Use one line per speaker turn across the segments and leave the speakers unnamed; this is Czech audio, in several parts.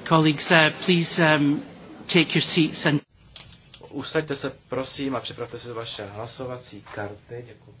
Colleagues, uh, please um, take your seats and...
Usaďte se prosím a připravte si vaše hlasovací karty. Děkuji.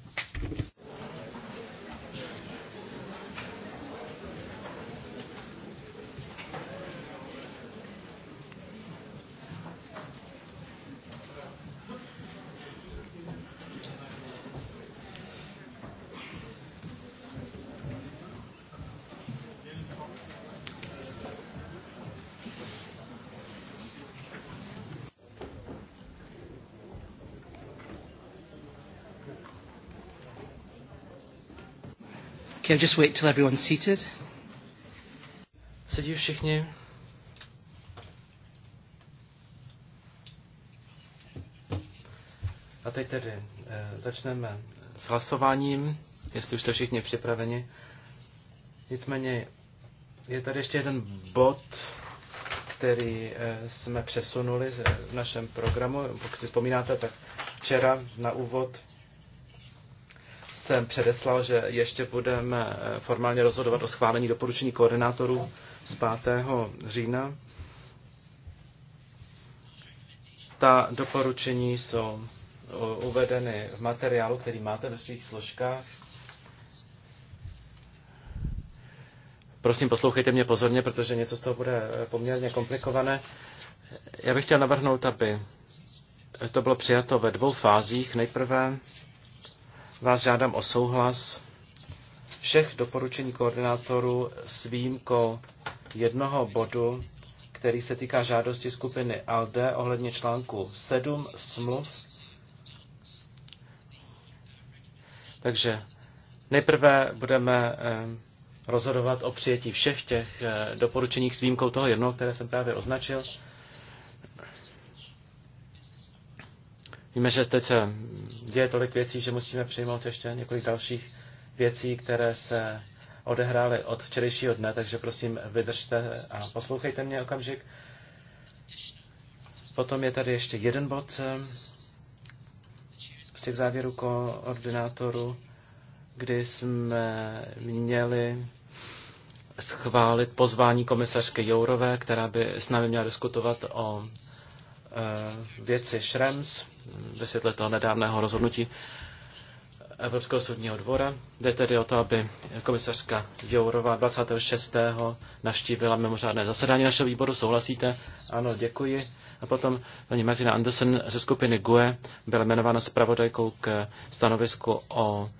Okay, just wait till everyone's seated. Sedí všichni?
A teď tedy eh, začneme s hlasováním, jestli už jste všichni připraveni. Nicméně je tady ještě jeden bod, který eh, jsme přesunuli v našem programu. Pokud si vzpomínáte, tak včera na úvod jsem předeslal, že ještě budeme eh, formálně rozhodovat o schválení doporučení koordinátorů z 5. října. Ta doporučení jsou eh, uvedeny v materiálu, který máte ve svých složkách. Prosím, poslouchejte mě pozorně, protože něco z toho bude eh, poměrně komplikované. Já bych chtěl navrhnout, aby to bylo přijato ve dvou fázích. Nejprve vás žádám o souhlas všech doporučení koordinátorů s výjimkou jednoho bodu, který se týká žádosti skupiny LD ohledně článku 7 smluv. Takže nejprve budeme eh, rozhodovat o přijetí všech těch eh, doporučení s výjimkou toho jednoho, které jsem právě označil. Víme, že teď se děje tolik věcí, že musíme přijmout ještě několik dalších věcí, které se odehrály od včerejšího dne, takže prosím vydržte a poslouchejte mě okamžik. Potom je tady ještě jeden bod eh, z těch závěrů koordinátoru, kdy jsme měli schválit pozvání komisařky Jourové, která by s námi měla diskutovat o Eh, věci Šrems ve toho nedávného rozhodnutí Evropského soudního dvora. Jde tedy o to, aby komisařka Jourová 26. navštívila mimořádné zasedání našeho výboru. Souhlasíte? Ano, děkuji. A potom paní Martina Andersen ze skupiny GUE byla jmenována zpravodajkou k stanovisku o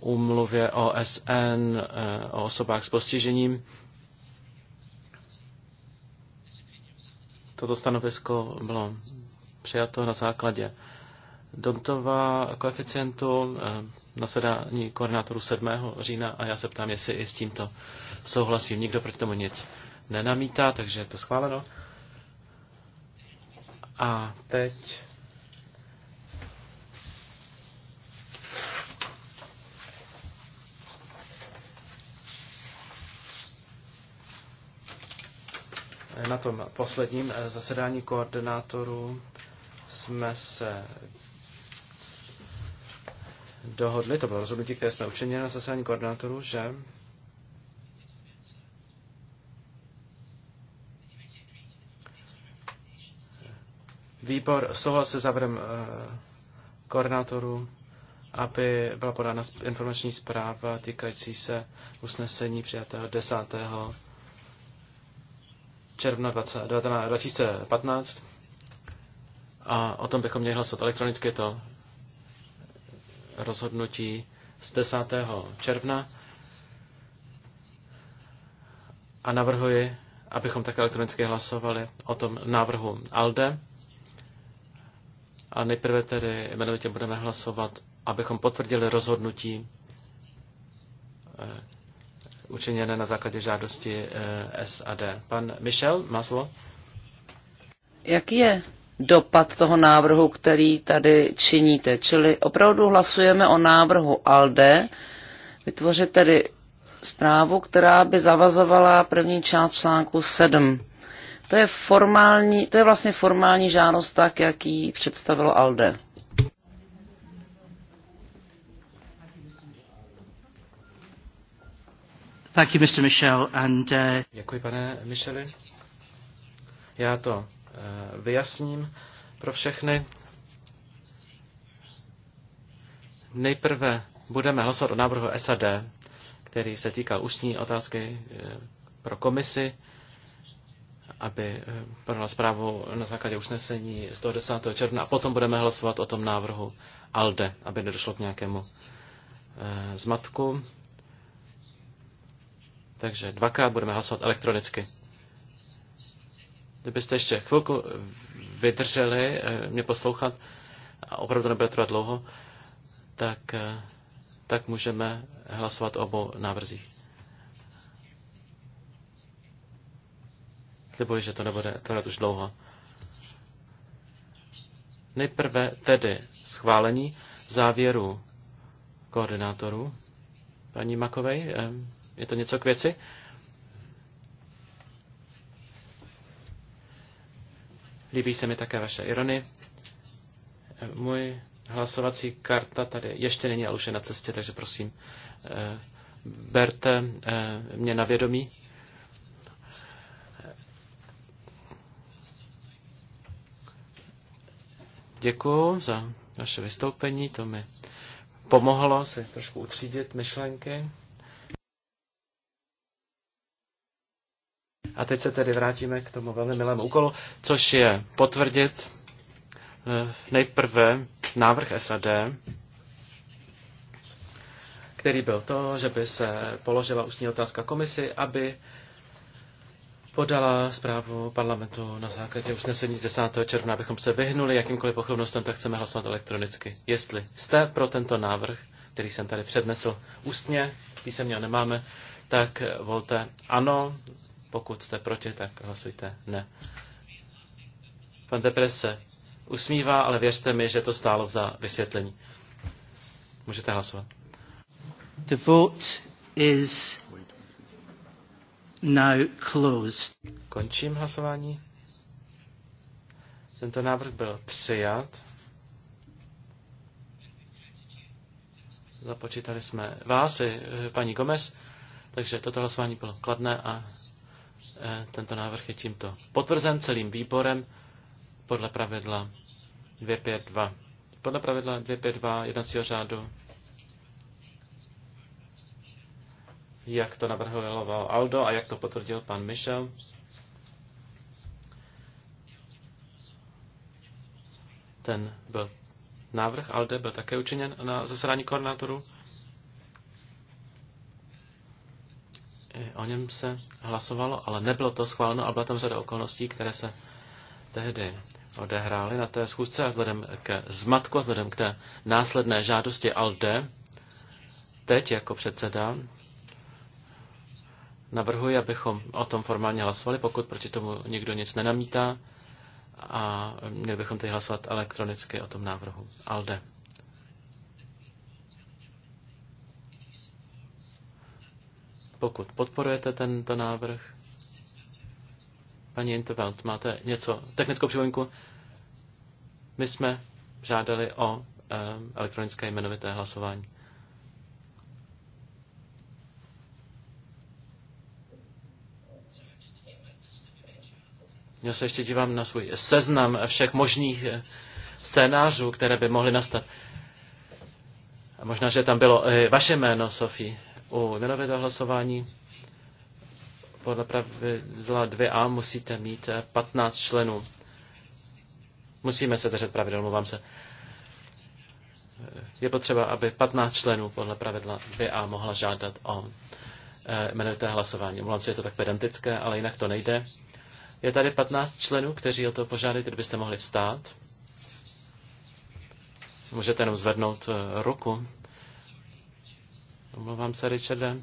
úmluvě OSN eh, o osobách s postižením. Toto stanovisko bylo přijato na základě Dontova koeficientu eh, na sedání koordinátoru 7. října a já se ptám, jestli i s tímto souhlasím. Nikdo proti tomu nic nenamítá, takže je to schváleno. A teď Na tom posledním eh, zasedání koordinátorů jsme se dohodli, to bylo rozhodnutí, které jsme učinili na zasedání koordinátorů, že výbor souhlasil se závěrem eh, koordinátorů, aby byla podána informační zpráva týkající se usnesení přijatého 10 června 2015 a o tom bychom měli hlasovat elektronicky to rozhodnutí z 10. června a navrhuji, abychom tak elektronicky hlasovali o tom návrhu ALDE. A nejprve tedy jmenovitě budeme hlasovat, abychom potvrdili rozhodnutí eh, učiněné na základě žádosti eh, SAD. Pan Michel má slovo.
Jaký je dopad toho návrhu, který tady činíte? Čili opravdu hlasujeme o návrhu ALDE, vytvořit tedy zprávu, která by zavazovala první část článku 7. To je, formální, to je vlastně formální žádost tak, jak ji představilo ALDE.
Thank you, Mr. Michel, and, uh... Děkuji, pane Micheli.
Já to uh, vyjasním pro všechny. Nejprve budeme hlasovat o návrhu SAD, který se týkal ústní otázky uh, pro komisi, aby uh, podala zprávu na základě usnesení 110. června a potom budeme hlasovat o tom návrhu ALDE, aby nedošlo k nějakému uh, zmatku. Takže dvakrát budeme hlasovat elektronicky. Kdybyste ještě chvilku vydrželi eh, mě poslouchat, a opravdu nebude trvat dlouho, tak, eh, tak můžeme hlasovat o obou návrzích. Slibuji, že to nebude trvat už dlouho. Nejprve tedy schválení závěru koordinátorů. Paní Makovej, eh, je to něco k věci? Líbí se mi také vaše ironie. Můj hlasovací karta tady ještě není, ale už je na cestě, takže prosím, eh, berte eh, mě na vědomí. Děkuji za vaše vystoupení, to mi pomohlo si trošku utřídit myšlenky. teď se tedy vrátíme k tomu velmi milému úkolu, což je potvrdit eh, nejprve návrh SAD, který byl to, že by se položila ústní otázka komisi, aby podala zprávu parlamentu na základě usnesení z 10. června, abychom se vyhnuli jakýmkoliv pochybnostem, tak chceme hlasovat elektronicky. Jestli jste pro tento návrh, který jsem tady přednesl ústně, písemně ho nemáme, tak volte ano pokud jste proti, tak hlasujte ne. Pan Depres se usmívá, ale věřte mi, že to stálo za vysvětlení. Můžete hlasovat.
The vote is now closed. Končím hlasování. Tento návrh byl
přijat. Započítali jsme vás i eh, paní Gomez, takže toto hlasování bylo kladné a Eh, tento návrh je tímto potvrzen celým výborem podle pravidla 252. Podle pravidla 252 jednacího řádu, jak to navrhoval Aldo a jak to potvrdil pan Michel, ten byl návrh Alde byl také učiněn na zasedání koordinátorů o něm se hlasovalo, ale nebylo to schváleno a byla tam řada okolností, které se tehdy odehrály na té schůzce a vzhledem k zmatku, vzhledem k té následné žádosti ALDE, teď jako předseda navrhuji, abychom o tom formálně hlasovali, pokud proti tomu nikdo nic nenamítá a měli bychom teď hlasovat elektronicky o tom návrhu. ALDE. pokud podporujete tento návrh. Paní Intervelt, máte něco, technickou připomínku? My jsme žádali o eh, elektronické jmenovité hlasování. Já se ještě dívám na svůj seznam všech možných eh, scénářů, které by mohly nastat. A možná, že tam bylo eh, vaše jméno, Sofie u nenavědého hlasování podle pravidla 2a musíte mít 15 eh, členů. Musíme se držet pravidel, mluvám se. Eh, je potřeba, aby 15 členů podle pravidla 2a mohla žádat o eh, jmenovité hlasování. Mluvám se, je to tak pedantické, ale jinak to nejde. Je tady 15 členů, kteří o to požádají, kdybyste mohli vstát. Můžete jenom zvednout ruku. Omlouvám se, Richarde.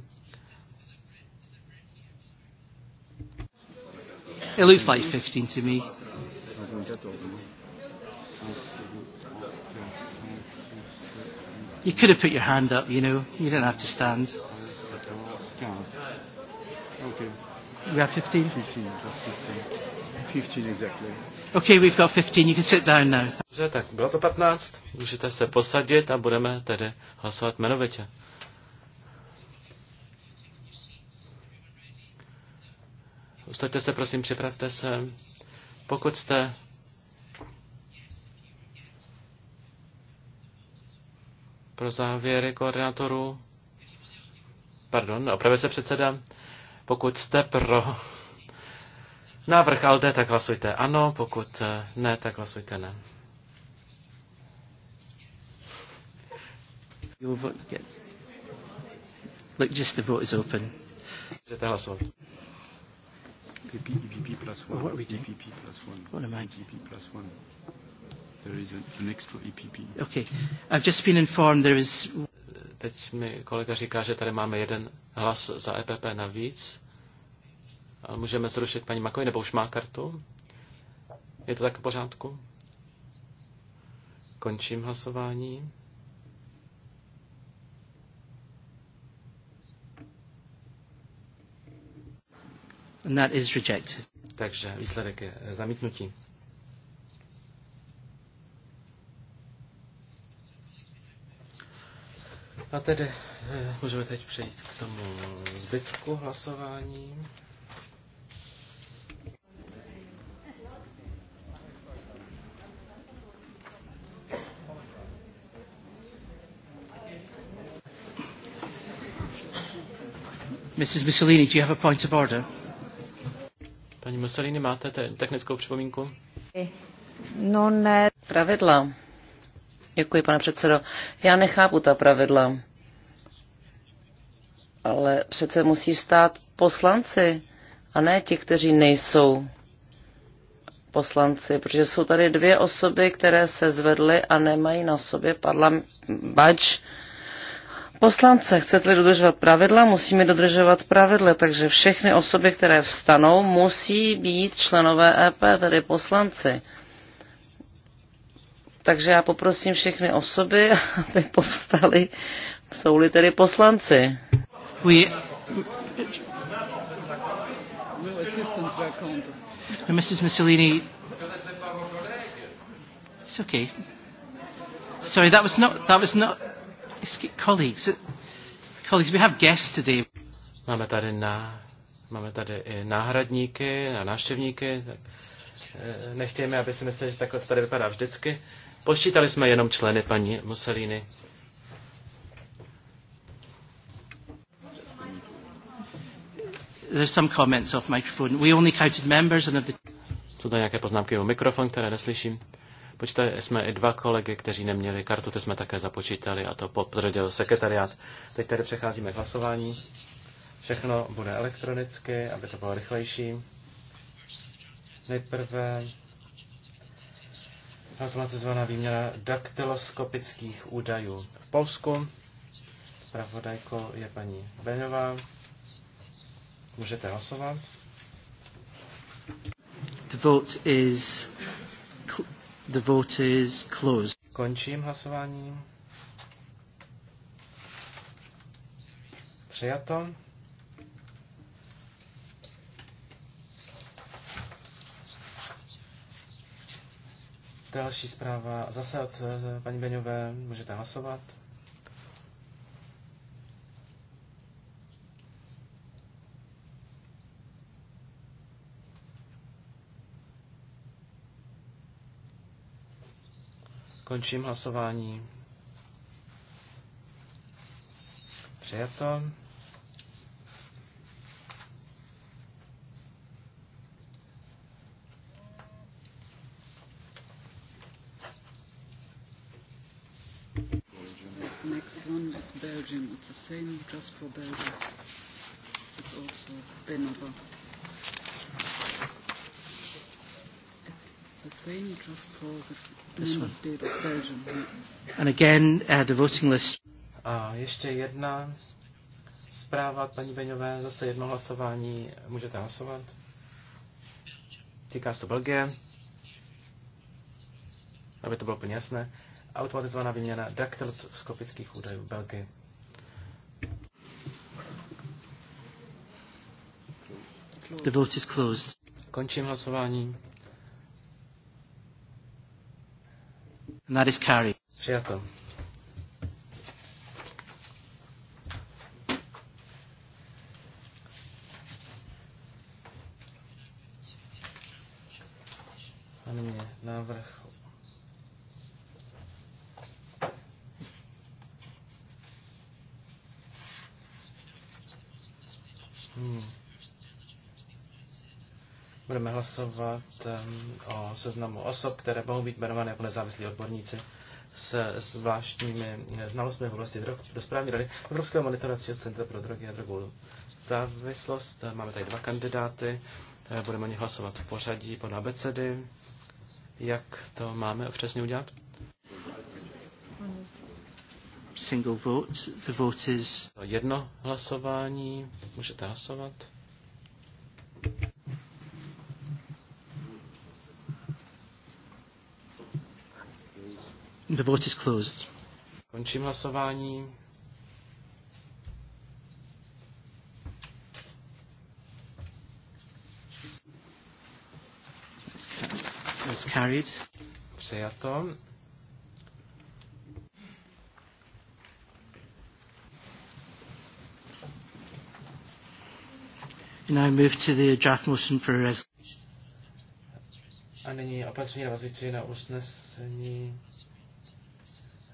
It looks like 15 to me. You could have put your hand up, you know. You didn't have to stand. Okay. We have 15? 15, just 15. 15 exactly. Okay, we've got 15. You can sit down now.
Dobře, tak bylo to 15. Můžete se posadit a budeme tedy hlasovat jmenovitě. Ustaďte se, prosím, připravte se. Pokud jste pro závěry koordinátorů, pardon, opravdu se předseda, pokud jste pro návrh ALDE, tak hlasujte ano, pokud ne, tak hlasujte ne.
You'll vote, Look, just the vote is open.
Můžete hlasovat plus one. What are we doing? plus one. What am I? plus one. There is an, extra EPP.
Okay.
I've just been informed there is... Teď
mi kolega říká, že tady máme jeden hlas za EPP navíc. Ale můžeme zrušit paní Makovi, nebo už má kartu? Je to tak v pořádku? Končím hlasování.
And that is rejected. Takže výsledek je eh, zamítnutí.
A tedy eh, můžeme teď přejít k tomu zbytku hlasování.
Mrs. Mussolini, do you have a point of order?
Paní Mussolini, máte te- technickou připomínku?
No ne. Pravidla. Děkuji, pane předsedo. Já nechápu ta pravidla. Ale přece musí stát poslanci a ne ti, kteří nejsou poslanci, protože jsou tady dvě osoby, které se zvedly a nemají na sobě parlam- bač Poslance, chcete-li dodržovat pravidla, musíme dodržovat pravidla, takže všechny osoby, které vstanou, musí být členové EP, tedy poslanci. Takže já poprosím všechny osoby, aby povstali, jsou-li tedy poslanci. Oui.
Mrs. Mussolini, it's okay. Sorry, that was not, that was not, colleagues, colleagues, we have guests today. Máme tady, na, máme tady i
náhradníky a návštěvníky. Eh, nechtějme, aby si mysleli, že tak to tady vypadá vždycky. Počítali jsme jenom členy paní Mussolini.
There's some comments off microphone. We only counted members and of the... Jsou tady nějaké poznámky o mikrofon, které neslyším.
Počítali jsme i dva kolegy, kteří neměli kartu, to jsme také započítali a to potvrdil sekretariát. Teď tady přecházíme k hlasování. Všechno bude elektronicky, aby to bylo rychlejší. Nejprve automace zvaná výměna daktyloskopických údajů v Polsku. Pravodajko je paní Beňová. Můžete hlasovat.
The vote is The vote is closed. Končím hlasování.
Přijato. Další zpráva. Zase od eh, paní Beňové můžete hlasovat. Končím hlasování. Přijato.
Next one is Belgium. It's the same just for Belgium. It's also Benova.
And again, uh, the voting list.
A ještě jedna zpráva paní Beňové, zase jedno hlasování, můžete hlasovat. Týká se to Belgie, aby to bylo úplně jasné. Automatizovaná výměna daktyloskopických údajů v Belgii. The vote is
closed. Končím hlasování. Nadiskari. Přijato.
hlasovat o seznamu osob, které mohou být jmenované jako nezávislí odborníci s zvláštními znalostmi v oblasti drog do správní rady Evropského monitoracího centra pro drogy a drogovou závislost. Máme tady dva kandidáty, eh, budeme o nich hlasovat v pořadí podle abecedy. Jak to máme přesně
udělat? Single vote. The vote is... Jedno
hlasování, můžete hlasovat.
The vote is closed.
Končím hlasování. It's carried. Přejato.
And I move to the draft motion for a resolution.
A nyní opatření navazující na usnesení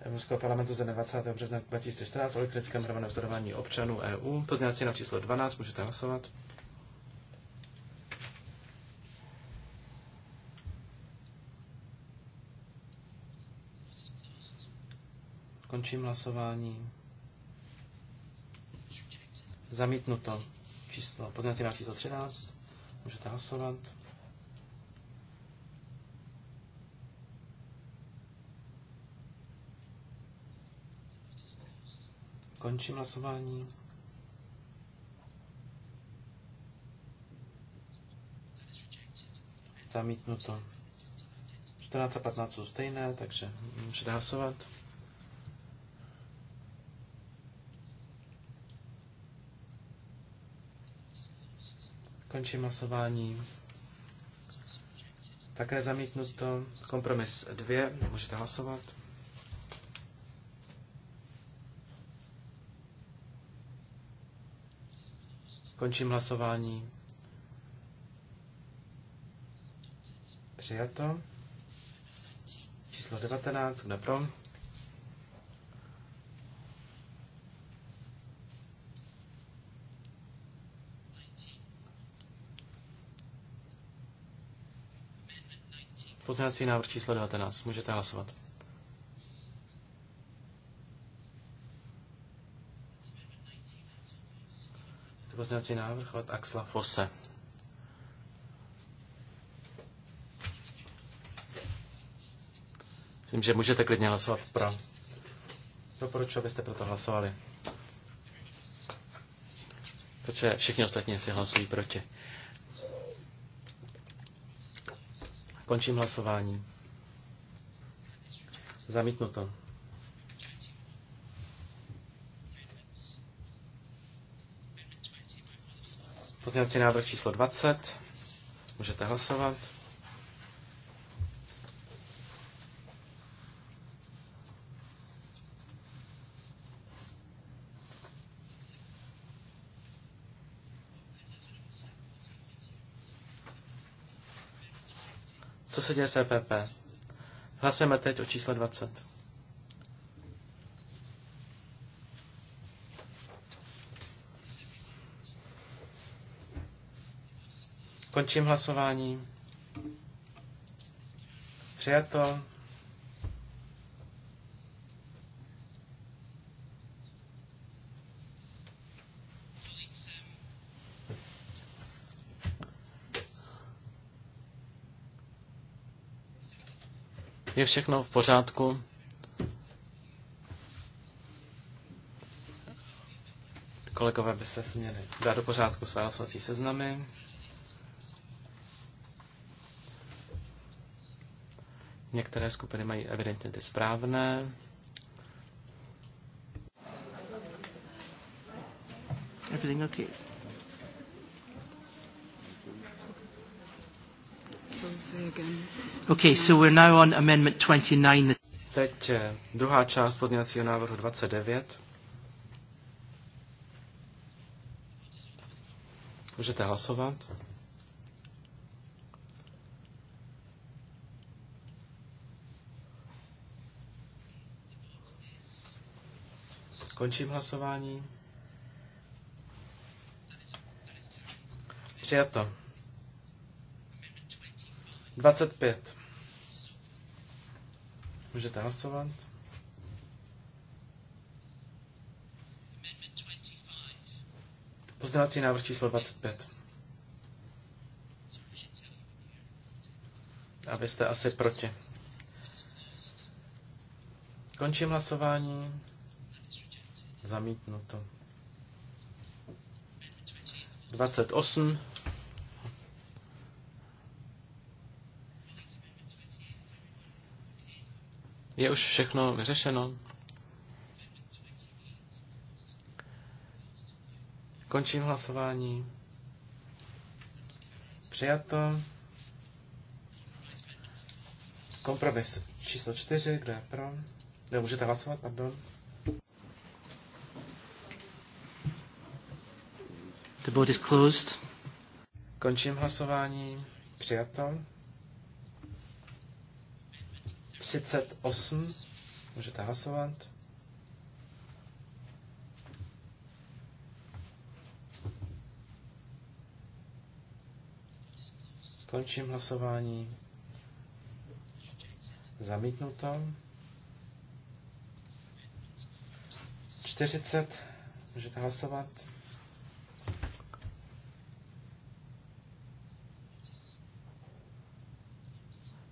Evropského parlamentu ze 20. března 2014 o elektrickém hromadném rozhodování občanů EU. Pozměňovací na číslo 12, můžete hlasovat. Končím hlasování. Zamítnuto číslo, pozměňovací na číslo 13. Můžete hlasovat. Končím hlasování. Zamítnuto. 14 a 15 jsou stejné, takže můžete hlasovat. Končím hlasování. Také zamítnuto. Kompromis 2. Můžete hlasovat. Končím hlasování. Přijato. Číslo 19, kdo pro? Pozměňovací návrh číslo 19. Můžete hlasovat. pozdělací návrh od Axla Fosse. Myslím, že můžete klidně hlasovat pro. Doporučuji, abyste proto hlasovali. Protože všichni ostatní si hlasují proti. Končím hlasování. Zamítnuto. Pozměňovací návrh číslo 20. Můžete hlasovat. Co se děje s EPP? Hlasujeme teď o čísle 20. Končím hlasování. Přijato. Je všechno v pořádku? Kolegové by se směli dát do pořádku své hlasovací seznamy. Některé skupiny mají evidentně ty správné.
Everything okay? Okay, so we're now on amendment 29. Teď eh, druhá část pozměňovacího návrhu 29.
Můžete hlasovat. Končím hlasování. Přijato. 25. Můžete hlasovat. Pozdravací návrh číslo 25. A vy jste asi proti. Končím hlasování. Zamítnuto. 28. Je už všechno vyřešeno? Končím hlasování. Přijato. Kompromis číslo čtyři. kde je pro? Ne, můžete hlasovat, pardon.
Vote is closed. Končím
hlasování. Přijato. 38. Můžete hlasovat. Končím hlasování. Zamítnuto. 40. Můžete hlasovat.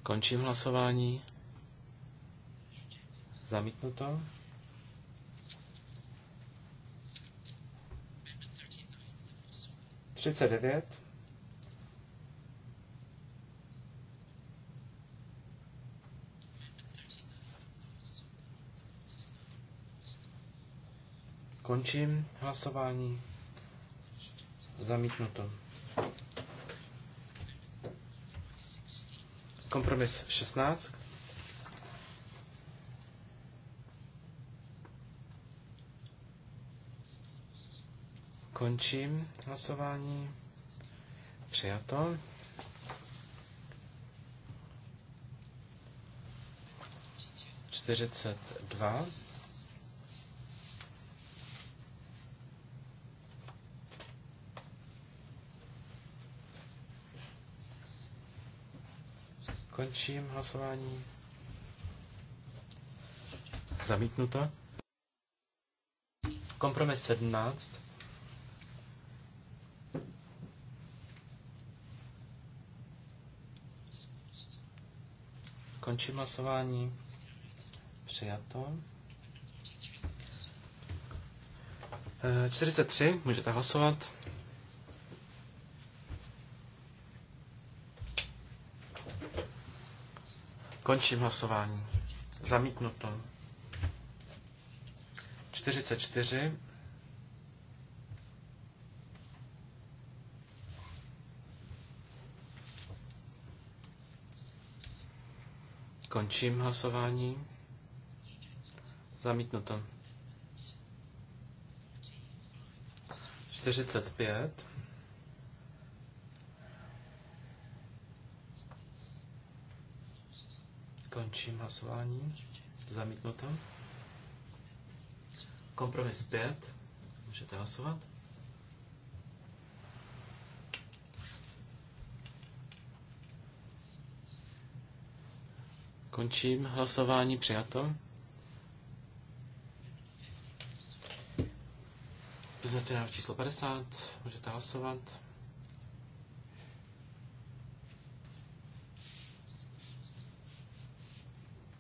Končím hlasování. Zamítnuto. Třicet devět. Končím hlasování. Zamítnuto. Kompromis 16. Končím hlasování. Přijato. Čtyřicet dva. Končím hlasování. Zamítnuto. Kompromis 17. Končím hlasování. Přijato. 43, eh, můžete hlasovat. Končím hlasování. Zamítnuto. 44. Končím hlasování. Zamítnuto. 45. Končím hlasování. Zamítnuto. Kompromis 5. Můžete hlasovat. Končím hlasování přijato. Pozměňovací návrh číslo 50. Můžete hlasovat.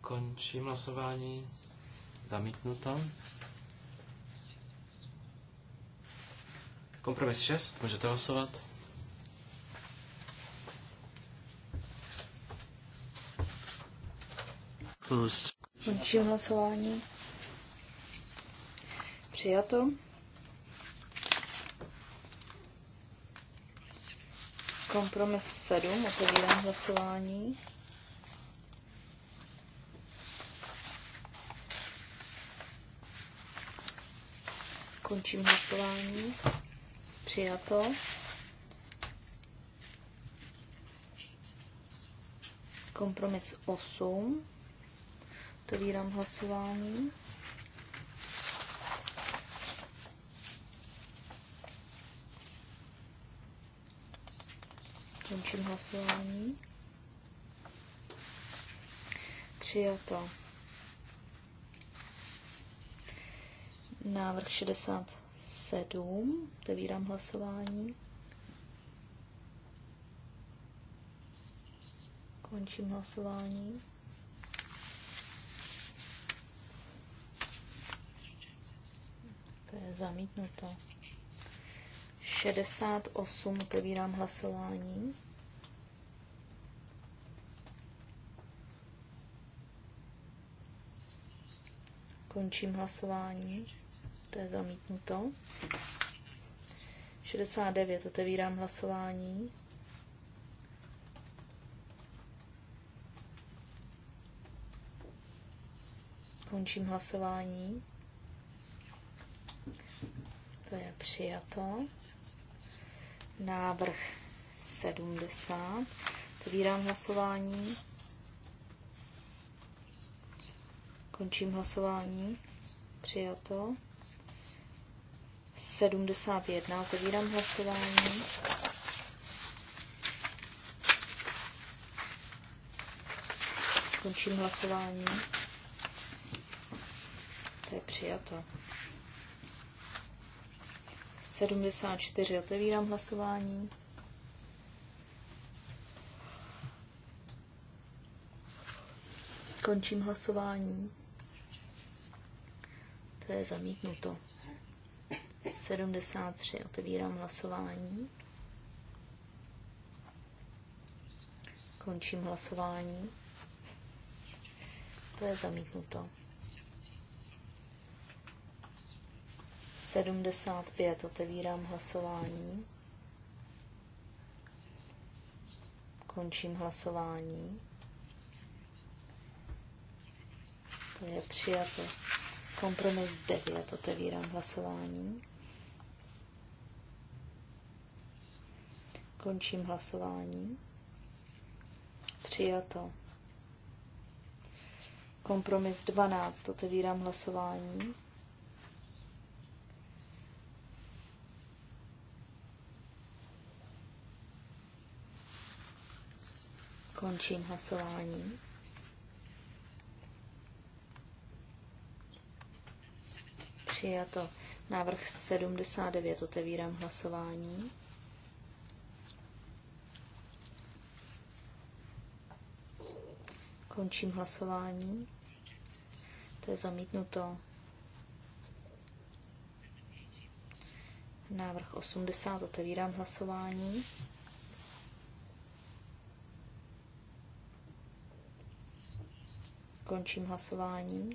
Končím hlasování. Zamítnuto. Kompromis 6, můžete hlasovat.
Končím hlasování. Přijato. Kompromis 7, otevírám hlasování. Končím hlasování. Přijato. Kompromis 8. Otevírám hlasování. Končím hlasování. Přijato. Návrh 67. Otevírám hlasování. Končím hlasování. To je zamítnuto. 68. Otevírám hlasování. Končím hlasování to je zamítnuto. 69, otevírám hlasování. Končím hlasování. To je přijato. Návrh 70. Otevírám hlasování. Končím hlasování. Přijato. 71. Otevírám hlasování. Končím hlasování. To je přijato. 74. Otevírám hlasování. Končím hlasování. To je zamítnuto. 73. Otevírám hlasování. Končím hlasování. To je zamítnuto. 75. Otevírám hlasování. Končím hlasování. To je přijato. Kompromis 9. Otevírám hlasování. Končím hlasování. Přijato. Kompromis 12. Otevírám hlasování. Končím hlasování. Přijato. Návrh 79. Otevírám hlasování. Končím hlasování. To je zamítnuto. Návrh 80. Otevírám hlasování. Končím hlasování.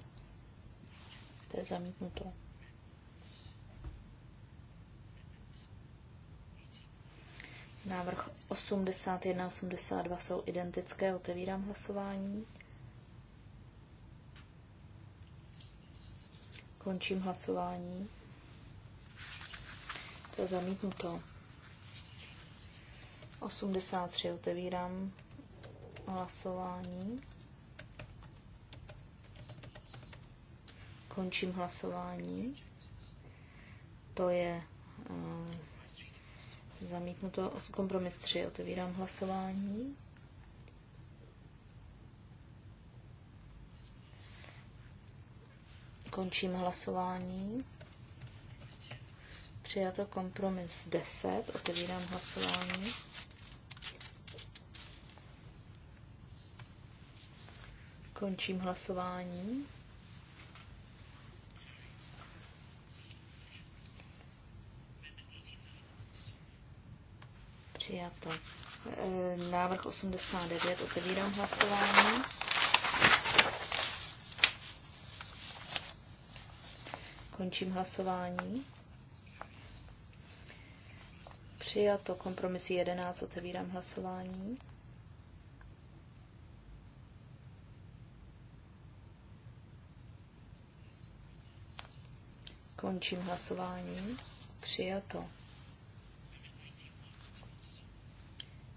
To je zamítnuto. Návrh 81 a 82 jsou identické, otevírám hlasování. Končím hlasování. To je zamítnuto. 83 otevírám hlasování. Končím hlasování. To je eh, Zamítnuto kompromis 3. Otevírám hlasování. Končím hlasování. Přijato kompromis 10. Otevírám hlasování. Končím hlasování. Přijato. E, návrh 89. Otevírám hlasování. Končím hlasování. Přijato. Kompromis 11. Otevírám hlasování. Končím hlasování. Přijato.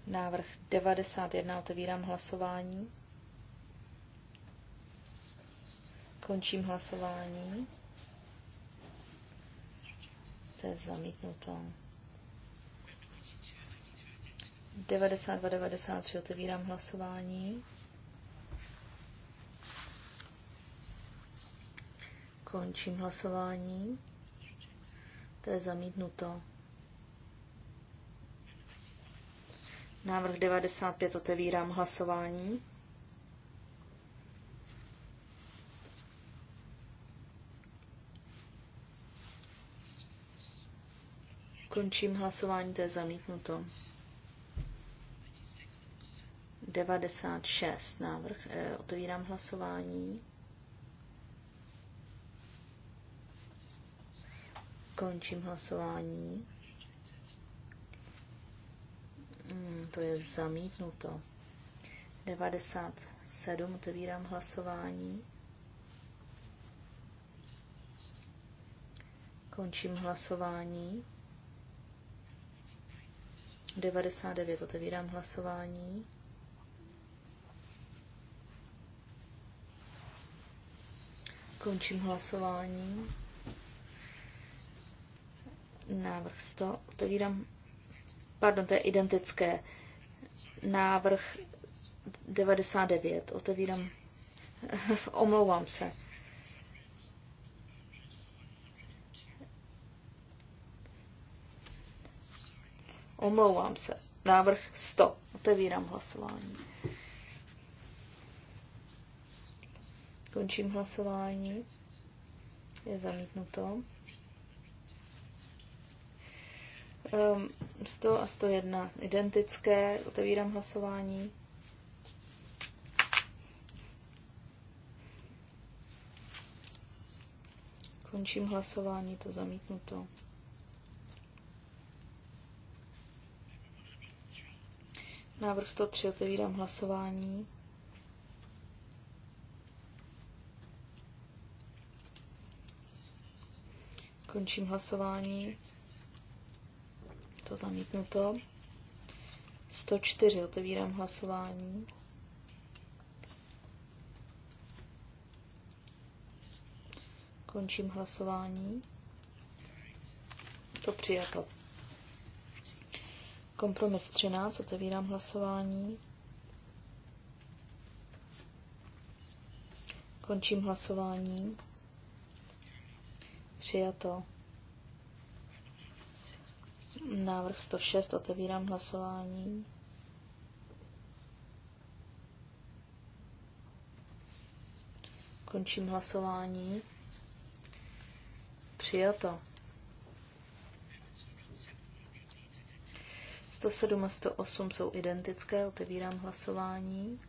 Návrh 91. Otevírám hlasování. Končím hlasování. To je zamítnuto. 92, 93 otevírám hlasování. Končím hlasování. To je zamítnuto. Návrh 95 otevírám hlasování. Končím hlasování, to je zamítnuto. 96 návrh. Eh, otevírám hlasování. Končím hlasování. Hmm, to je zamítnuto. 97 otevírám hlasování. Končím hlasování. 99 otevírám hlasování. Končím hlasování. Návrh 100. Otevírám Pardon, to je identické. Návrh 99. Otevírám. Omlouvám se. Omlouvám se. Návrh 100. Otevírám hlasování. Končím hlasování. Je zamítnuto. 100 ehm, a 101 identické. Otevírám hlasování. Končím hlasování, to zamítnuto. Návrh 103, otevírám hlasování. Končím hlasování to zamítnuto. 104, otevírám hlasování. Končím hlasování. To přijato. Kompromis 13, otevírám hlasování. Končím hlasování. Přijato. Návrh 106, otevírám hlasování. Končím hlasování. Přijato. 107 a 108 jsou identické, otevírám hlasování.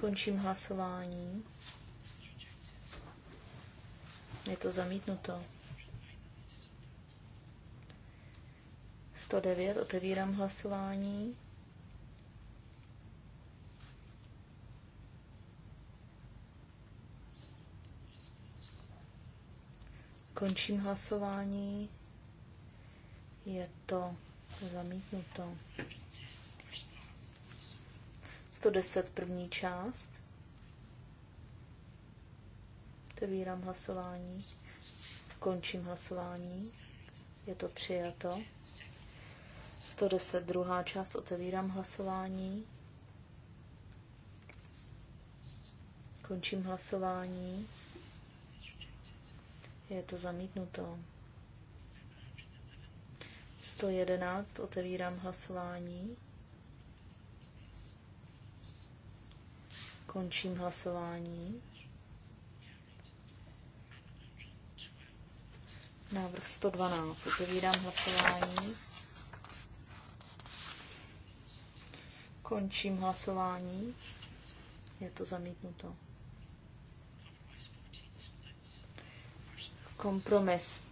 Končím hlasování je to zamítnuto. 109, otevírám hlasování. Končím hlasování. Je to zamítnuto. 110 první část. Otevírám hlasování. Končím hlasování. Je to přijato. 110. Druhá část. Otevírám hlasování. Končím hlasování. Je to zamítnuto. 111. Otevírám hlasování. Končím hlasování. Návrh 112. Otevírám hlasování. Končím hlasování. Je to zamítnuto. Kompromis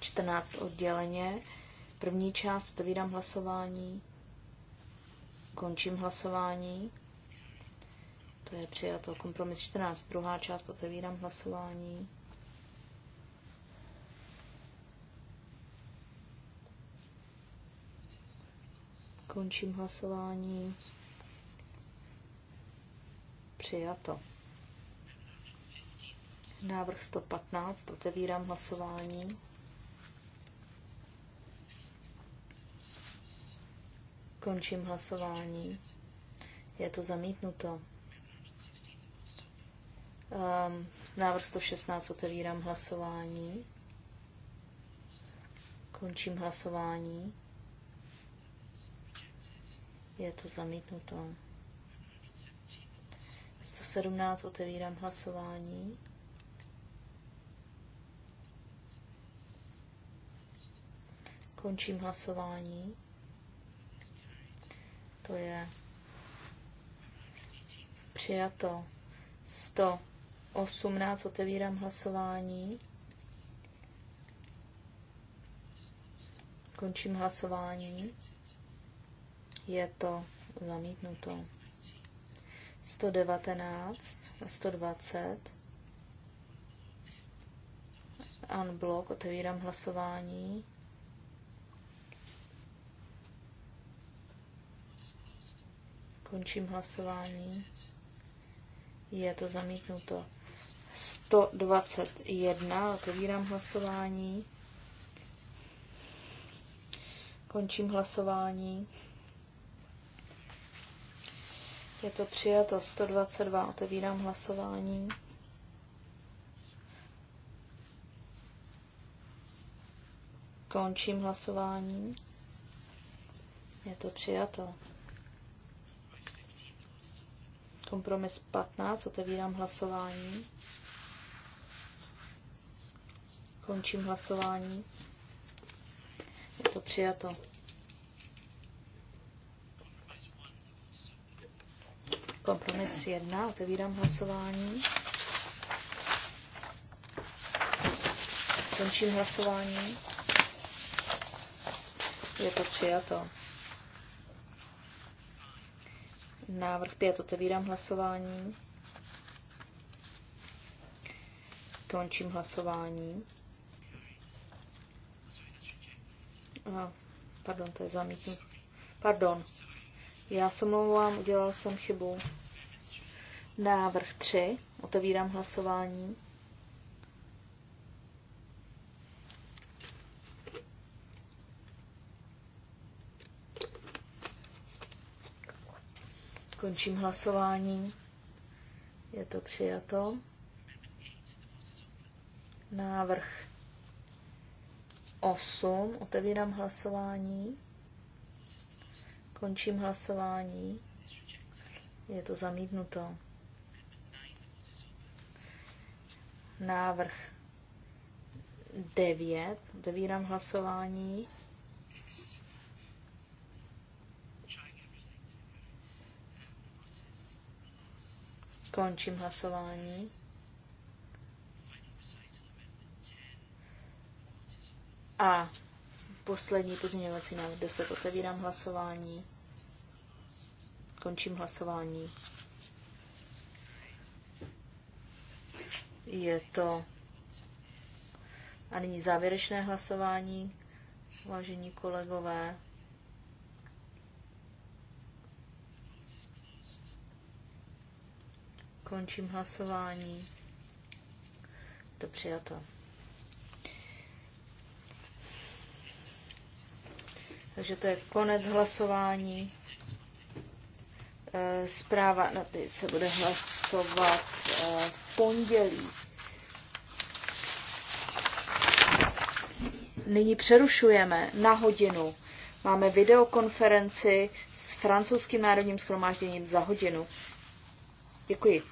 14 odděleně. První část otevírám hlasování. Končím hlasování. To je přijato kompromis 14. Druhá část otevírám hlasování. Končím hlasování. Přijato. Návrh 115. Otevírám hlasování. Končím hlasování. Je to zamítnuto. Um, návrh 116. Otevírám hlasování. Končím hlasování. Je to zamítnuto. 117 otevírám hlasování. Končím hlasování. To je přijato 118. Otevírám hlasování. Končím hlasování je to zamítnuto. 119 a 120. Unblock, otevírám hlasování. Končím hlasování. Je to zamítnuto. 121, otevírám hlasování. Končím hlasování. Je to přijato 122. Otevírám hlasování. Končím hlasování. Je to přijato. Kompromis 15. Otevírám hlasování. Končím hlasování. Je to přijato. Kompromis 1. Otevírám hlasování. Končím hlasování. Je to přijato. Návrh 5. Otevírám hlasování. Končím hlasování. Aha, pardon, to je zamítnutí. Pardon. Já se mluvám, udělal jsem chybu. Návrh 3. Otevírám hlasování. Končím hlasování. Je to přijato. Návrh 8. Otevírám hlasování. Končím hlasování. Je to zamítnuto. návrh 9. Devírám hlasování. Končím hlasování. A poslední pozměňovací návrh 10. Otevírám hlasování. Končím hlasování. Je to a nyní závěrečné hlasování, vážení kolegové. Končím hlasování. To přijato. Takže to je konec hlasování. Eh, zpráva na ty se bude hlasovat eh, v pondělí. Nyní přerušujeme na hodinu. Máme videokonferenci s francouzským národním schromážděním za hodinu. Děkuji.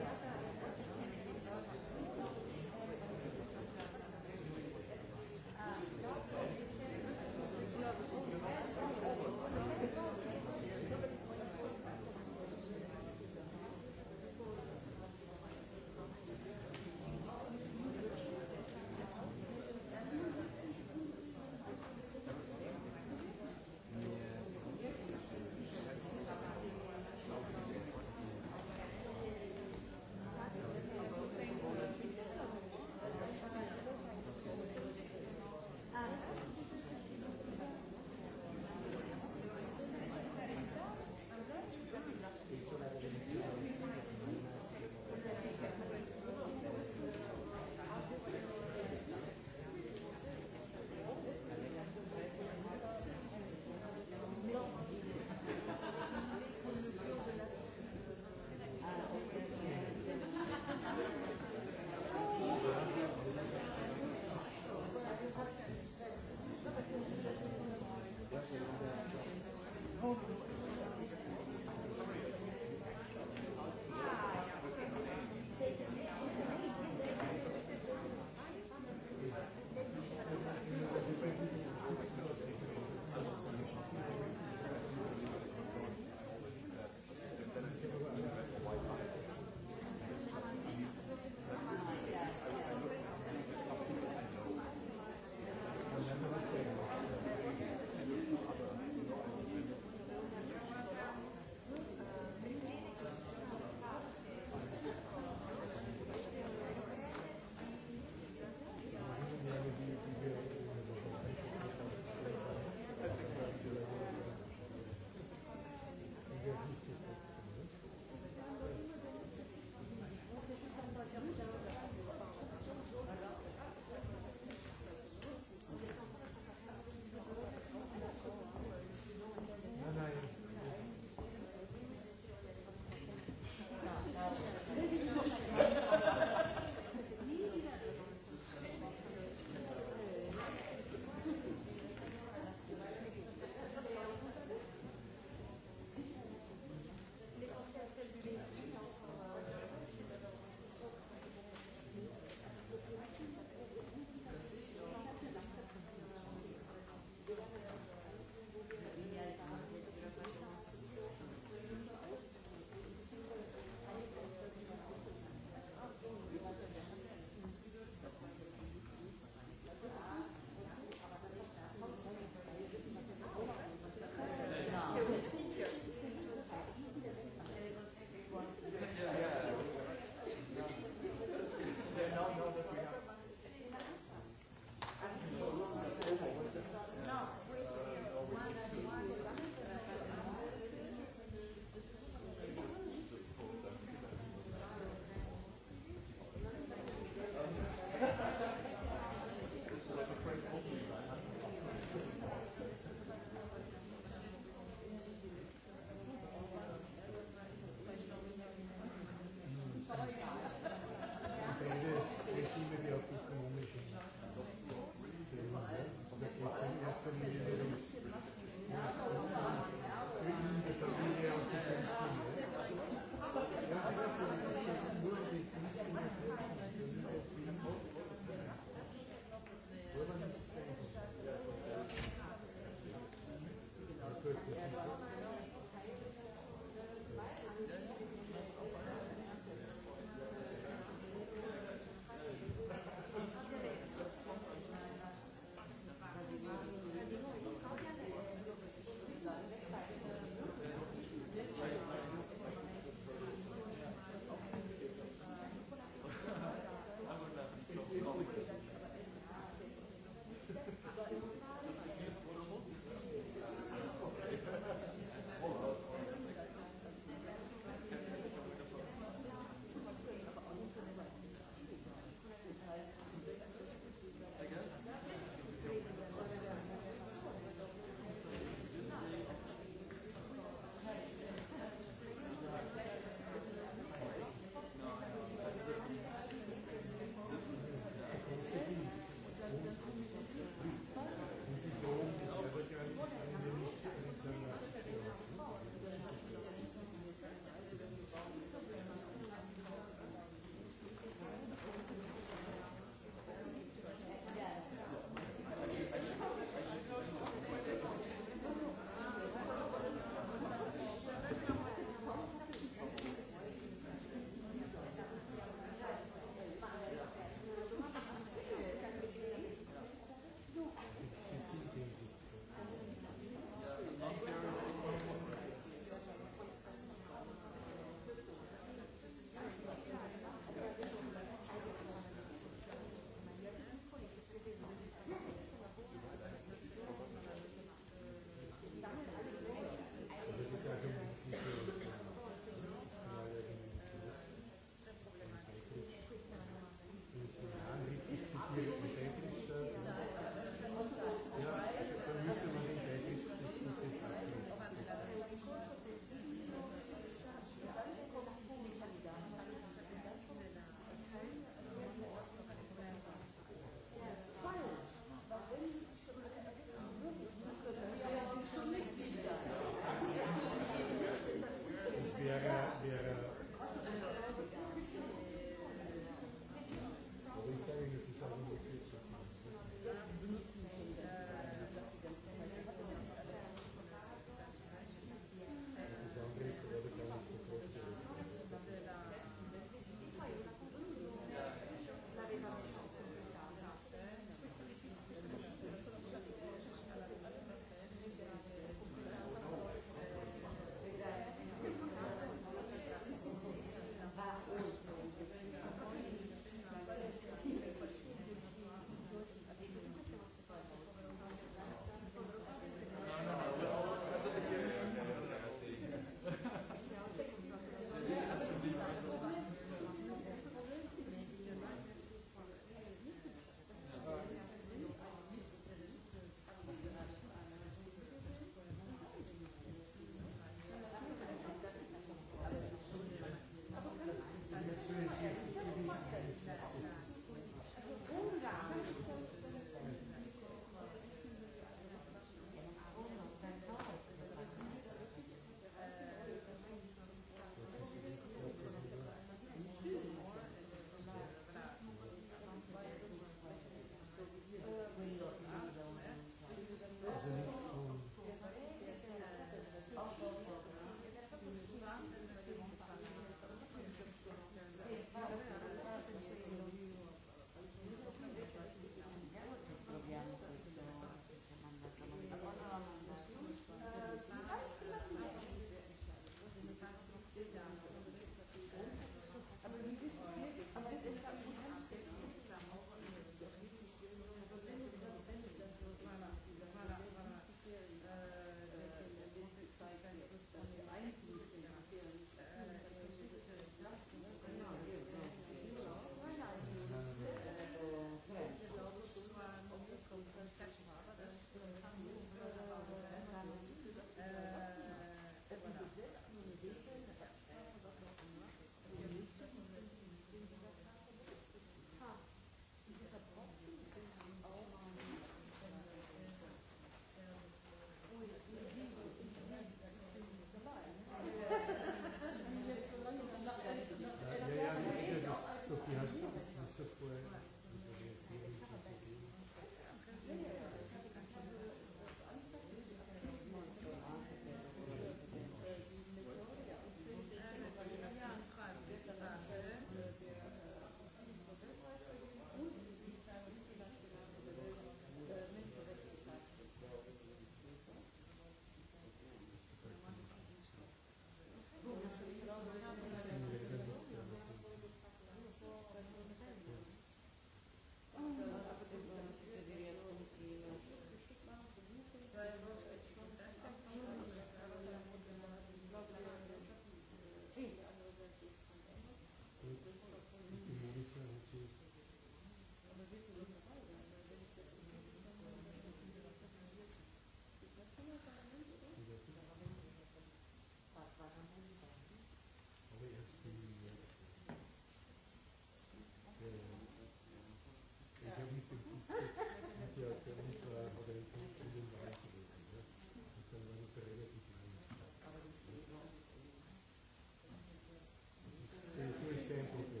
Thank you.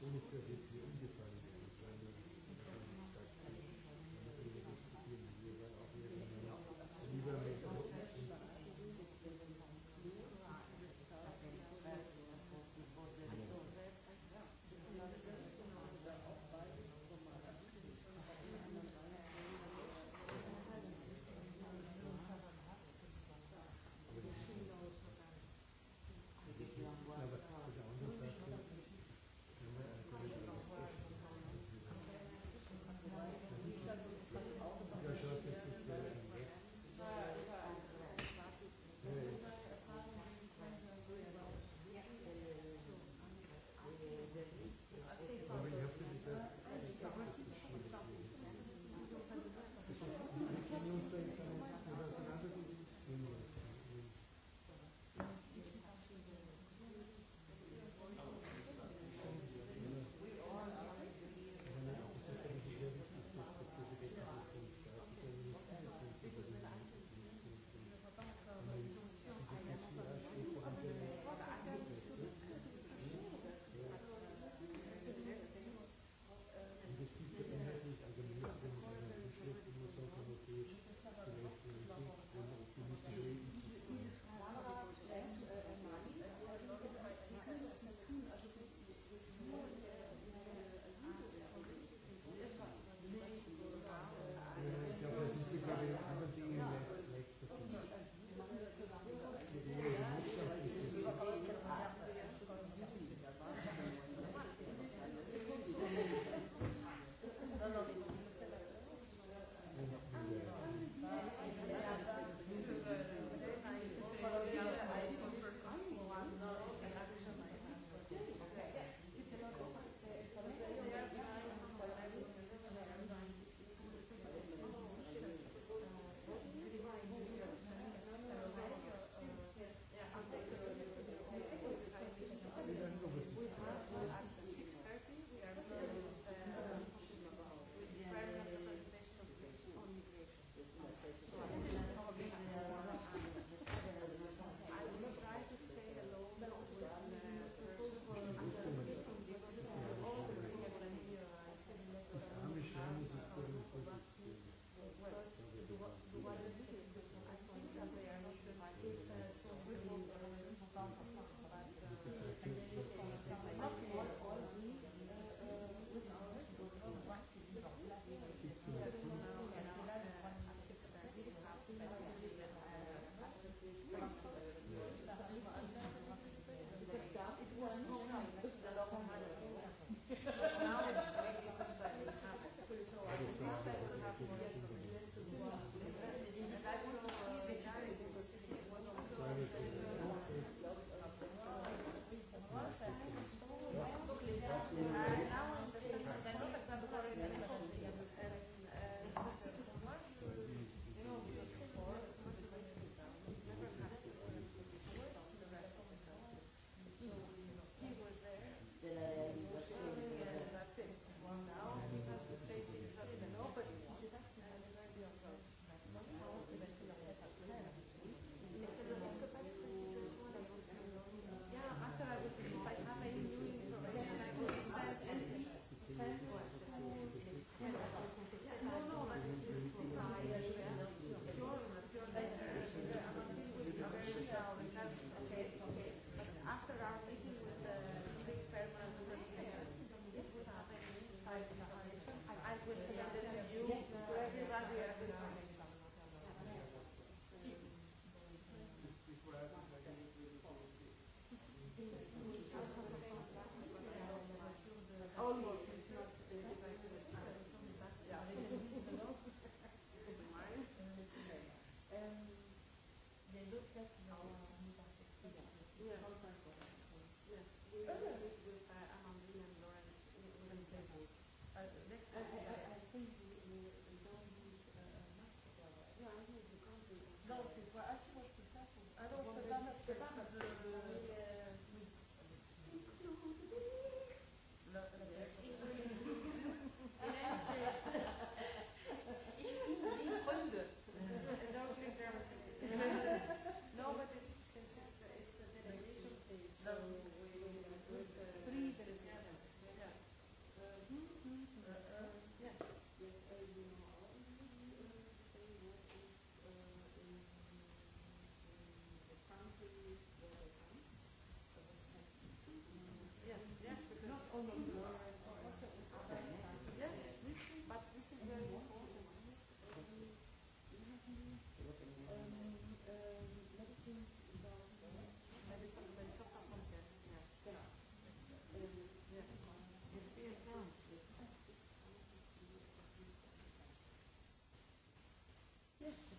so eine Präsentation gefallen.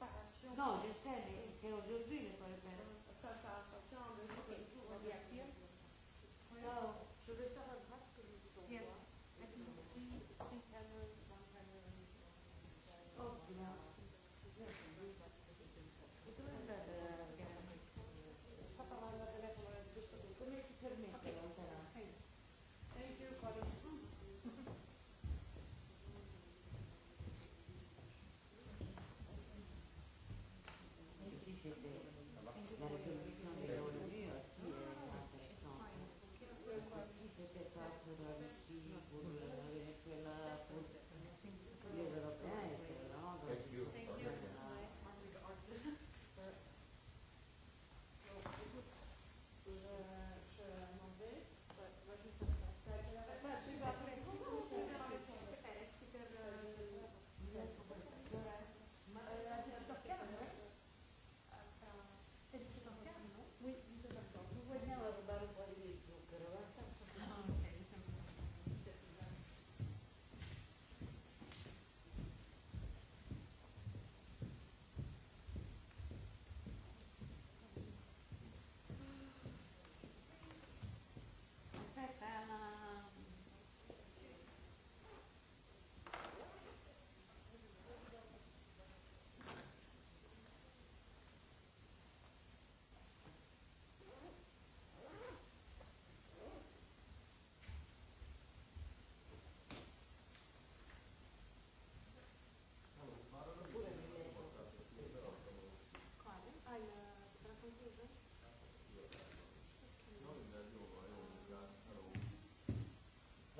séparation. Non, je sais, mais c'est aujourd'hui le problème. Ça, ça, ça tient le jour, le jour. Je vais faire un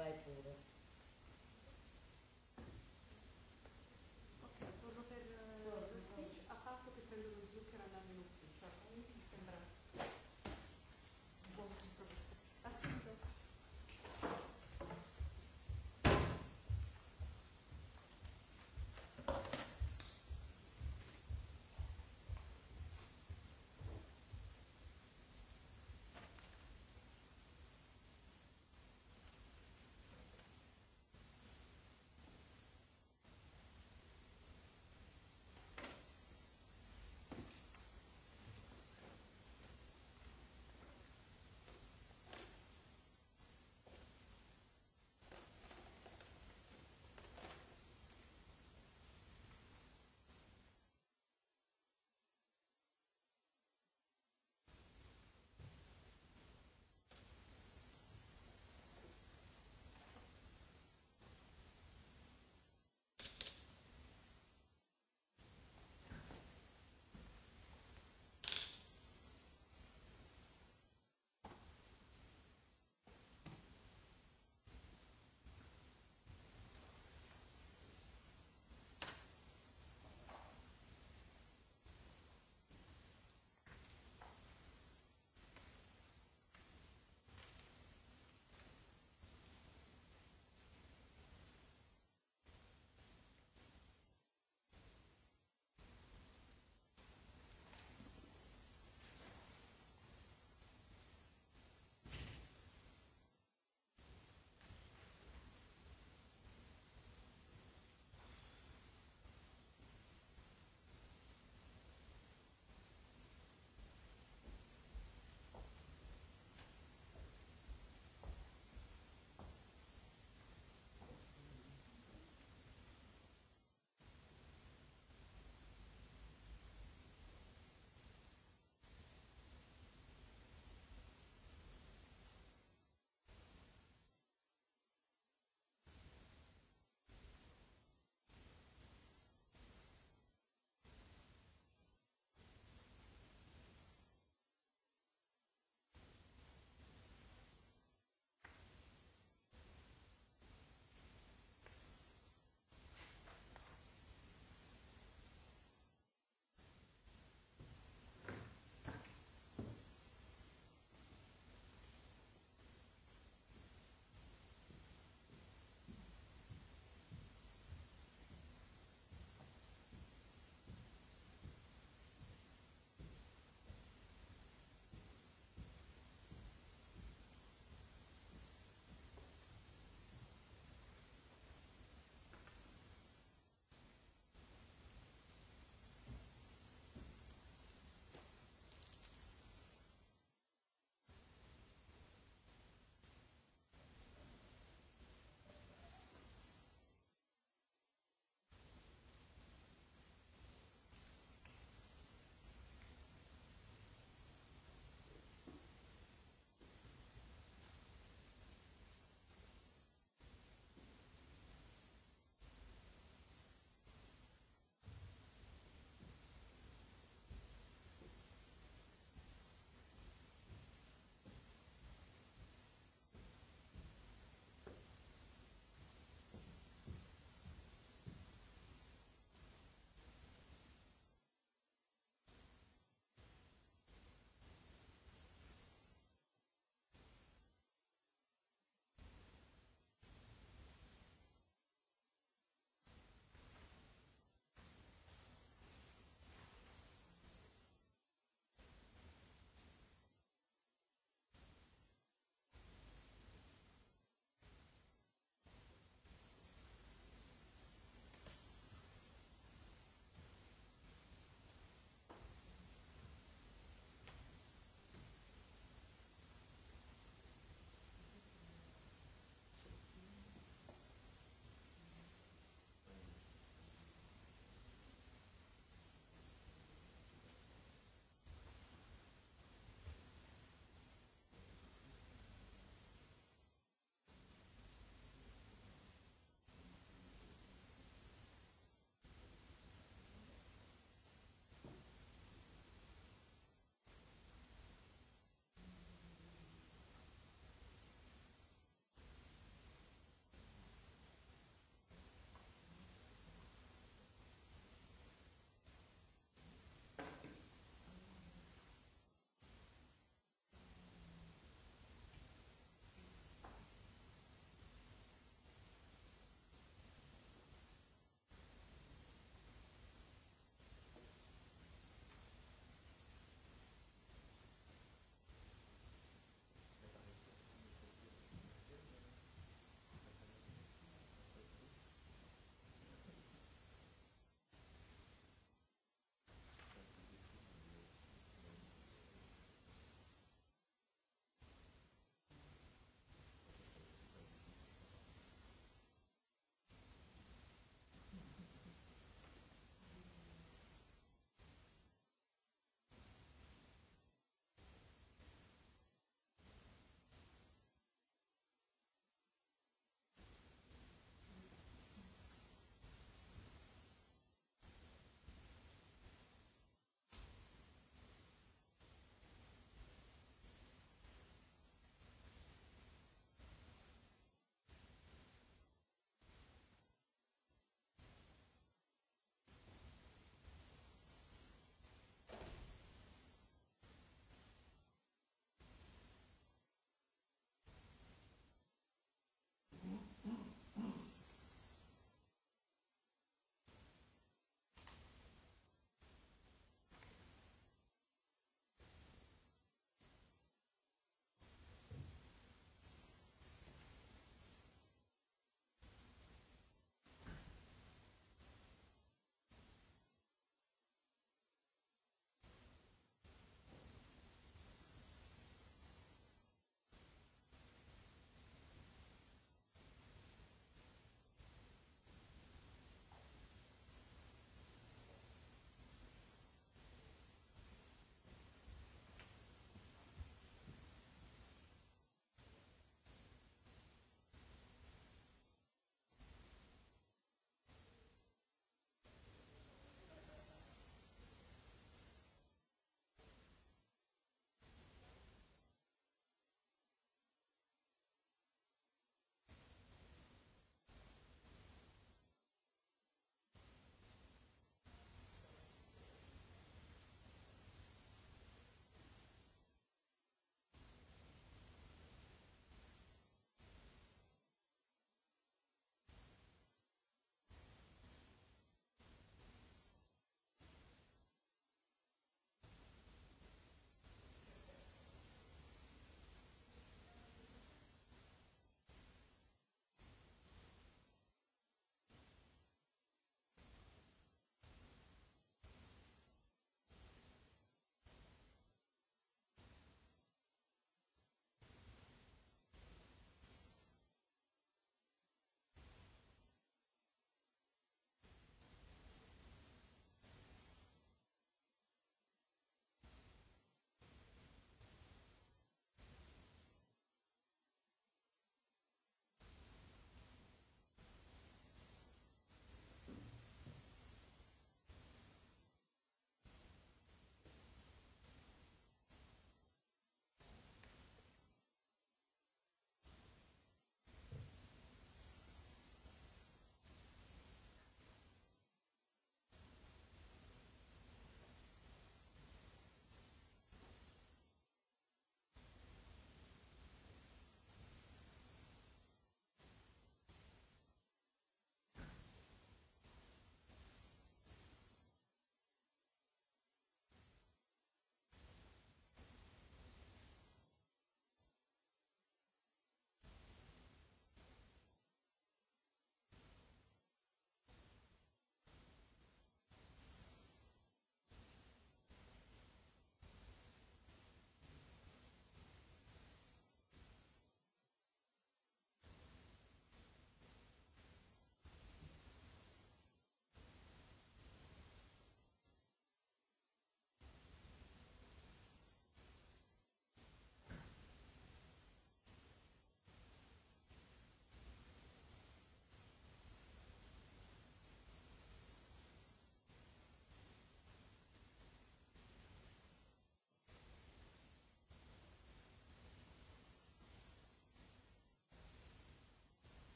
vai pure.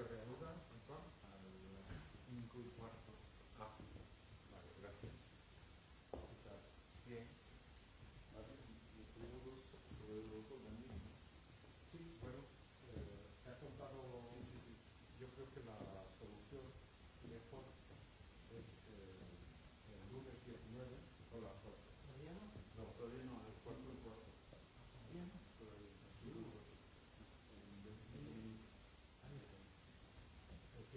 se reanuda, Antoine, a las 5 y cuarto. Ah, vale, gracias. Está bien. Vale, y tuvimos sobre el grupo también, ¿no? Sí, bueno, eh, te ha contado, sí, sí, sí. yo creo que la solución mejor es eh, el lunes 19 o la 4. ¿Todavía no? No, todavía no, el cuarto el cuarto. ¿Todavía no? Pero el, el,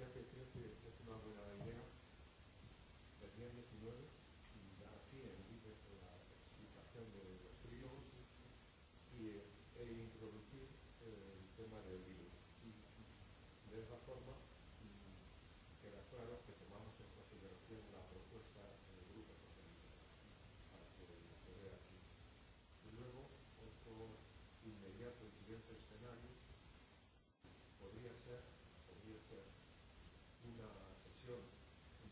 ya creo que es una buena idea del día 19 aquí en vídeo con la explicación de los trílogos y e introducir el tema del virus. De esa forma queda claro que tomamos en consideración la propuesta del grupo socialista para que se vea aquí. Y luego otro inmediato y siguiente escenario podría ser, podría ser una sesión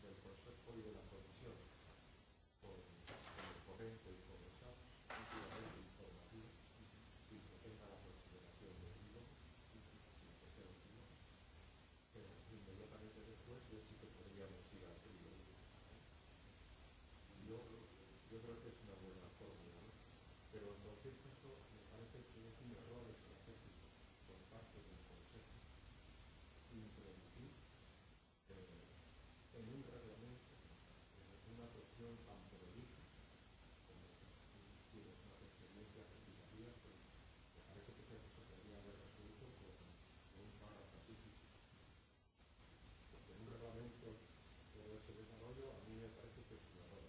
del Consejo y de la Comisión con, el ponente y con los últimamente informativa y que tenga la consideración de uno sin que sea último, pero inmediatamente después yo sí que podríamos ir al río. Yo, yo creo que es una buena fórmula, ¿no? pero en cualquier caso me parece que es un error estratégico por parte del Consejo introducir en un reglamento, en una cuestión tan prolija como tiene una experiencia legislativa, pues me parece que se podría haber resuelto con, con un párrafo pacífico. Porque en un reglamento sobre ese desarrollo a mí me parece que es un error.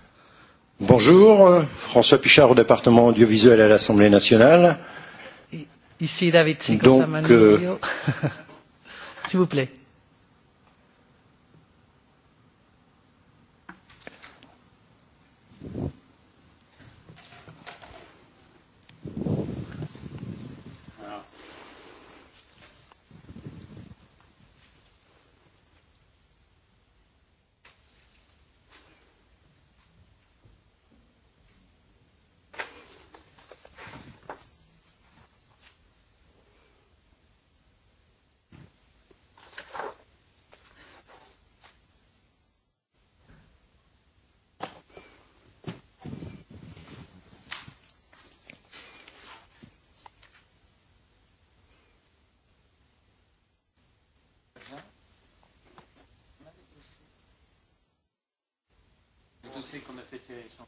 Bonjour, François Pichard au département audiovisuel à l'Assemblée nationale. Ici David Sicosamani. Donc, euh,
S'il vous plaît.
reconciliation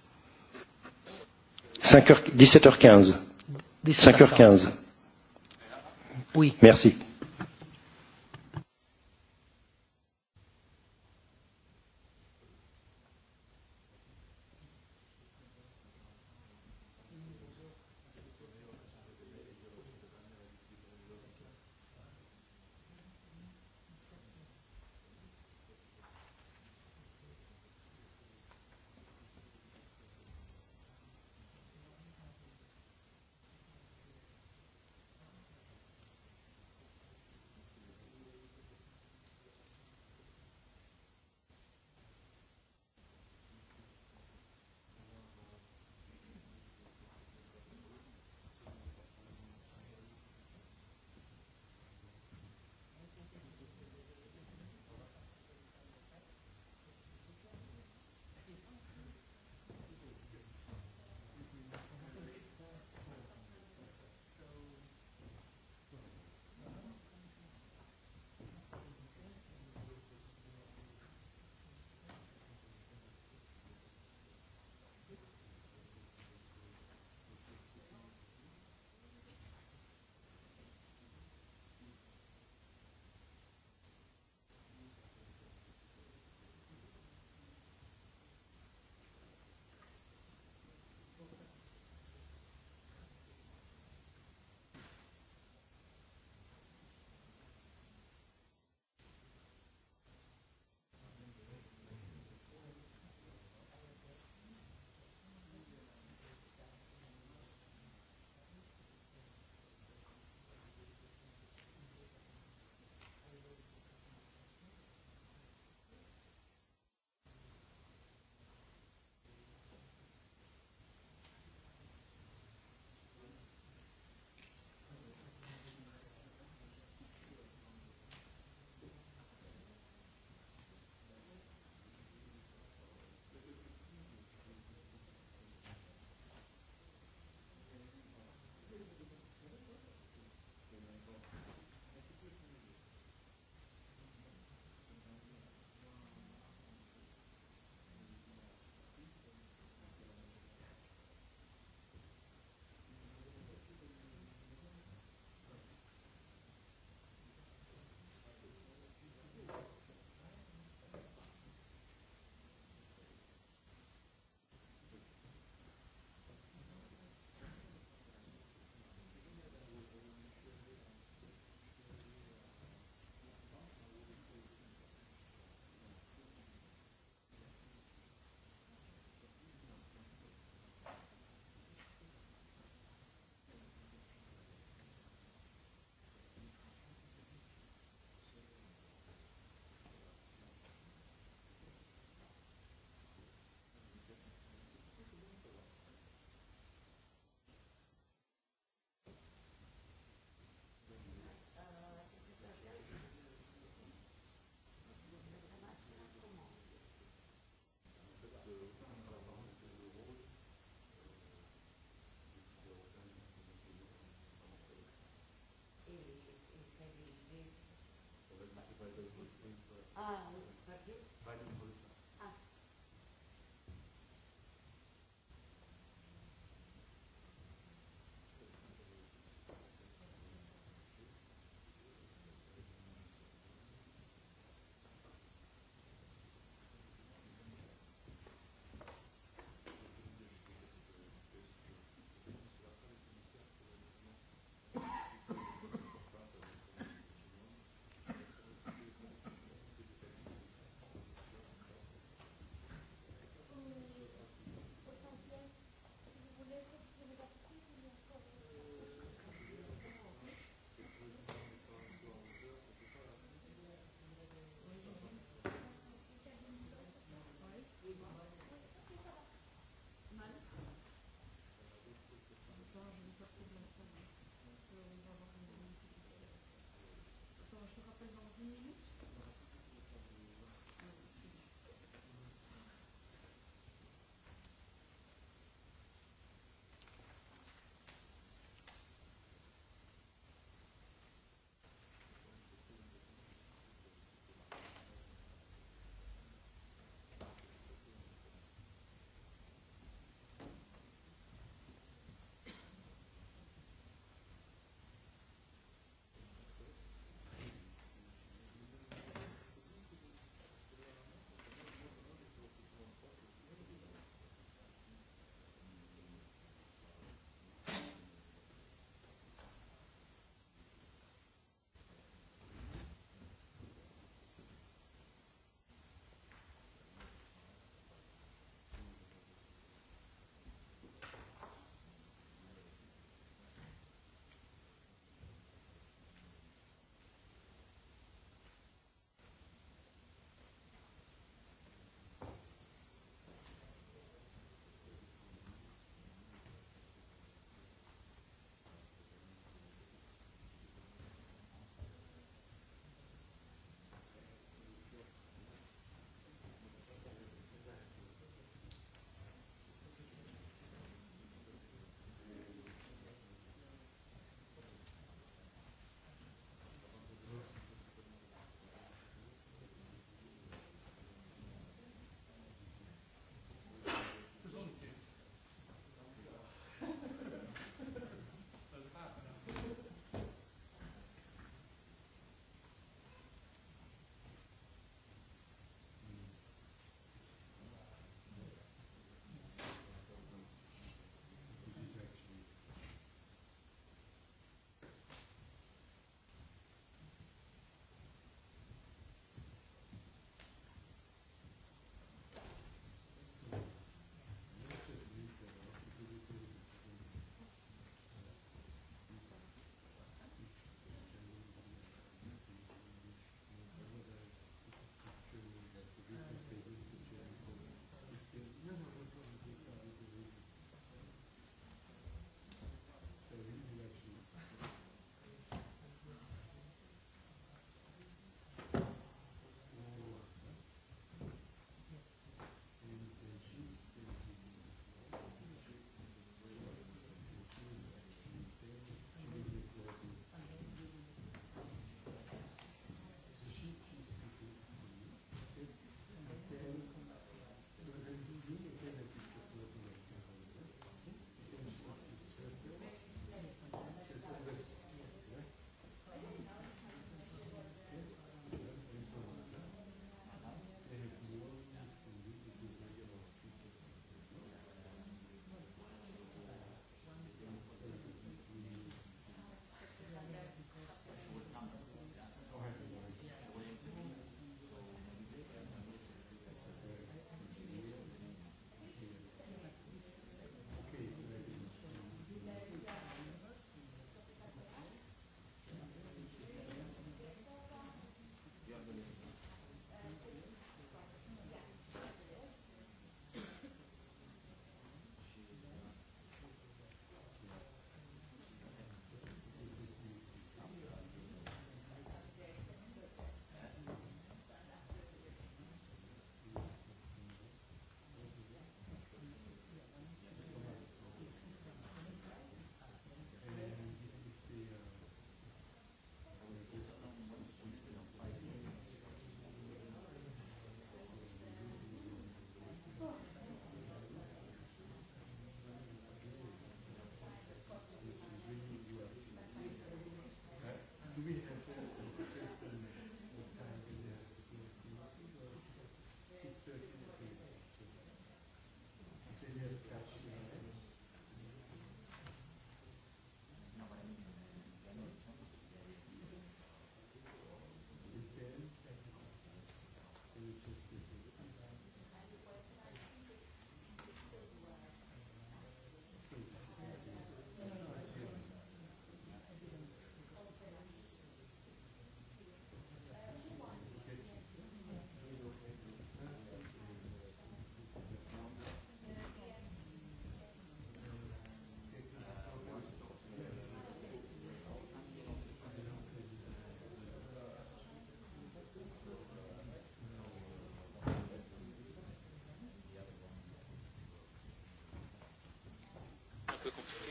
5h, 17h15. 17h15. Oui. Merci.
Ah, oui. Papier.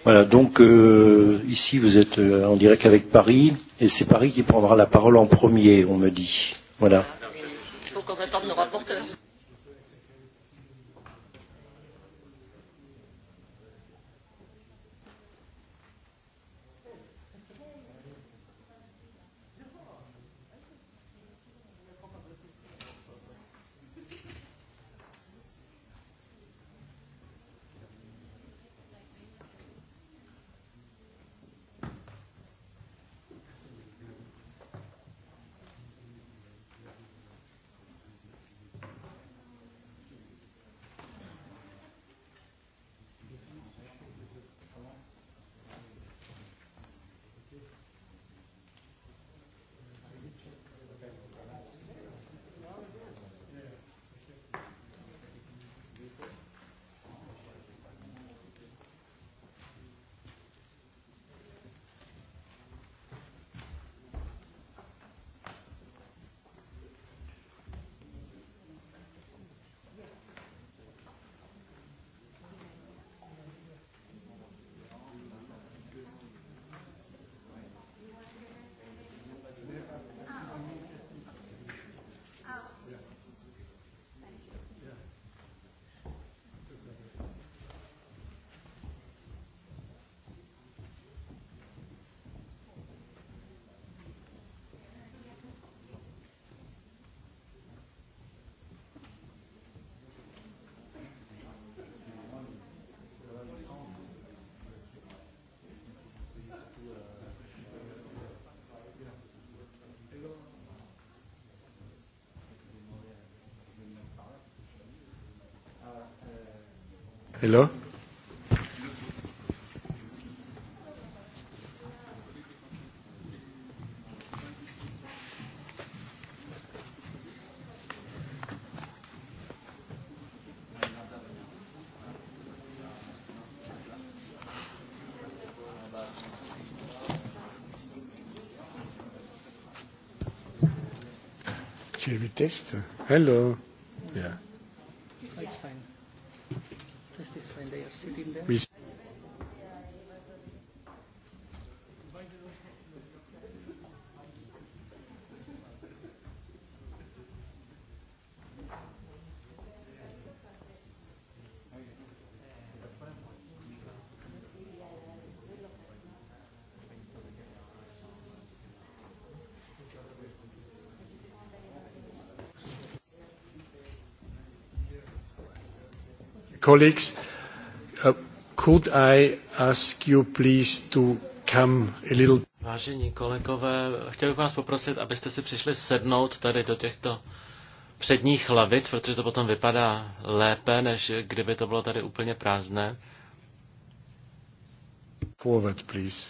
Voilà, donc euh, ici vous êtes euh, en direct avec Paris, et c'est Paris qui prendra la parole en premier, on me dit. Voilà.
test. Hello. colleagues, uh, could I ask you please to come a little...
Vážení kolegové, chtěl bych vás poprosit, abyste si přišli sednout tady do těchto předních lavic, protože to potom vypadá lépe, než kdyby to bylo tady úplně prázdné.
Forward, please.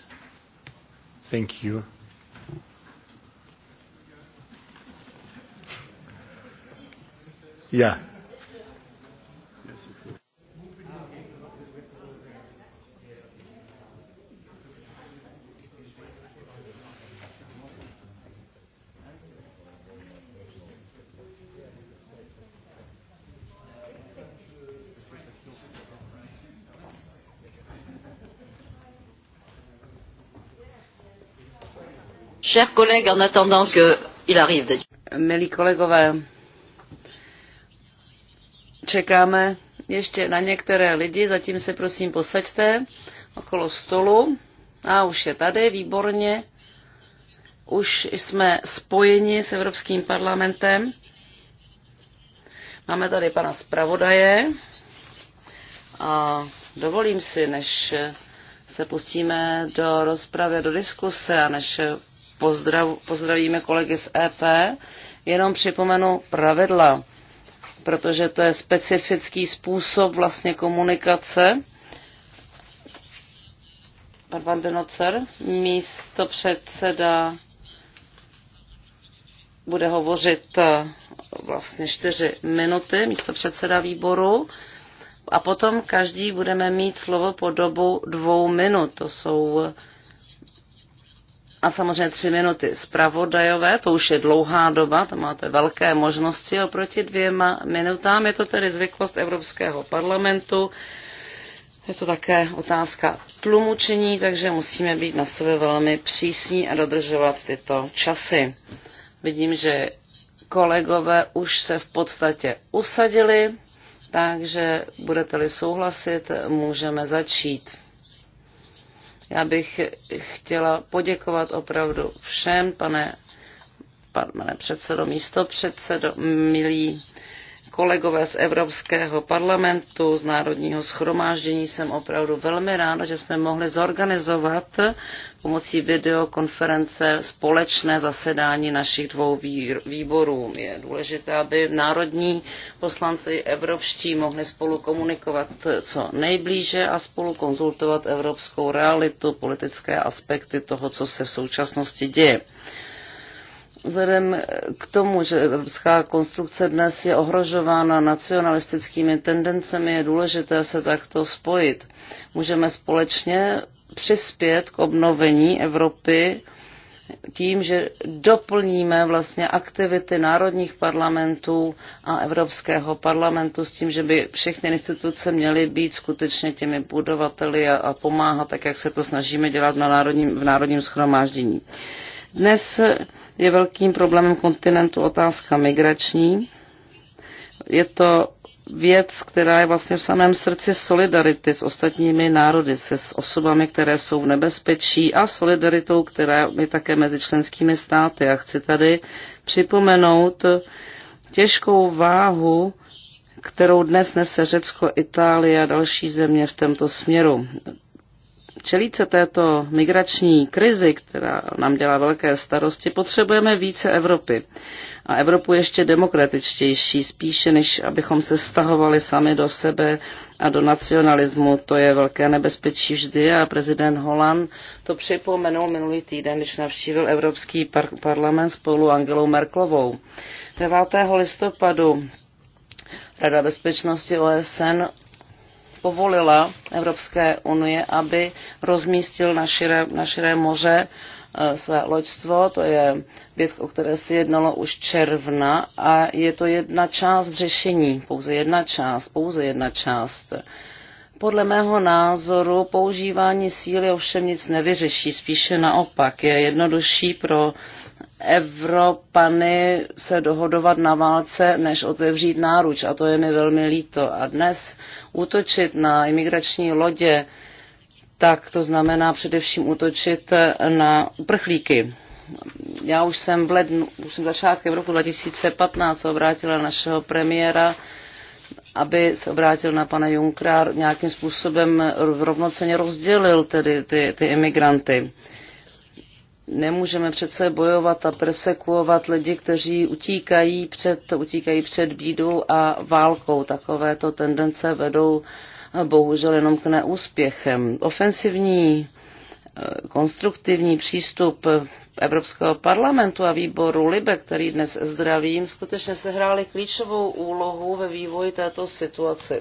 Thank you. Yeah.
Chers collègues, en attendant qu'il arrive. Milí kolegové, čekáme ještě na některé lidi, zatím se prosím posaďte okolo stolu. A už je tady, výborně. Už jsme spojeni s Evropským parlamentem. Máme tady pana zpravodaje. A dovolím si, než se pustíme do rozpravy, do diskuse a než pozdrav, pozdravíme kolegy z EP. Jenom připomenu pravidla, protože to je specifický způsob vlastně komunikace. Pan Van Denocer, místo předseda, bude hovořit eh, vlastně čtyři minuty, místo předseda výboru a potom každý budeme mít slovo po dobu dvou minut. To jsou a samozřejmě tři minuty zpravodajové, to už je dlouhá doba, tam máte velké možnosti oproti dvěma minutám. Je to tedy zvyklost Evropského parlamentu. Je to také otázka tlumučení, takže musíme být na sebe velmi přísní a dodržovat tyto časy. Vidím, že kolegové už se v podstatě usadili, takže budete-li souhlasit, můžeme začít. Já bych chtěla poděkovat opravdu všem, pane, pane předsedo, místo předsedo, milí kolegové z Evropského parlamentu, z Národního schromáždění. Jsem opravdu velmi ráda, že jsme mohli zorganizovat pomocí videokonference společné zasedání našich dvou výborů. Je důležité, aby národní poslanci evropští mohli spolu komunikovat co nejblíže a spolu konzultovat evropskou realitu, politické aspekty toho, co se v současnosti děje. Vzhledem k tomu, že evropská konstrukce dnes je ohrožována nacionalistickými tendencemi, je důležité se takto spojit. Můžeme společně přispět k obnovení Evropy tím, že doplníme vlastně aktivity národních parlamentů a Evropského parlamentu s tím, že by všechny instituce měly být skutečně těmi budovateli a, a pomáhat, tak jak se to snažíme dělat na národním, v národním schromáždění. Dnes je velkým problémem kontinentu otázka migrační. Je to věc, která je vlastně v samém srdci solidarity s ostatními národy, se s osobami, které jsou v nebezpečí a solidaritou, která je také mezi členskými státy. A chci tady připomenout těžkou váhu, kterou dnes nese Řecko, Itálie a další země v tomto směru čelíce této migrační krizi, která nám dělá velké starosti, potřebujeme více Evropy. A Evropu ještě demokratičtější, spíše než abychom se stahovali sami do sebe a do nacionalismu. To je velké nebezpečí vždy a prezident Holland to připomenul minulý týden, když navštívil Evropský par- parlament spolu Angelou Merklovou. 9. listopadu Rada bezpečnosti OSN povolila Evropské unie, aby rozmístil na širé, na širé moře eh, své loďstvo. To je věc, o které se jednalo už června a je to jedna část řešení, pouze jedna část, pouze jedna část. Podle mého názoru používání síly ovšem nic nevyřeší, spíše naopak. Je jednodušší pro Evropany se dohodovat na válce, než otevřít náruč. A to je mi velmi líto. A dnes útočit na imigrační lodě, tak to znamená především útočit na uprchlíky. Já už jsem v lednu, už jsem začátkem roku 2015 obrátila našeho premiéra, aby se obrátil na pana Junkra, nějakým způsobem rovnoceně rozdělil tedy ty, ty imigranty nemůžeme přece bojovat a persekuovat lidi, kteří utíkají před, utíkají před bídou a válkou. Takovéto tendence vedou eh, bohužel jenom k neúspěchem. Ofensivní eh, konstruktivní přístup Evropského parlamentu a výboru LIBE, který dnes zdravím, skutečně sehráli klíčovou úlohu ve vývoji této situace.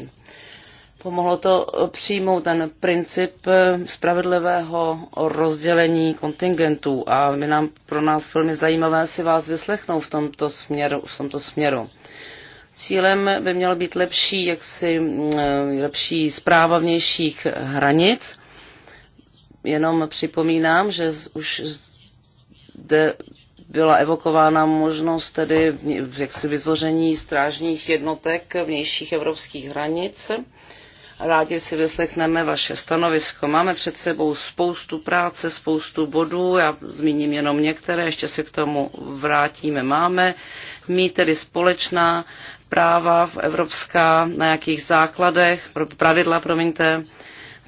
Pomohlo to eh, přijmout ten princip eh, spravedlivého rozdělení kontingentů a my nám, pro nás velmi zajímavé si vás vyslechnout v tomto směru. V tomto směru. Cílem by mělo být lepší, jaksi, mm, eh, lepší zpráva vnějších hranic. Jenom připomínám, že už zde byla evokována možnost tedy jaksi vytvoření strážních jednotek vnějších evropských hranic Rádi si vyslechneme vaše stanovisko. Máme před sebou spoustu práce, spoustu bodů, já zmíním jenom některé, ještě se k tomu vrátíme. Máme mít tedy společná práva v evropská, na jakých základech, pravidla, promiňte,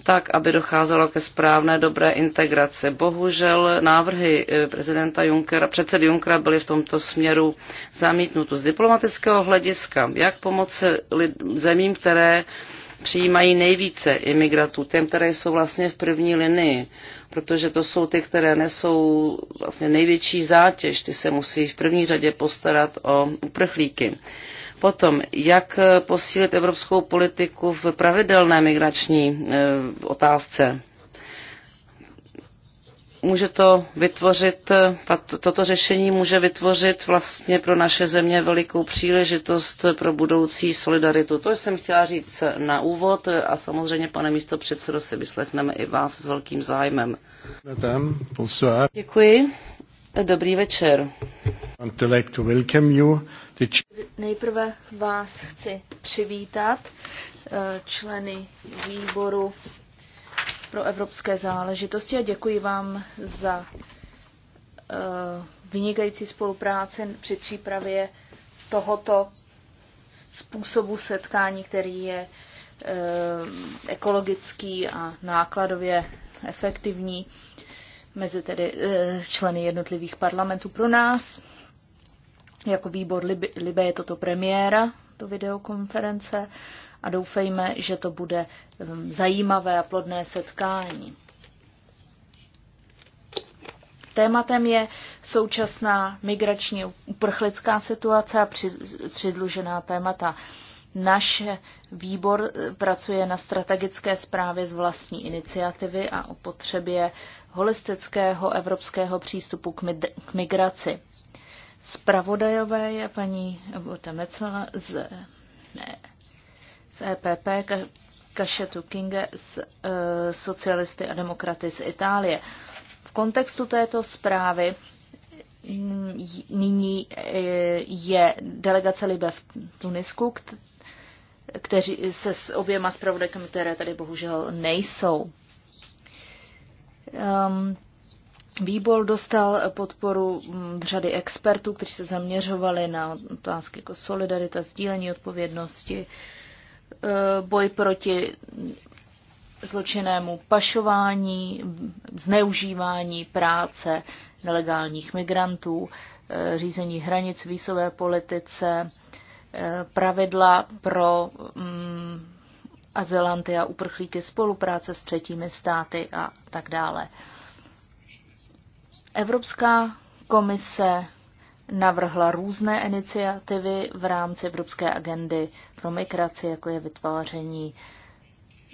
tak, aby docházelo ke správné dobré integraci. Bohužel návrhy eh, prezidenta Junckera, předsedy Junckera byly v tomto směru zamítnuty z diplomatického hlediska. Jak pomoci zemím, které přijímají nejvíce imigrantů, těm, které jsou vlastně v první linii, protože to jsou ty, které nesou vlastně největší zátěž, ty se musí v první řadě postarat o uprchlíky. Potom, jak posílit evropskou politiku v pravidelné migrační eh, otázce? může to vytvořit, tato, toto řešení může vytvořit vlastně pro naše země velikou příležitost pro budoucí solidaritu. To jsem chtěla říct na úvod a samozřejmě, pane místo předsedo, si vyslechneme i vás s velkým zájmem. Děkuji. Dobrý večer.
Nejprve vás chci přivítat eh, členy výboru pro evropské záležitosti a děkuji vám za eh, vynikající spolupráci při přípravě tohoto způsobu setkání, který je eh, ekologický a nákladově efektivní mezi tedy eh, členy jednotlivých parlamentů. Pro nás jako výbor Libe je toto premiéra, to videokonference a doufejme, že to bude um, zajímavé a plodné setkání. Tématem je současná migrační uprchlická situace a přidlužená témata. Náš výbor eh, pracuje na strategické zprávě z vlastní iniciativy a o potřebě holistického evropského přístupu k migraci. Spravodajové je paní Temecela z z EPP, Kašetu Kinge z e, socialisty a demokraty z Itálie. V kontextu této zprávy mm, nyní e, je delegace Libe v Tunisku, kteří se s oběma zpravodajkami, které tady bohužel nejsou. Um, Výbor dostal podporu mm, řady expertů, kteří se zaměřovali na otázky jako solidarita, sdílení odpovědnosti, uh, Eh, boj proti zločinnému pašování, zneužívání práce nelegálních migrantů, eh, řízení hranic, výsové politice, eh, pravidla pro mm, azylanty a uprchlíky, spolupráce s třetími státy a tak dále. Evropská komise navrhla různé iniciativy v rámci Evropské agendy pro migraci, jako je vytváření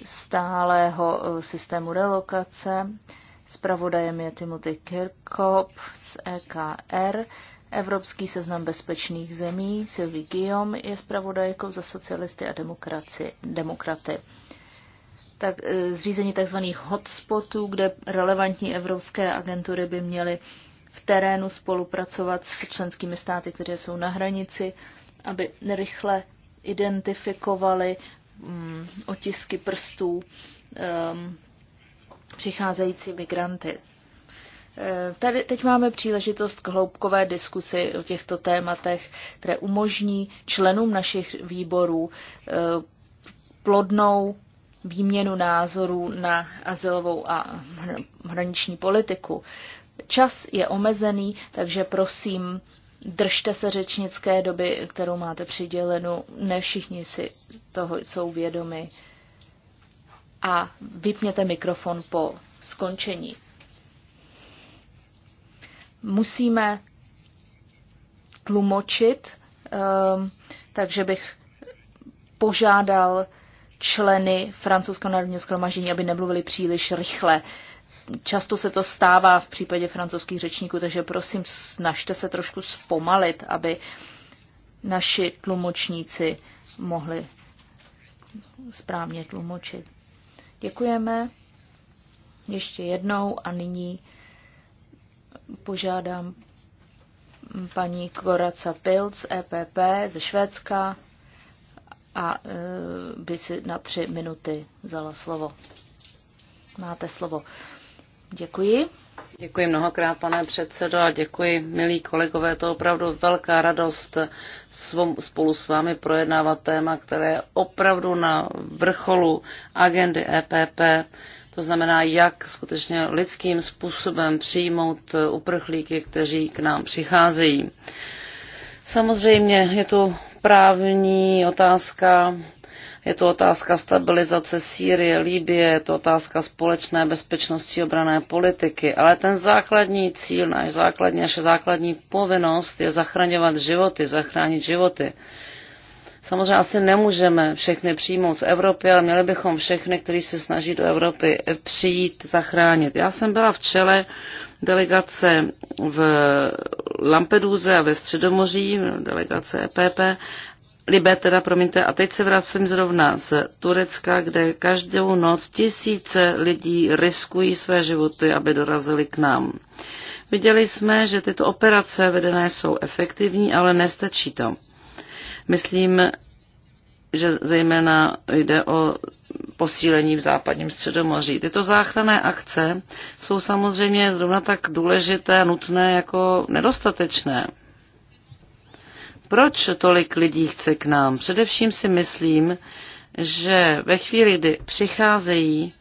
stálého eh, systému relokace. Spravodajem je Timothy Kirkop z EKR. Evropský seznam bezpečných zemí Sylvie Guillaume je spravodajkou za socialisty a demokraci, demokraty. Tak, eh, zřízení tzv. hotspotů, kde relevantní evropské agentury by měly v terénu spolupracovat s členskými státy, které jsou na hranici, aby rychle identifikovali um, otisky prstů um, přicházející migranty. Eh, tady teď máme příležitost k hloubkové diskusi o těchto tématech, které umožní členům našich výborů eh, plodnou výměnu názorů na azylovou a hraniční politiku. Čas je omezený, takže prosím, držte se řečnické doby, kterou máte přidělenu. Ne všichni si toho jsou vědomi. A vypněte mikrofon po skončení. Musíme tlumočit, ehm, takže bych požádal členy francouzského národního schromaždění, aby nemluvili příliš rychle. Často se to stává v případě francouzských řečníků, takže prosím, snažte se trošku zpomalit, aby naši tlumočníci mohli správně tlumočit. Děkujeme ještě jednou a nyní požádám paní Koraca Pilc, EPP ze Švédska, a e, by si na tři minuty vzala slovo. Máte slovo.
Děkuji. Děkuji mnohokrát, pane předsedo, a děkuji, milí kolegové. To je opravdu velká radost svom, spolu s vámi projednávat téma, které je opravdu na vrcholu agendy EPP. To znamená, jak skutečně lidským způsobem přijmout uprchlíky, kteří k nám přicházejí. Samozřejmě je tu právní otázka, je to otázka stabilizace Sýrie, Líbie, je to otázka společné bezpečnosti obrané politiky. Ale ten základní cíl, náš základní, naše základní povinnost je zachraňovat životy, zachránit životy. Samozřejmě asi nemůžeme všechny přijmout v Evropě, ale měli bychom všechny, kteří se snaží do Evropy eh, přijít, zachránit. Já jsem byla v čele delegace v Lampeduze a ve Středomoří, delegace EPP, Libé teda, promiňte, a teď se vracím zrovna z Turecka, kde každou noc tisíce lidí riskují své životy, aby dorazili k nám. Viděli jsme, že tyto operace vedené jsou efektivní, ale nestačí to. Myslím, že zejména jde o posílení v západním středomoří. Tyto záchranné akce jsou samozřejmě zrovna tak důležité a nutné jako nedostatečné. Proč tolik lidí chce k nám? Především si myslím, že ve chvíli, kdy přicházejí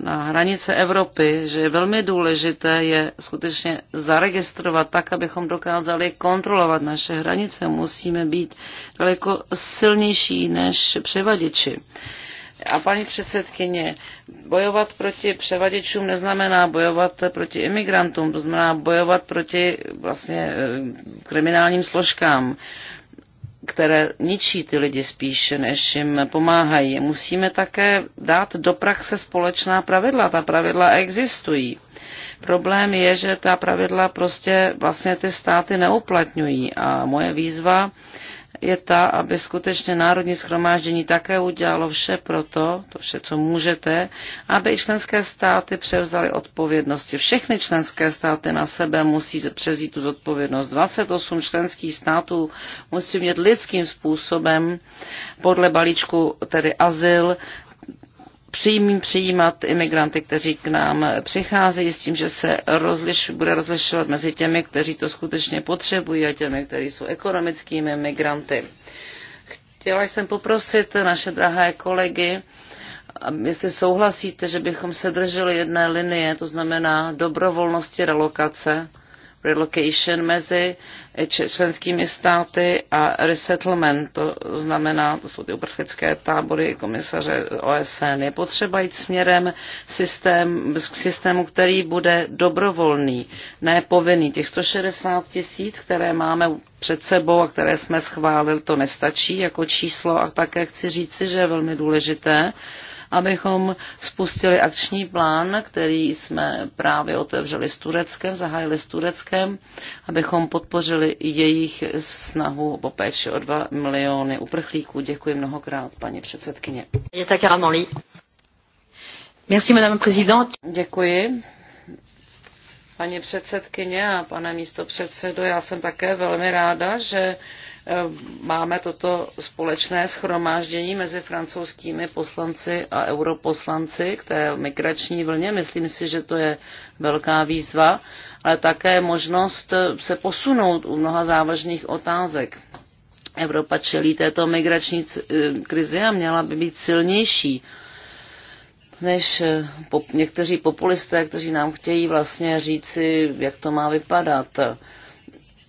na hranice Evropy, že je velmi důležité je skutečně zaregistrovat tak, abychom dokázali kontrolovat naše hranice. Musíme být daleko silnější než převaděči. A paní předsedkyně, bojovat proti převaděčům neznamená bojovat proti imigrantům, to znamená bojovat proti vlastně eh, kriminálním složkám, které ničí ty lidi spíše, než jim pomáhají. Musíme také dát do praxe společná pravidla. Ta pravidla existují. Problém je, že ta pravidla prostě vlastně ty státy neuplatňují. A moje výzva je ta, aby skutečně Národní schromáždění také udělalo vše pro to vše, co můžete, aby i členské státy převzaly odpovědnosti. Všechny členské státy na sebe musí převzít tu zodpovědnost. 28 členských států musí mít lidským způsobem podle balíčku, tedy azyl, přijímat imigranty, kteří k nám přicházejí s tím, že se rozliš, bude rozlišovat mezi těmi, kteří to skutečně potřebují a těmi, kteří jsou ekonomickými migranty. Chtěla jsem poprosit naše drahé kolegy, jestli souhlasíte, že bychom se drželi jedné linie, to znamená dobrovolnosti relokace relocation mezi členskými státy a resettlement, to znamená, to jsou ty uprchlické tábory komisaře OSN. Je potřeba jít směrem systém, k systému, který bude dobrovolný, ne povinný. Těch 160 tisíc, které máme před sebou a které jsme schválili, to nestačí jako číslo a také chci říci, že je velmi důležité, abychom spustili akční plán, který jsme právě otevřeli s Tureckem, zahájili s Tureckem, abychom podpořili jejich snahu o péči o 2 miliony uprchlíků. Děkuji mnohokrát, paní předsedkyně. Merci, madame Děkuji. Paní předsedkyně a pane místo předsedu, já jsem také velmi ráda, že máme toto společné schromáždění mezi francouzskými poslanci a europoslanci k té migrační vlně. Myslím si, že to je velká výzva, ale také možnost se posunout u mnoha závažných otázek. Evropa čelí této migrační eh, krizi a měla by být silnější než eh, po, někteří populisté, kteří nám chtějí vlastně říci, jak to má vypadat.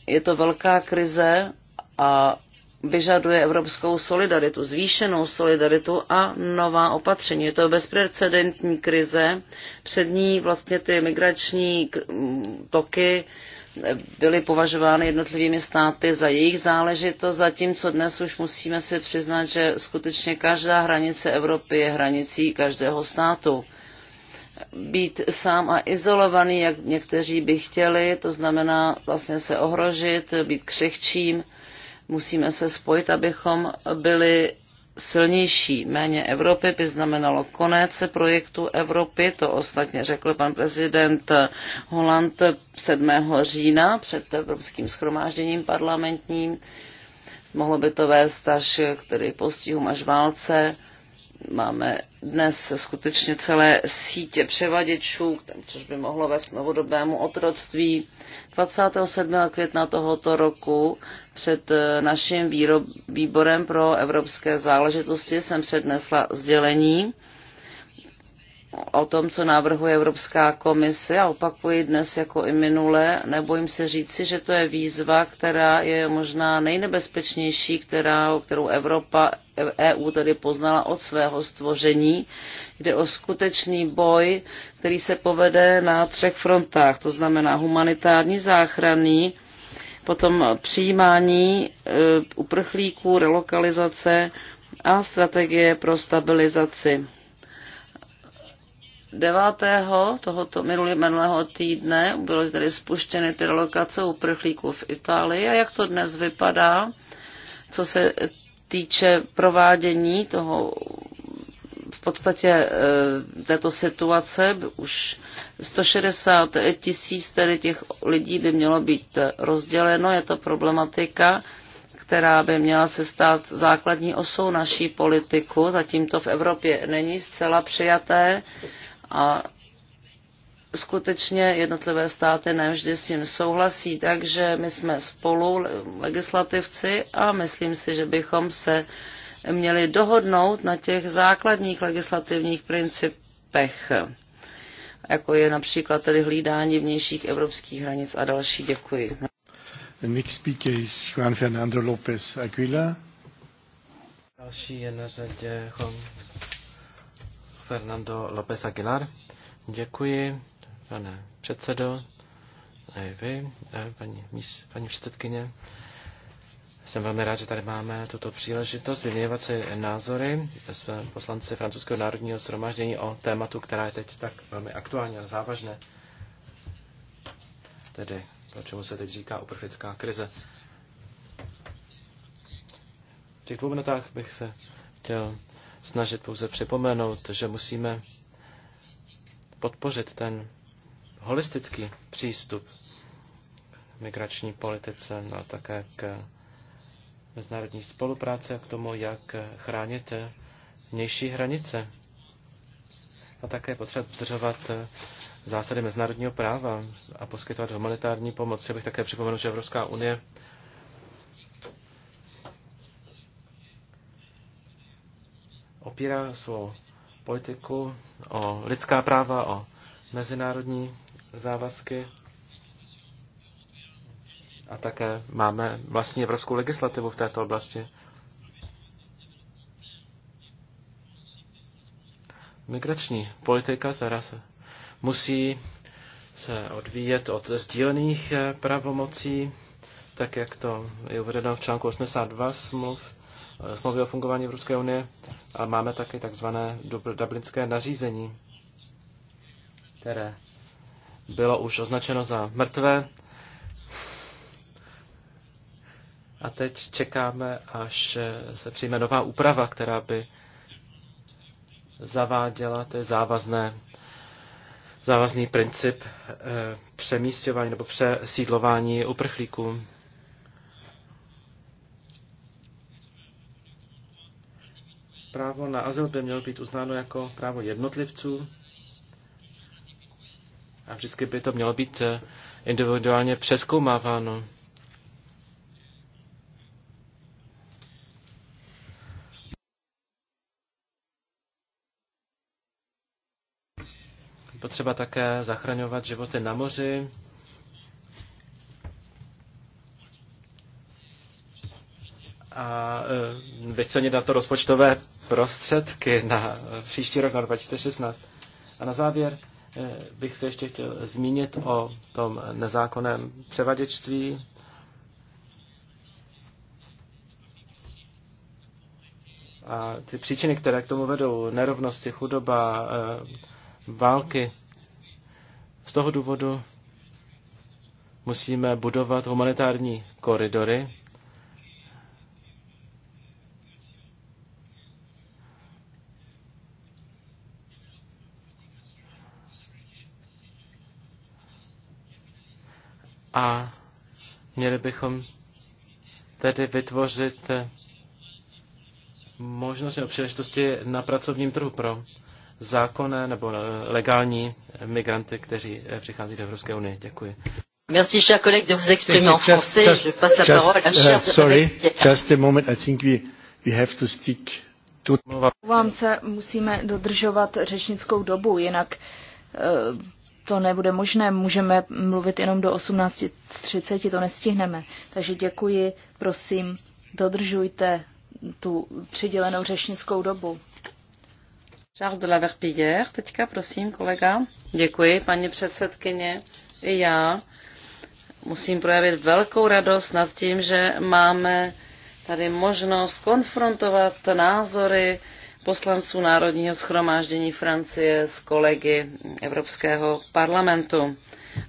Je to velká krize a vyžaduje evropskou solidaritu, zvýšenou solidaritu a nová opatření. Je to bezprecedentní krize, před ní vlastně ty migrační toky byly považovány jednotlivými státy za jejich záležitost, zatímco dnes už musíme si přiznat, že skutečně každá hranice Evropy je hranicí každého státu. Být sám a izolovaný, jak někteří by chtěli, to znamená vlastně se ohrožit, být křehčím, Musíme se spojit, abychom byli silnější. Méně Evropy by znamenalo konec projektu Evropy, to ostatně řekl pan prezident Holland 7. října před Evropským schromážděním parlamentním. Mohlo by to vést až k postihům až válce. Máme dnes skutečně celé sítě převaděčů, což by mohlo vést novodobému otroctví. 27. května tohoto roku před eh, naším výborem pro evropské záležitosti jsem přednesla sdělení o tom, co navrhuje Evropská komise a opakuji dnes jako i minule, nebojím se říci, že to je výzva, která je možná nejnebezpečnější, která, kterou Evropa EU tedy poznala od svého stvoření. Jde o skutečný boj, který se povede na třech frontách, to znamená humanitární, záchranný, potom přijímání e, uprchlíků, relokalizace a strategie pro stabilizaci. 9. tohoto minulý, minulého týdne byly tedy spuštěny ty relokace uprchlíků v Itálii. A jak to dnes vypadá, co se týče provádění toho v podstatě e, této situace už 160 tisíc tedy těch lidí by mělo být rozděleno. Je to problematika, která by měla se stát základní osou naší politiku. Zatím to v Evropě není zcela přijaté a skutečně jednotlivé státy nevždy s tím souhlasí, takže my jsme spolu legislativci a myslím si, že bychom se měli dohodnout na těch základních legislativních principech, jako je například tedy hlídání vnějších evropských hranic a další. Děkuji.
next speaker is Juan Fernando López Aguila.
Další je na řadě Juan Fernando López Aguilar. Děkuji pane předsedo, a i vy, paní, míst, paní předsedkyně. Jsem velmi rád, že tady máme tuto příležitost vyměňovat si názory s poslanci francouzského národního shromáždění o tématu, která je teď tak velmi aktuální a závažné. Tedy to, čemu se teď říká uprchlická krize. V těch dvou minutách bych se chtěl snažit pouze připomenout, že musíme podpořit ten holistický přístup k migrační politice a také k mezinárodní spolupráci a k tomu, jak chránit vnější hranice. A také potřeba dodržovat zásady mezinárodního práva a poskytovat humanitární pomoc. Já bych také připomenul, že Evropská unie opírá svou politiku o lidská práva, o mezinárodní závazky a také máme vlastní evropskou legislativu v této oblasti. Migrační politika, teda se musí se odvíjet od sdílených eh, pravomocí, tak jak to je uvedeno v článku 82 smluv, eh, smlouvy o fungování Evropské unie, ale máme také takzvané dublinské nařízení, které bylo už označeno za mrtvé. A teď čekáme, až se přijme nová úprava, která by zaváděla ty závazné, závazný princip eh, přemístování nebo přesídlování uprchlíků. Právo na azyl by mělo být uznáno jako právo jednotlivců a vždycky by to mělo být eh, individuálně přeskoumáváno. Potřeba také zachraňovat životy na moři. A eh, vyčlenit na to rozpočtové prostředky na eh, příští rok, na 2016. A na závěr Eh, bych se ještě chtěl zmínit o tom nezákonném převaděčství. A ty příčiny, které k tomu vedou, nerovnosti, chudoba, eh, války, z toho důvodu musíme budovat humanitární koridory, a měli bychom tedy vytvořit možnost nebo příležitosti na pracovním trhu pro zákonné nebo eh, legální migranty, kteří eh, přichází do Evropské unie. Děkuji.
Merci, cher collègue, de vous
exprimer en français. Just, Je passe la
just, parole
à uh, Sorry,
just a moment. I think we, we have to stick to...
Vám se musíme dodržovat řečnickou dobu, jinak uh, to nebude možné, můžeme mluvit jenom do 18.30, to nestihneme. Takže děkuji, prosím, dodržujte tu
přidělenou řečnickou dobu. Charles de la Verpillière, teďka prosím, kolega. Děkuji, paní předsedkyně. I já musím projevit velkou radost nad tím, že máme tady možnost konfrontovat názory poslanců Národního schromáždění Francie s kolegy Evropského parlamentu.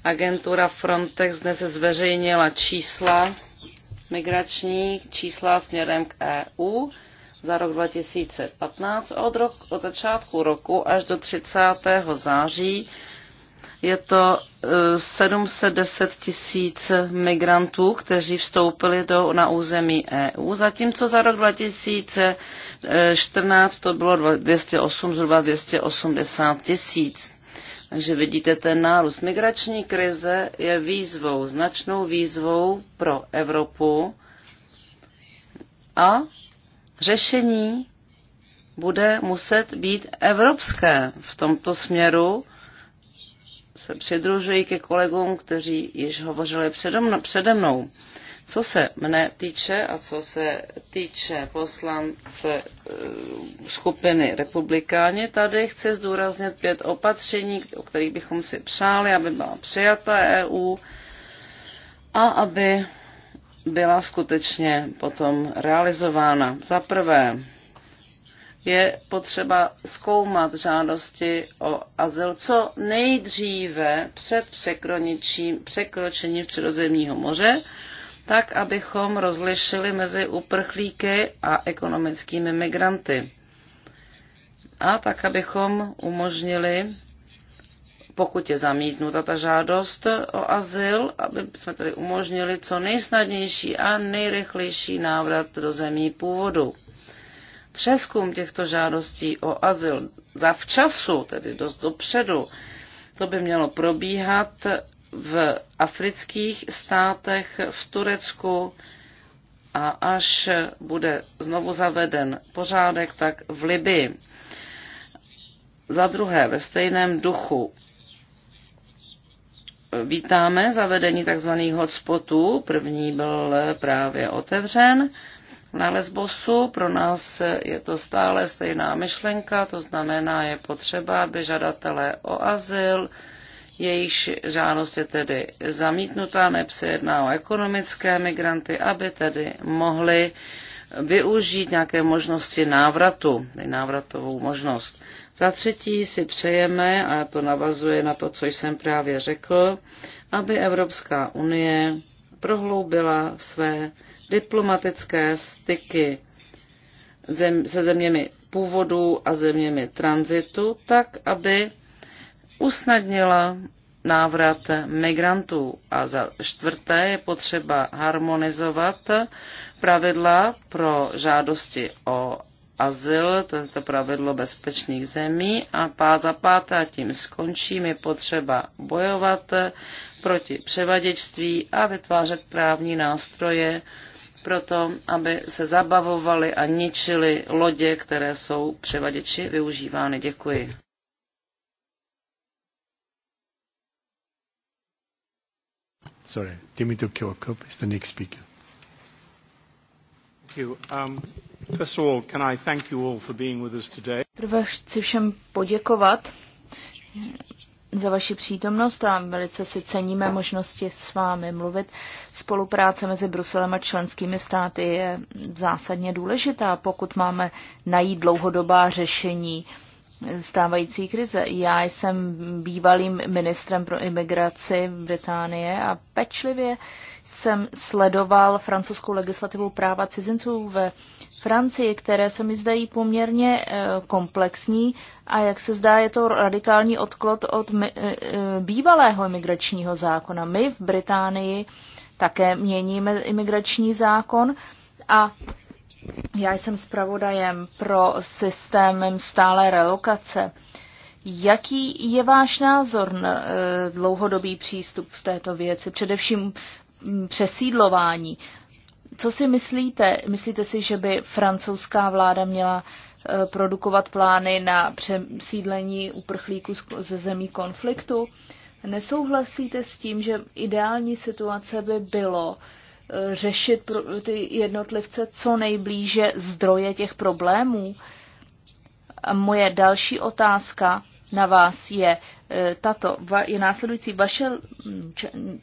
Agentura Frontex dnes zveřejnila čísla migrační, čísla směrem k EU za rok 2015 od, rok, od začátku roku až do 30. září je to 710 e, tisíc migrantů, kteří vstoupili do, na území EU, zatímco za rok 2014 to bylo 208, zhruba 280 tisíc. Takže vidíte ten nárůst. Migrační krize je výzvou, značnou výzvou pro Evropu a řešení bude muset být evropské v tomto směru se přidružuji ke kolegům, kteří již hovořili přede mnou. Co se mne týče a co se týče poslance eh, skupiny republikáni, tady chci zdůraznit pět opatření, o kterých bychom si přáli, aby byla přijata EU a aby byla skutečně potom realizována. Za prvé, je potřeba zkoumat žádosti o azyl co nejdříve před překročením Středozemního moře, tak abychom rozlišili mezi uprchlíky a ekonomickými migranty. A tak abychom umožnili, pokud je zamítnuta ta žádost o azyl, aby jsme tedy umožnili co nejsnadnější a nejrychlejší návrat do zemí původu přeskum těchto žádostí o azyl zavčasu, tedy dost dopředu, to by mělo probíhat v afrických státech, v Turecku a až bude znovu zaveden pořádek, tak v Libii. Za druhé, ve stejném duchu vítáme zavedení tzv. hotspotů. První byl právě otevřen na Lesbosu. Pro nás je to stále stejná myšlenka, to znamená, je potřeba, aby žadatelé o azyl, jejichž žádost je tedy zamítnutá, neb se jedná o ekonomické migranty, aby tedy mohli využít nějaké možnosti návratu, návratovou možnost. Za třetí si přejeme, a to navazuje na to, co jsem právě řekl, aby Evropská unie prohloubila své diplomatické styky zem, se zeměmi původu a zeměmi tranzitu, tak aby usnadnila návrat migrantů. A za čtvrté je potřeba harmonizovat pravidla pro žádosti o azyl, to je to pravidlo bezpečných zemí. A pá za páté, a tím skončím, je potřeba bojovat proti převaděčství a vytvářet právní nástroje pro to, aby se zabavovali a ničili lodě, které jsou převaděči využívány. Děkuji.
Sorry, Dimitri Kirkup is the next speaker.
Thank thank you. you um, First of all, all
can I for being with us today?
Prvé chci všem poděkovat za vaši přítomnost a velice si ceníme možnosti s vámi mluvit. Spolupráce mezi Bruselem a členskými státy je zásadně důležitá, pokud máme najít dlouhodobá řešení stávající krize. Já jsem bývalým ministrem pro imigraci v Británie a pečlivě jsem sledoval francouzskou legislativu práva cizinců ve Francii, které se mi zdají poměrně eh, komplexní a jak se zdá, je to radikální odklad od eh, eh, bývalého imigračního zákona. My v Británii také měníme imigrační zákon a já jsem zpravodajem pro systémem stále relokace. Jaký je váš názor na e, dlouhodobý přístup v této věci, především přesídlování? Co si myslíte? Myslíte si, že by francouzská vláda měla e, produkovat plány na přesídlení uprchlíků ze zemí konfliktu? Nesouhlasíte s tím, že ideální situace by bylo, řešit pro ty jednotlivce co nejblíže zdroje těch problémů. A moje další otázka na vás je e, tato. Je následující vaše,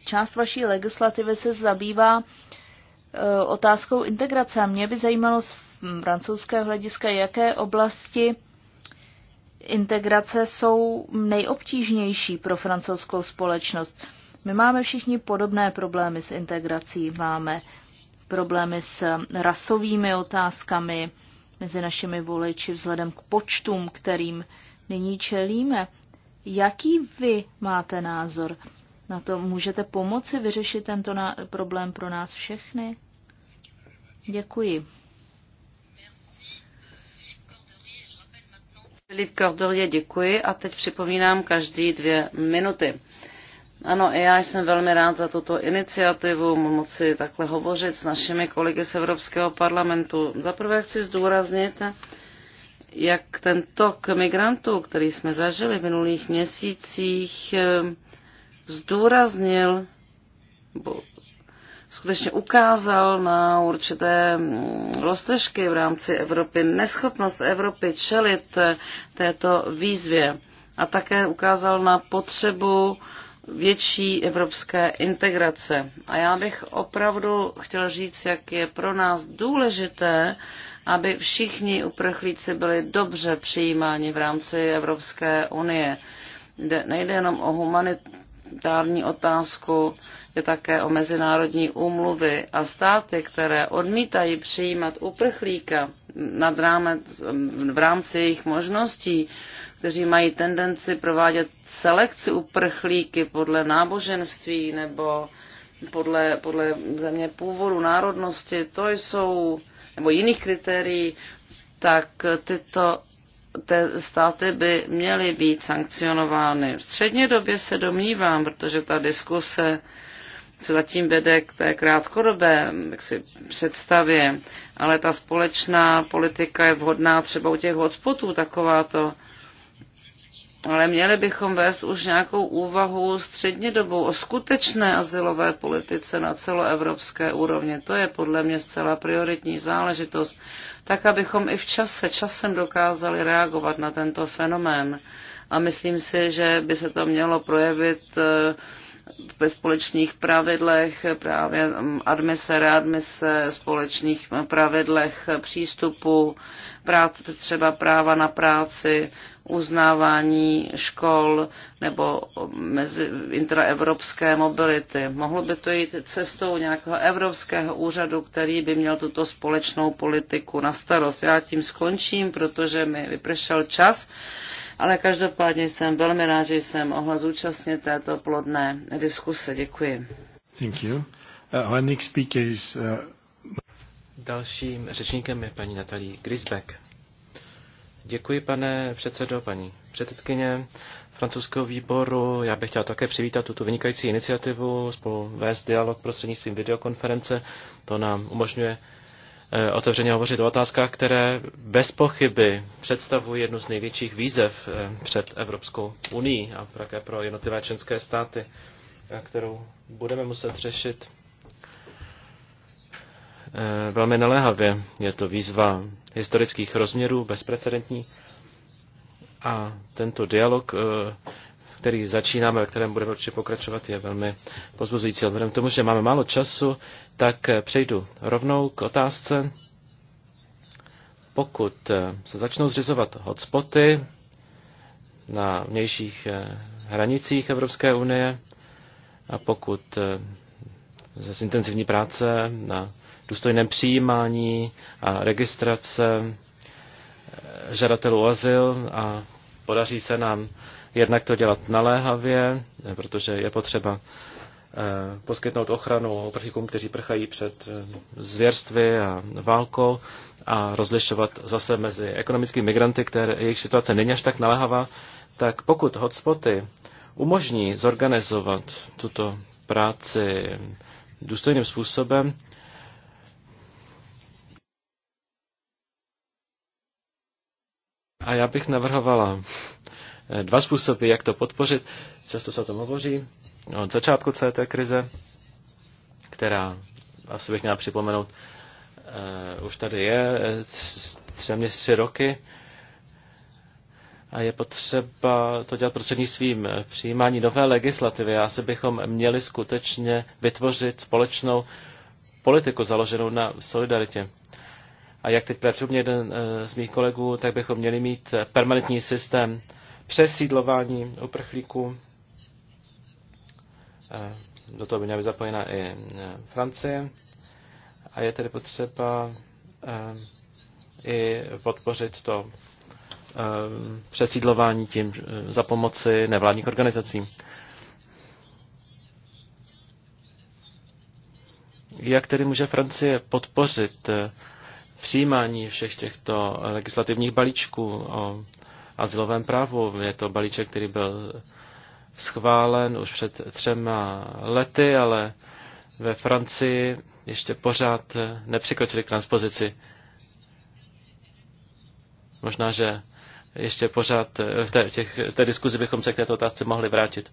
část vaší legislativy se zabývá e, otázkou integrace. A mě by zajímalo z francouzského hlediska, jaké oblasti integrace jsou nejobtížnější pro francouzskou společnost. My máme všichni podobné problémy s integrací, máme problémy s rasovými otázkami mezi našimi voliči vzhledem k počtům, kterým nyní čelíme. Jaký vy máte názor na to? Můžete pomoci vyřešit tento problém pro nás všechny?
Děkuji. Filip Kordorie, děkuji a teď připomínám každý dvě minuty. Ano, i já jsem velmi rád za tuto iniciativu moci takhle hovořit s našimi kolegy z Evropského parlamentu. Za prvé chci zdůraznit, jak ten tok migrantů, který jsme zažili v minulých měsících, eh, zdůraznil, bo skutečně ukázal na určité mm, roztržky v rámci Evropy, neschopnost Evropy čelit eh, této výzvě a také ukázal na potřebu větší evropské integrace. A já bych opravdu chtěl říct, jak je pro nás důležité, aby všichni uprchlíci byli dobře přijímáni v rámci Evropské unie. Jde, nejde jenom o humanitární otázku, je také o mezinárodní úmluvy a státy, které odmítají přijímat uprchlíka nad rámec, v rámci jejich možností, kteří mají tendenci provádět selekci uprchlíky podle náboženství nebo podle, podle země původu, národnosti, to jsou, nebo jiných kritérií, tak tyto te státy by měly být sankcionovány. V středně době se domnívám, protože ta diskuse se zatím vede k té krátkodobé jak si představě, ale ta společná politika je vhodná třeba u těch hotspotů, to ale měli bychom vést už nějakou úvahu dobou o skutečné asilové politice na celoevropské úrovni. To je podle mě zcela prioritní záležitost, tak abychom i v čase, časem dokázali reagovat na tento fenomén. A myslím si, že by se to mělo projevit eh, ve společných pravidlech, právě mm, admise, readmise, společných eh, pravidlech eh, přístupu, třeba práva na práci, uznávání škol nebo mezi intraevropské mobility. Mohlo by to jít cestou nějakého evropského úřadu, který by měl tuto společnou politiku na starost. Já tím skončím, protože mi vypršel čas, ale každopádně jsem velmi rád, že jsem mohla zúčastnit této plodné diskuse. Děkuji.
Thank you. Uh, our next speaker is, uh...
Dalším řečníkem je paní Natalie Grisbeck. Děkuji, pane předsedo, paní předsedkyně francouzského výboru. Já bych chtěl také přivítat tuto vynikající iniciativu, spolu vést dialog prostřednictvím videokonference. To nám umožňuje eh, otevřeně hovořit o otázkách, které bez pochyby představují jednu z největších výzev eh, před Evropskou unii a také pro jednotlivé členské státy, kterou budeme muset řešit Eh, velmi naléhavě. Je to výzva historických rozměrů, bezprecedentní. A tento dialog, eh, který začínáme, ve kterém budeme určitě pokračovat, je velmi pozbuzující. A vzhledem k tomu, že máme málo času, tak eh, přejdu rovnou k otázce. Pokud se začnou zřizovat hotspoty na vnějších hranicích Evropské unie a pokud ze intenzivní práce na důstojném přijímání a registrace eh, žadatelů o azyl a podaří se nám jednak to dělat naléhavě, eh, protože je potřeba eh, poskytnout ochranu uprchlíkům, kteří prchají před zvěrstvy a válkou a rozlišovat zase mezi ekonomickými migranty, které jejich situace není až tak naléhavá, tak pokud hotspoty umožní zorganizovat tuto práci důstojným způsobem, A já bych navrhovala eh, dva způsoby, jak to podpořit. Často se o tom hovoří. Od začátku celé té krize, která, asi bych měla připomenout, eh, už tady je eh, téměř tři roky, a je potřeba to dělat prostřednictvím přijímání nové legislativy. Asi bychom měli skutečně vytvořit společnou politiku založenou na solidaritě a jak teď předmě jeden eh, z mých kolegů, tak bychom měli mít eh, permanentní systém přesídlování uprchlíků. Eh, do toho by měla být zapojena i Francie. A je tedy potřeba i podpořit to přesídlování tím za pomoci nevládních organizací. Jak tedy může Francie podpořit přijímání všech těchto legislativních balíčků o azylovém právu. Je to balíček, který byl schválen už před třema lety, ale ve Francii ještě pořád nepřikročili k transpozici. Možná, že ještě pořád v té, těch, té diskuzi bychom se k této otázce mohli vrátit.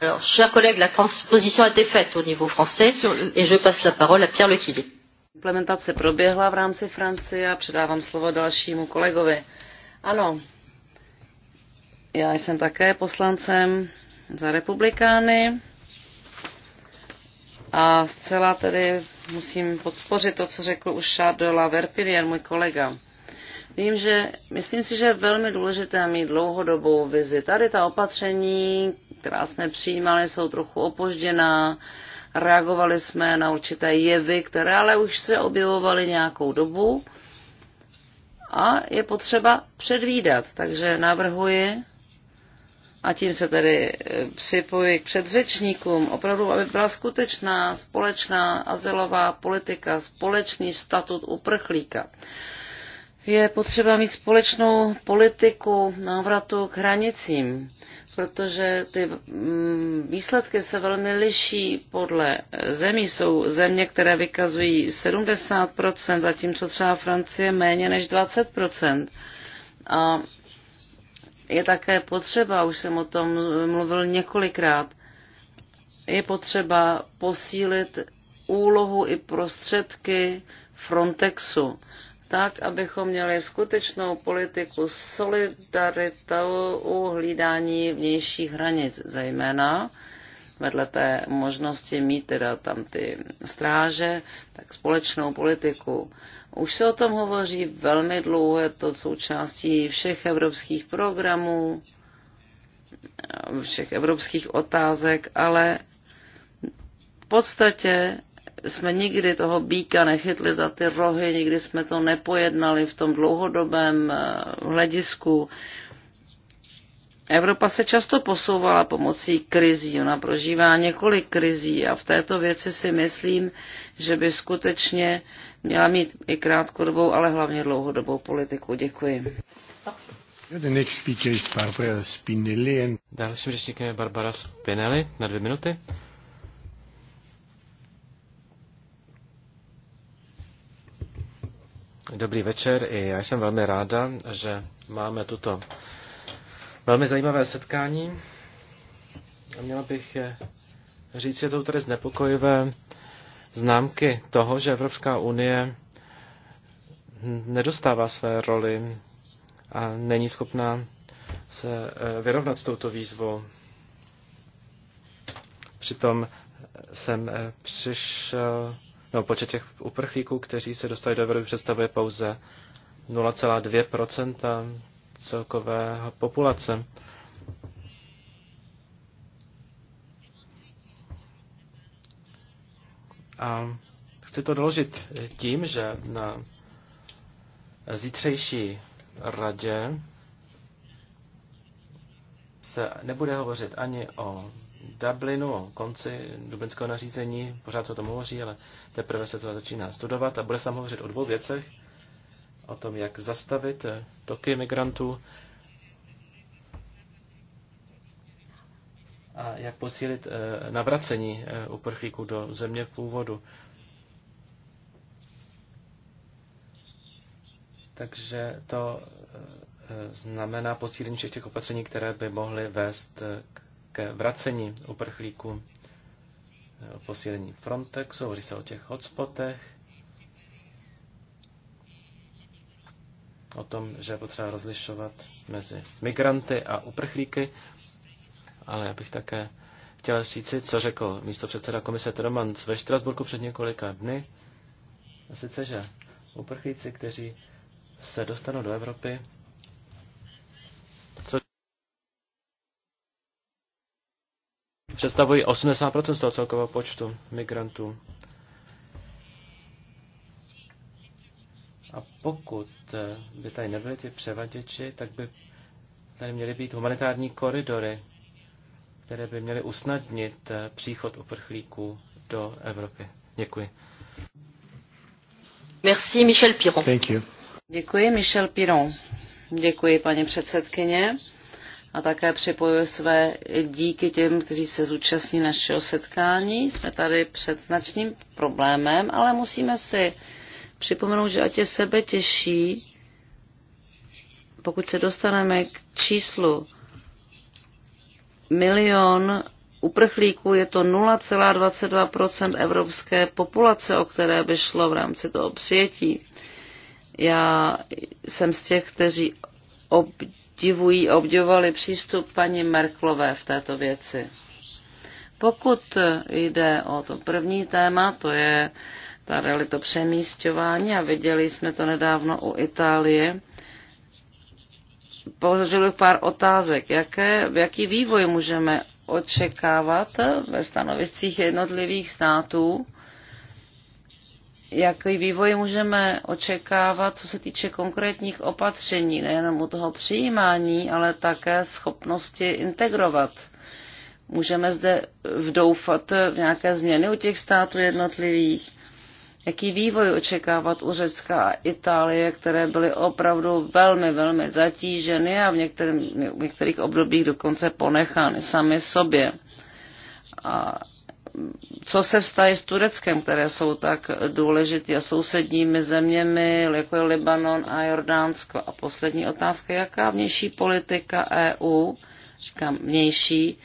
Alors, chers collègues, la transposition a été faite au niveau français et je passe la parole à Pierre Lequillier. Implementace proběhla v rámci Francie a předávám slovo dalšímu kolegovi. Ano, já jsem také poslancem za republikány a zcela tedy musím podpořit to, co řekl už Charles Verpilier, můj kolega. Vím, že myslím si, že je velmi důležité mít dlouhodobou vizi. Tady ta opatření, která jsme přijímali, jsou trochu opožděná. Reagovali jsme na určité jevy, které ale už se objevovaly nějakou dobu a je potřeba předvídat. Takže navrhuji, a tím se tedy eh, připojuji k předřečníkům, opravdu, aby byla skutečná společná azylová politika, společný statut uprchlíka. Je potřeba mít společnou politiku návratu k hranicím protože ty mm, výsledky se velmi liší podle zemí. Jsou země, které vykazují 70%, zatímco třeba Francie méně než 20%. A je také potřeba, už jsem o tom mluvil několikrát, je potřeba posílit úlohu i prostředky Frontexu tak, abychom měli skutečnou politiku solidaritou u hlídání vnějších hranic, zejména vedle té možnosti mít teda tam ty stráže, tak společnou politiku. Už se o tom hovoří velmi dlouho, je to součástí všech evropských programů, všech evropských otázek, ale v podstatě jsme nikdy toho býka nechytli za ty rohy, nikdy jsme to nepojednali v tom dlouhodobém eh, hledisku. Evropa se často posouvala pomocí krizí, ona prožívá několik krizí a v této věci si myslím, že by skutečně měla mít i krátkodobou, ale hlavně dlouhodobou politiku. Děkuji.
The next speaker is Barbara Spinelli. And...
Dalším řečníkem je Barbara Spinelli na dvě minuty. Dobrý večer, i já jsem velmi ráda, že máme tuto velmi zajímavé setkání. A měla bych říct, že to tady znepokojivé známky toho, že Evropská unie nedostává své roli a není schopná se eh, vyrovnat s touto výzvou. Přitom jsem eh, přišel no, počet těch uprchlíků, kteří se dostali do Evropy, představuje pouze 0,2 celkové populace. A chci to doložit tím, že na zítřejší radě se nebude hovořit ani o Dublinu, o konci dublinského nařízení, pořád se o tom hovoří, ale teprve se to začíná studovat a bude se hovořit o dvou věcech. O tom, jak zastavit eh, toky migrantů a jak posílit eh, navracení eh, uprchlíků do země původu. Takže to znamená posílení všech těch opatření, které by mohly vést k také vracení uprchlíků, eh, posílení Frontexu, hovoří se o těch hotspotech, o tom, že je potřeba rozlišovat mezi migranty a uprchlíky, ale já bych také chtěl říci, co řekl místo předseda komise Tromans ve Štrasburku před několika dny, a sice, že uprchlíci, kteří se dostanou do Evropy, představují 80% z toho celkového počtu migrantů. A pokud eh, by tady nebyly ty převaděči, tak by tady měly být humanitární koridory, které by měly usnadnit eh, příchod uprchlíků do Evropy. Děkuji.
Merci, Michel
Piron. Thank you.
Děkuji, Michel Piron. Děkuji, paní předsedkyně a také připojuji své díky těm, kteří se zúčastní našeho setkání. Jsme tady před značným problémem, ale musíme si připomenout, že ať je sebe těší, pokud se dostaneme k číslu milion uprchlíků, je to 0,22 evropské populace, o které by šlo v rámci toho přijetí. Já jsem z těch, kteří ob obdivují, obdivovali přístup paní Merklové v této věci. Pokud jde o to první téma, to je ta realita přemístování a viděli jsme to nedávno u Itálie, položil bych pár otázek. Jaké, jaký vývoj můžeme očekávat ve stanoviscích jednotlivých států jaký vývoj můžeme očekávat, co se týče konkrétních opatření, nejenom u toho přijímání, ale také schopnosti integrovat. Můžeme zde vdoufat v nějaké změny u těch států jednotlivých. Jaký vývoj očekávat u Řecka a Itálie, které byly opravdu velmi, velmi zatíženy a v, některém, v některých obdobích dokonce ponechány sami sobě. A co se vztahy s Tureckem, které jsou tak důležité a sousedními zeměmi, jako je Libanon a Jordánsko. A poslední otázka, jaká vnější politika EU, říkám vnější,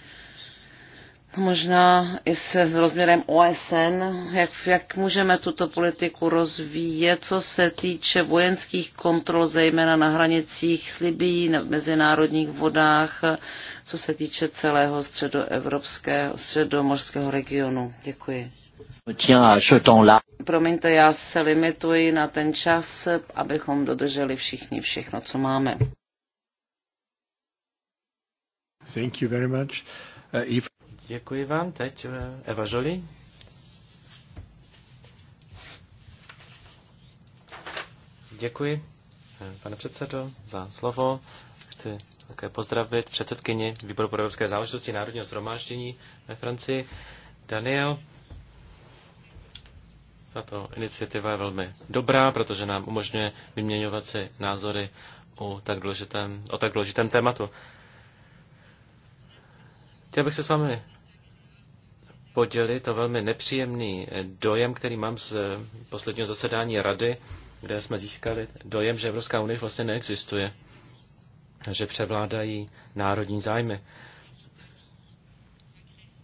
no možná i se s rozměrem OSN, jak, jak můžeme tuto politiku rozvíjet, co se týče vojenských kontrol, zejména na hranicích s Libií, v mezinárodních vodách, co se týče celého středoevropského, středomorského regionu. Děkuji. Promiňte, já se limituji na ten čas, abychom dodrželi všichni všechno, co máme.
Thank you very much. Uh, if...
Děkuji vám. Teď uh, Eva Žoli. Děkuji, uh, pane předsedo, za slovo chci také pozdravit předsedkyni Výboru pro evropské záležitosti Národního zhromáždění ve Francii, Daniel. Tato iniciativa je velmi dobrá, protože nám umožňuje vyměňovat si názory o tak důležitém, o tak důležitém tématu. Chtěl bych se s vámi podělit o velmi nepříjemný dojem, který mám z posledního zasedání Rady, kde jsme získali dojem, že Evropská unie vlastně neexistuje že převládají národní zájmy.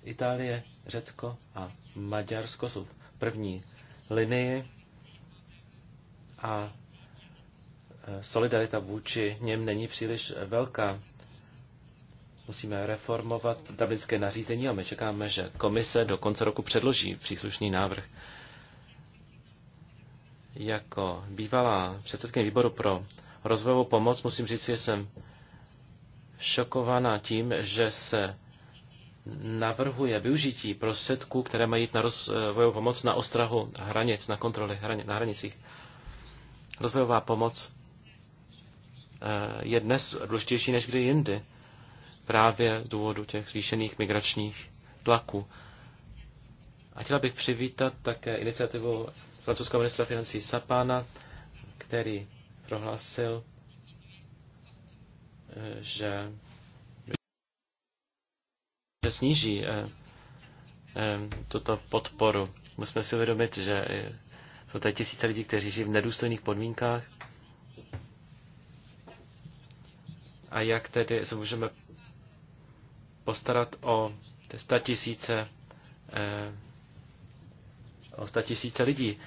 Itálie, Řecko a Maďarsko jsou v první linii a e, solidarita vůči něm není příliš velká. Musíme reformovat dublinské nařízení a my čekáme, že komise do konce roku předloží příslušný návrh. Jako bývalá předsedkyně výboru pro rozvojovou pomoc, musím říct, že jsem šokovaná tím, že se navrhuje využití prostředků, které mají jít na rozvojovou pomoc na ostrahu hranic, na kontroly hranic, na hranicích. Rozvojová pomoc eh, je dnes důležitější než kdy jindy právě z důvodu těch zvýšených migračních tlaků. A chtěla bych přivítat také iniciativu francouzského ministra financí Sapána, který prohlásil, eh, že, že sníží eh, eh, tuto podporu. Musíme si uvědomit, že jsou tady tisíce lidí, kteří žijí v nedůstojných podmínkách. A jak tedy se můžeme postarat o 100 tisíce, o 100 tisíce lidí?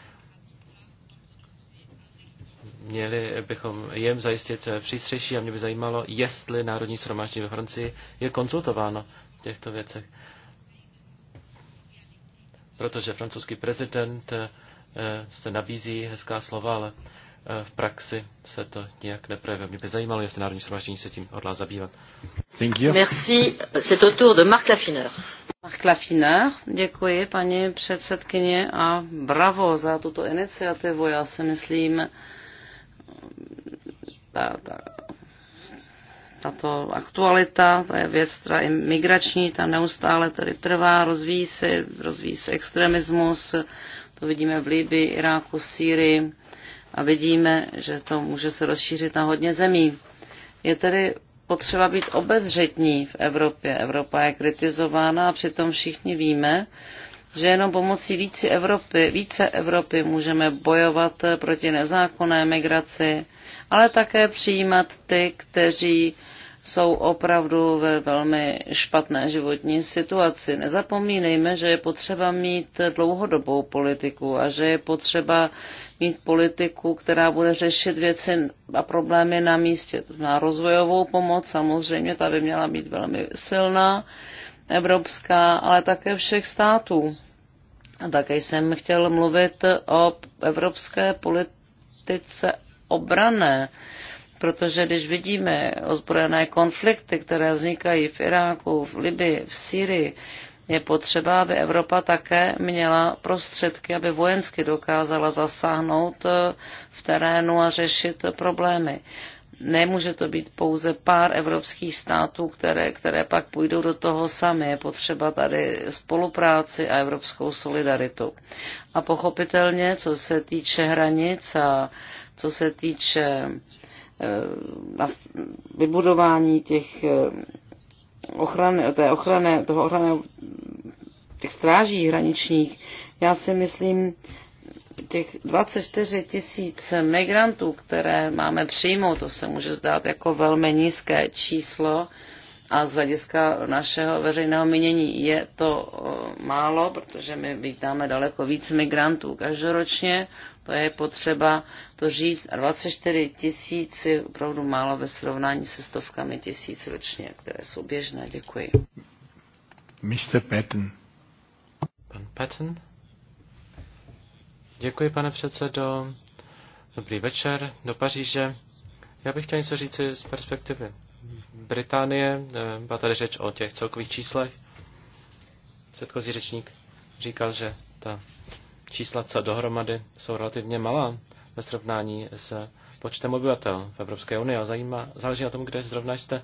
Měli bychom jim zajistit přístřeší a mě by zajímalo, jestli Národní shromáždění ve Francii je konzultováno v těchto věcech. Protože francouzský prezident eh, se nabízí hezká slova, ale eh, v praxi se to nějak neprojevuje. Mě by zajímalo, jestli Národní shromáždění se tím hodlá zabývat. Thank you. Merci.
C'est au tour de Marc Lafineur. Marc Lafineur, děkuji paní předsedkyně a bravo za tuto iniciativu. Já si myslím, ta, ta, tato aktualita, to je věc, která je migrační, ta neustále tady trvá, rozvíjí se, rozvíjí se extremismus, to vidíme v Libii, Iráku, Sýrii a vidíme, že to může se rozšířit na hodně zemí. Je tedy potřeba být obezřetní v Evropě. Evropa je kritizována a přitom všichni víme, že jenom pomocí více Evropy, více Evropy můžeme bojovat eh, proti nezákonné migraci, ale také přijímat ty, kteří jsou opravdu ve velmi špatné životní situaci. Nezapomínejme, že je potřeba mít dlouhodobou politiku a že je potřeba mít politiku, která bude řešit věci a problémy na místě. Na rozvojovou pomoc samozřejmě ta by měla být velmi silná evropská, ale také všech států. A také jsem chtěl mluvit o evropské politice obrané, protože když vidíme ozbrojené konflikty, které vznikají v Iráku, v Libii, v Syrii, je potřeba, aby Evropa také měla prostředky, aby vojensky dokázala zasáhnout v terénu a řešit problémy. Nemůže to být pouze pár evropských států, které, které pak půjdou do toho sami. Je potřeba tady spolupráci a evropskou solidaritu. A pochopitelně, co se týče hranic a co se týče eh, vybudování těch eh, ochrany, té ochrany, toho ochrany těch stráží hraničních, já si myslím, těch 24 tisíc migrantů, které máme přijmout, to se může zdát jako velmi nízké číslo a z hlediska našeho veřejného mínění je to eh, málo, protože my vítáme daleko víc migrantů každoročně, to je potřeba to říct, 24 tisíc je opravdu málo ve srovnání se stovkami tisíc ročně, které jsou běžné. Děkuji.
Mr. Patton. Pan
Patton? Děkuji, pane předsedo. Dobrý večer do Paříže. Já bych chtěl něco říci z perspektivy Británie. Byla tady řeč o těch celkových číslech. Předchozí řečník říkal, že ta čísla co dohromady jsou relativně malá ve srovnání s počtem obyvatel v Evropské unii. A zajímá, záleží na tom, kde zrovna jste.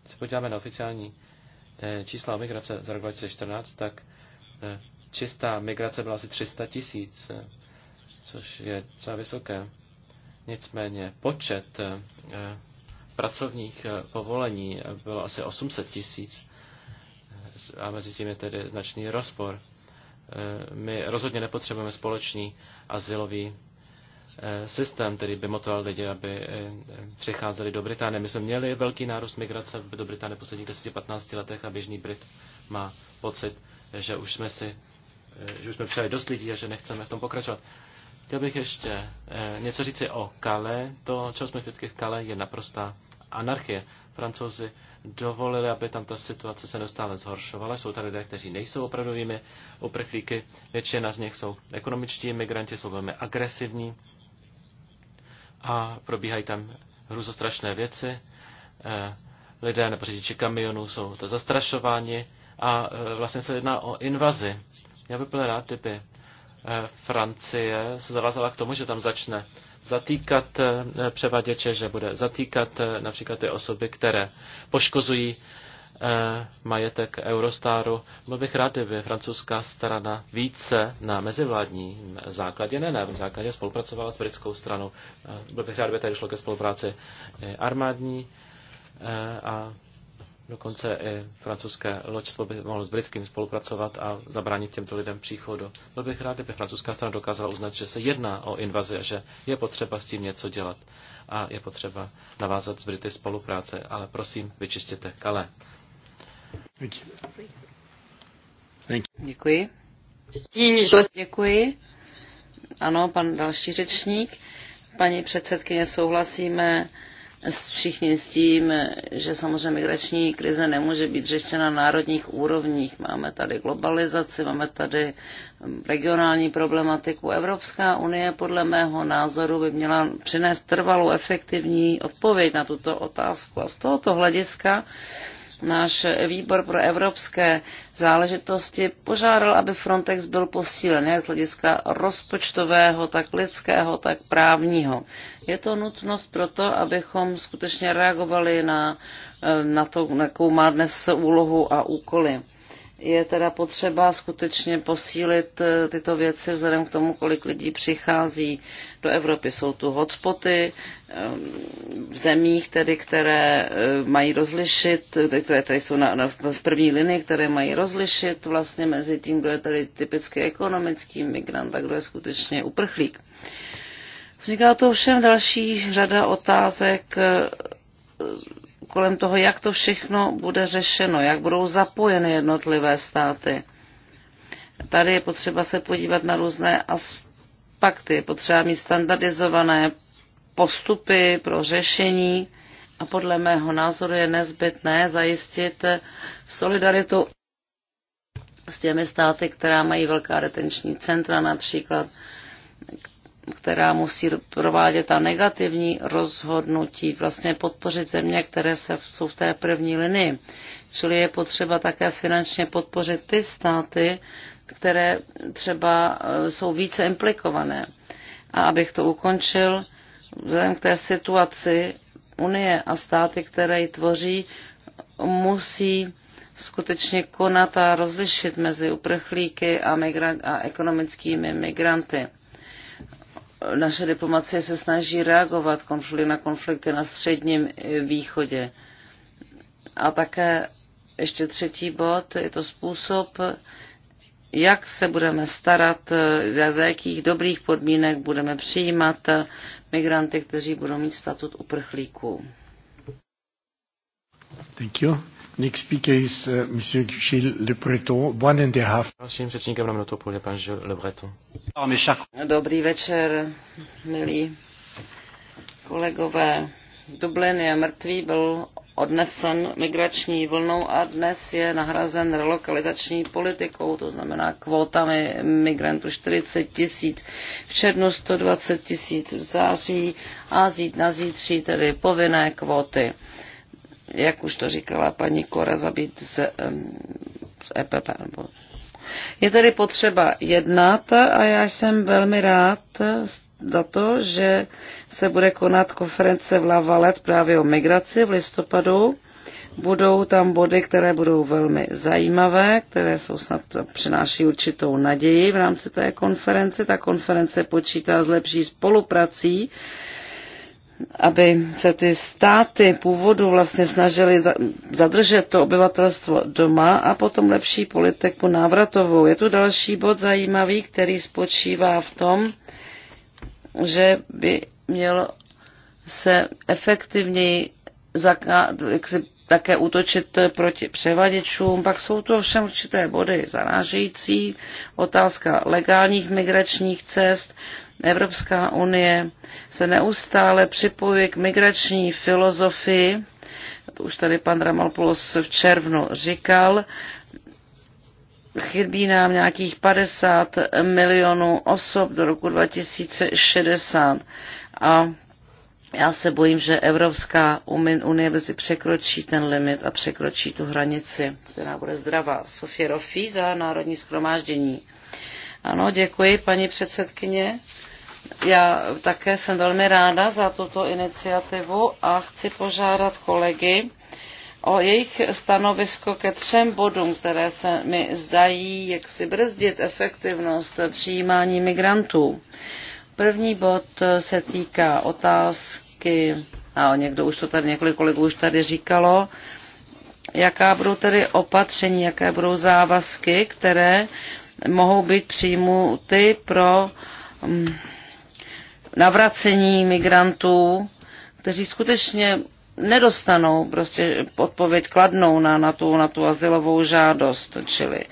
Když se podíváme na oficiální eh, čísla o migrace za rok 2014, tak eh, čistá migrace byla asi 300 tisíc, eh, což je docela vysoké. Nicméně počet eh, pracovních eh, povolení bylo asi 800 tisíc a mezi tím je tedy značný rozpor. My rozhodně nepotřebujeme společný asilový systém, který by motoval lidi, aby přicházeli do Británie. My jsme měli velký nárůst migrace do Británie v posledních 10-15 letech a běžný Brit má pocit, že už jsme si Eh, že už jsme přijali dost lidí a že nechceme v tom pokračovat. Chtěl bych ještě eh, něco říci o Kale. To, čeho jsme svědky v Kale, je naprostá anarchie. Francouzi dovolili, aby tam ta situace se neustále zhoršovala. Jsou tady lidé, kteří nejsou opravdovými uprchlíky. Většina z nich jsou ekonomičtí migranti, jsou velmi agresivní a probíhají tam hruzostrašné věci. Eh, lidé nebo řidiči kamionů jsou to zastrašováni a vlastně se jedná o invazi já bych byl rád, kdyby eh, Francie se zavázala k tomu, že tam začne zatýkat eh, převaděče, že bude zatýkat eh, například ty osoby, které poškozují majetek Eurostaru. Byl bych rád, kdyby francouzská strana více na mezivládní základě, ne na základě, spolupracovala s britskou stranou. Byl bych rád, kdyby tady šlo ke spolupráci armádní a Dokonce i francouzské loďstvo by mohlo s britským spolupracovat a zabránit těmto lidem příchodu. Byl bych rád, kdyby francouzská strana dokázala uznat, že se jedná o invazi a že je potřeba s tím něco dělat a je potřeba navázat s Brity spolupráce. Ale prosím, vyčistěte kale.
Děkuji. Děkuji. Ano, pan další řečník. Paní předsedkyně, souhlasíme všichni s tím, že samozřejmě migrační krize nemůže být řešena na národních úrovních. Máme tady globalizaci, máme tady regionální problematiku. Evropská unie podle mého názoru by měla přinést trvalou efektivní odpověď na tuto otázku. A z tohoto hlediska Náš výbor pro evropské záležitosti požádal, aby Frontex byl posílen jak z hlediska rozpočtového, tak lidského, tak právního. Je to nutnost proto, abychom skutečně reagovali na, eh, na to, jakou má dnes úlohu a úkoly je teda potřeba skutečně posílit eh, tyto věci vzhledem k tomu, kolik lidí přichází do Evropy. Jsou tu hotspoty ehm, v zemích, tedy, které eh, mají rozlišit, eh, které tady jsou na, na, v první linii, které mají rozlišit vlastně mezi tím, kdo je tady typický ekonomický migrant a kdo je skutečně uprchlík. Vzniká to všem další řada otázek kolem toho, jak to všechno bude řešeno, jak budou zapojeny jednotlivé státy. Tady je potřeba se podívat na různé aspekty, je potřeba mít standardizované postupy pro řešení a podle mého názoru je nezbytné zajistit solidaritu s těmi státy, která mají velká retenční centra například, která musí provádět ta negativní rozhodnutí, vlastně podpořit země, které se, jsou v té první linii. Čili je potřeba také finančně podpořit ty státy, které třeba eh, jsou více implikované. A abych to ukončil, vzhledem k té situaci Unie a státy, které ji tvoří, musí skutečně konat a rozlišit mezi uprchlíky a, migra- a ekonomickými migranty naše diplomacie se snaží reagovat konflikt na konflikty na středním východě. A také ještě třetí bod, je to způsob, jak se budeme starat, eh, za jakých dobrých podmínek budeme přijímat eh, migranty, kteří budou mít statut uprchlíků.
Thank you. Next speaker is uh, Monsieur Gilles Le Breton, one and a half. Dalším
řečníkem na minutu půjde pan Gilles Le Breton.
Dobrý večer, milí kolegové. Dublin je mrtvý, byl odnesen migrační vlnou a dnes je nahrazen relokalizační politikou, to znamená kvótami migrantů 40 tisíc, v černu 120 tisíc, v září a zít na zítří tedy povinné kvóty jak už to říkala paní Kora Zabít z, z EPP. Je tedy potřeba jednat a já jsem velmi rád za to, že se bude konat konference v Lavalet právě o migraci v listopadu. Budou tam body, které budou velmi zajímavé, které jsou snad přináší určitou naději v rámci té konference. Ta konference počítá s lepší spoluprací aby se ty státy původu vlastně snažily zadržet to obyvatelstvo doma a potom lepší politiku návratovou. Je tu další bod zajímavý, který spočívá v tom, že by měl se efektivněji jak si také útočit proti převaděčům. Pak jsou to všem určité body zarážející. Otázka legálních migračních cest, Evropská unie se neustále připojuje k migrační filozofii, to už tady pan Ramalpolos v červnu říkal, chybí nám nějakých 50 milionů osob do roku 2060 a já se bojím, že Evropská unie brzy překročí ten limit a překročí tu hranici, která bude zdravá. Sofie Rofí za Národní schromáždění. Ano, děkuji, paní předsedkyně. Já také jsem velmi ráda za tuto iniciativu a chci požádat kolegy o jejich stanovisko ke třem bodům, které se mi zdají, jak si brzdit efektivnost přijímání migrantů. První bod se týká otázky, a někdo už to tady, několik kolegů už tady říkalo, jaká budou tedy opatření, jaké budou závazky, které mohou být přijmuty pro mm, navracení migrantů, kteří skutečně nedostanou prostě odpověď kladnou na, na, tu, na tu asilovou žádost. Čili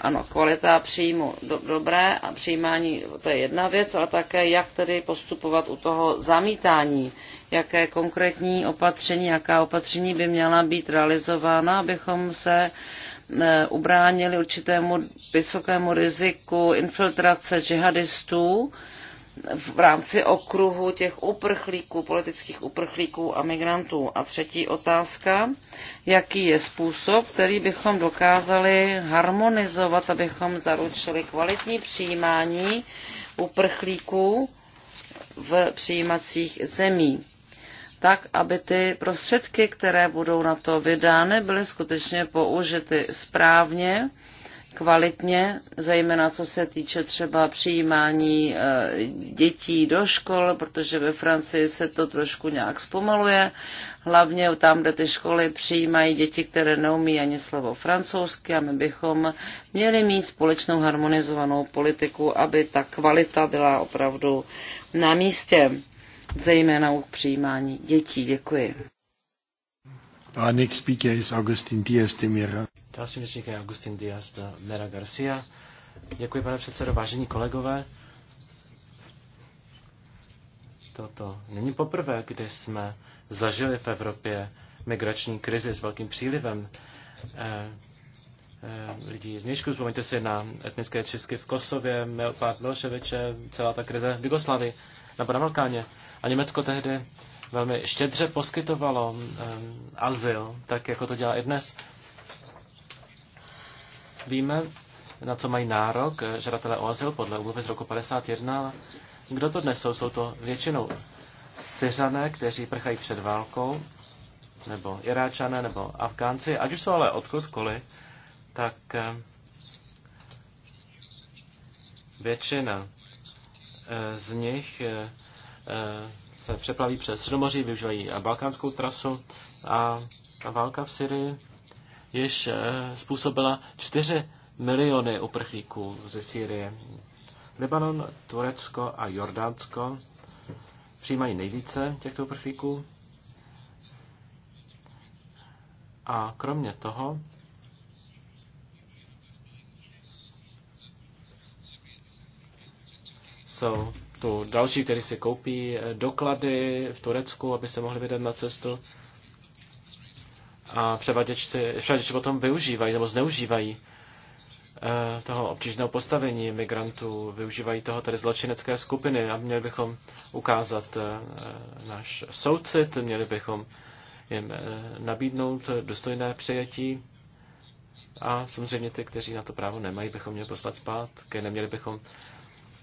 ano, kvalita příjmu do, dobré a přijímání to je jedna věc, ale také jak tedy postupovat u toho zamítání, jaké konkrétní opatření, jaká opatření by měla být realizována, abychom se e, ubránili určitému vysokému riziku infiltrace džihadistů, v rámci okruhu těch uprchlíků, politických uprchlíků a migrantů. A třetí otázka, jaký je způsob, který bychom dokázali harmonizovat, abychom zaručili kvalitní přijímání uprchlíků v přijímacích zemí tak, aby ty prostředky, které budou na to vydány, byly skutečně použity správně kvalitně, zejména co se týče třeba přijímání eh, dětí do škol, protože ve Francii se to trošku nějak zpomaluje, hlavně tam, kde ty školy přijímají děti, které neumí ani slovo francouzsky a my bychom měli mít společnou harmonizovanou politiku, aby ta kvalita byla opravdu na místě, zejména u přijímání dětí. Děkuji.
Our next speaker is Augustin Diaz de Mera.
Dalším řečníkem je Augustin Díaz de Mera Garcia.
Děkuji, pane předsedo, vážení kolegové. Toto není poprvé, kdy jsme zažili v Evropě migrační krizi s velkým přílivem eh, eh, lidí z Měšku. Vzpomeňte si na etnické čistky v Kosově, Milpát Milševiče, celá ta krize v Jugoslavii, na Balkáně. A Německo tehdy velmi štědře poskytovalo um, azyl, tak jako to dělá i dnes. Víme, na co mají nárok eh, žadatelé o azyl podle úmluvy z roku 51. Kdo to dnes jsou? Jsou to většinou Syřané, kteří prchají před válkou, nebo Iráčané, nebo Afgánci, ať už jsou ale odkudkoliv, tak eh, většina eh, z nich se přeplaví přes Středomoří, využívají balkánskou trasu a ta válka v Syrii již eh, způsobila 4 miliony uprchlíků ze Sýrie. Libanon, Turecko a Jordánsko přijímají nejvíce těchto uprchlíků. A kromě toho jsou spoustu další, kteří si koupí eh, doklady v Turecku, aby se mohli vydat na cestu. A převaděči, převaděči potom využívají nebo zneužívají eh, toho obtížného postavení migrantů, využívají toho tedy zločinecké skupiny a měli bychom ukázat eh, náš soucit, měli bychom jim nabídnout důstojné přijetí a samozřejmě ty, kteří na to právo nemají, bychom měli poslat zpátky, neměli bychom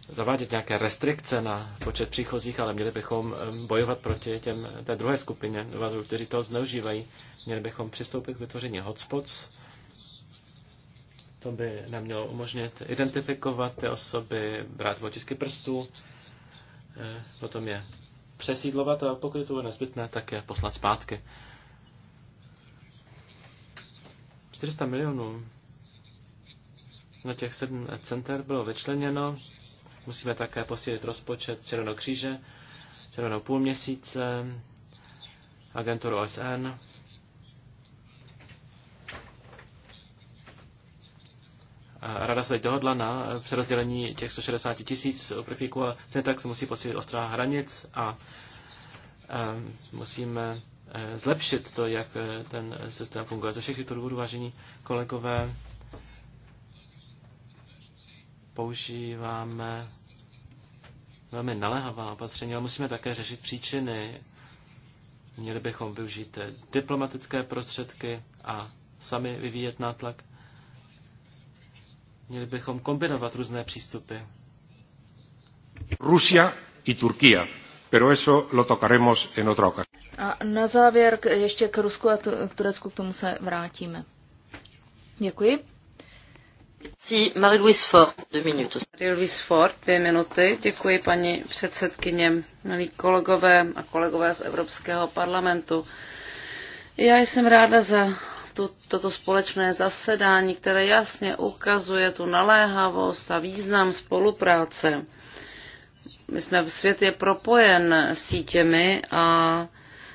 zavádět nějaké restrikce na počet příchozích, ale měli bychom bojovat proti těm, té druhé skupině kteří to zneužívají. Měli bychom přistoupit k vytvoření hotspots. To by nám mělo umožnit identifikovat ty osoby, brát otisky prstů, e, potom je přesídlovat a pokud je nezbytné, tak je poslat zpátky. 400 milionů na těch sedm center bylo vyčleněno Musíme také posílit rozpočet Červeného kříže, Červeného půlměsíce, agenturu OSN. Rada se teď dohodla na přerozdělení těch 160 tisíc uprchlíků a se tak se musí posílit ostrá hranic a musíme e, zlepšit to, jak e, ten systém funguje. Ze všech těchto důvodů, vážení kolegové, používáme velmi naléhavá opatření, ale musíme také řešit příčiny. Měli bychom využít diplomatické prostředky a sami vyvíjet nátlak. Měli bychom kombinovat různé přístupy.
Rusia i Turkia, pero
eso lo tocaremos en otra ocasión.
A na závěr ještě k Rusku a k Turecku, k tomu se vrátíme. Děkuji.
Si Marie-Louise Ford, Marie-Louise Ford, dvě minuty. Děkuji paní předsedkyně, milí kolegové a kolegové z Evropského parlamentu. Já jsem ráda za tu, toto společné zasedání, které jasně ukazuje tu naléhavost a význam spolupráce. My jsme v světě propojen sítěmi a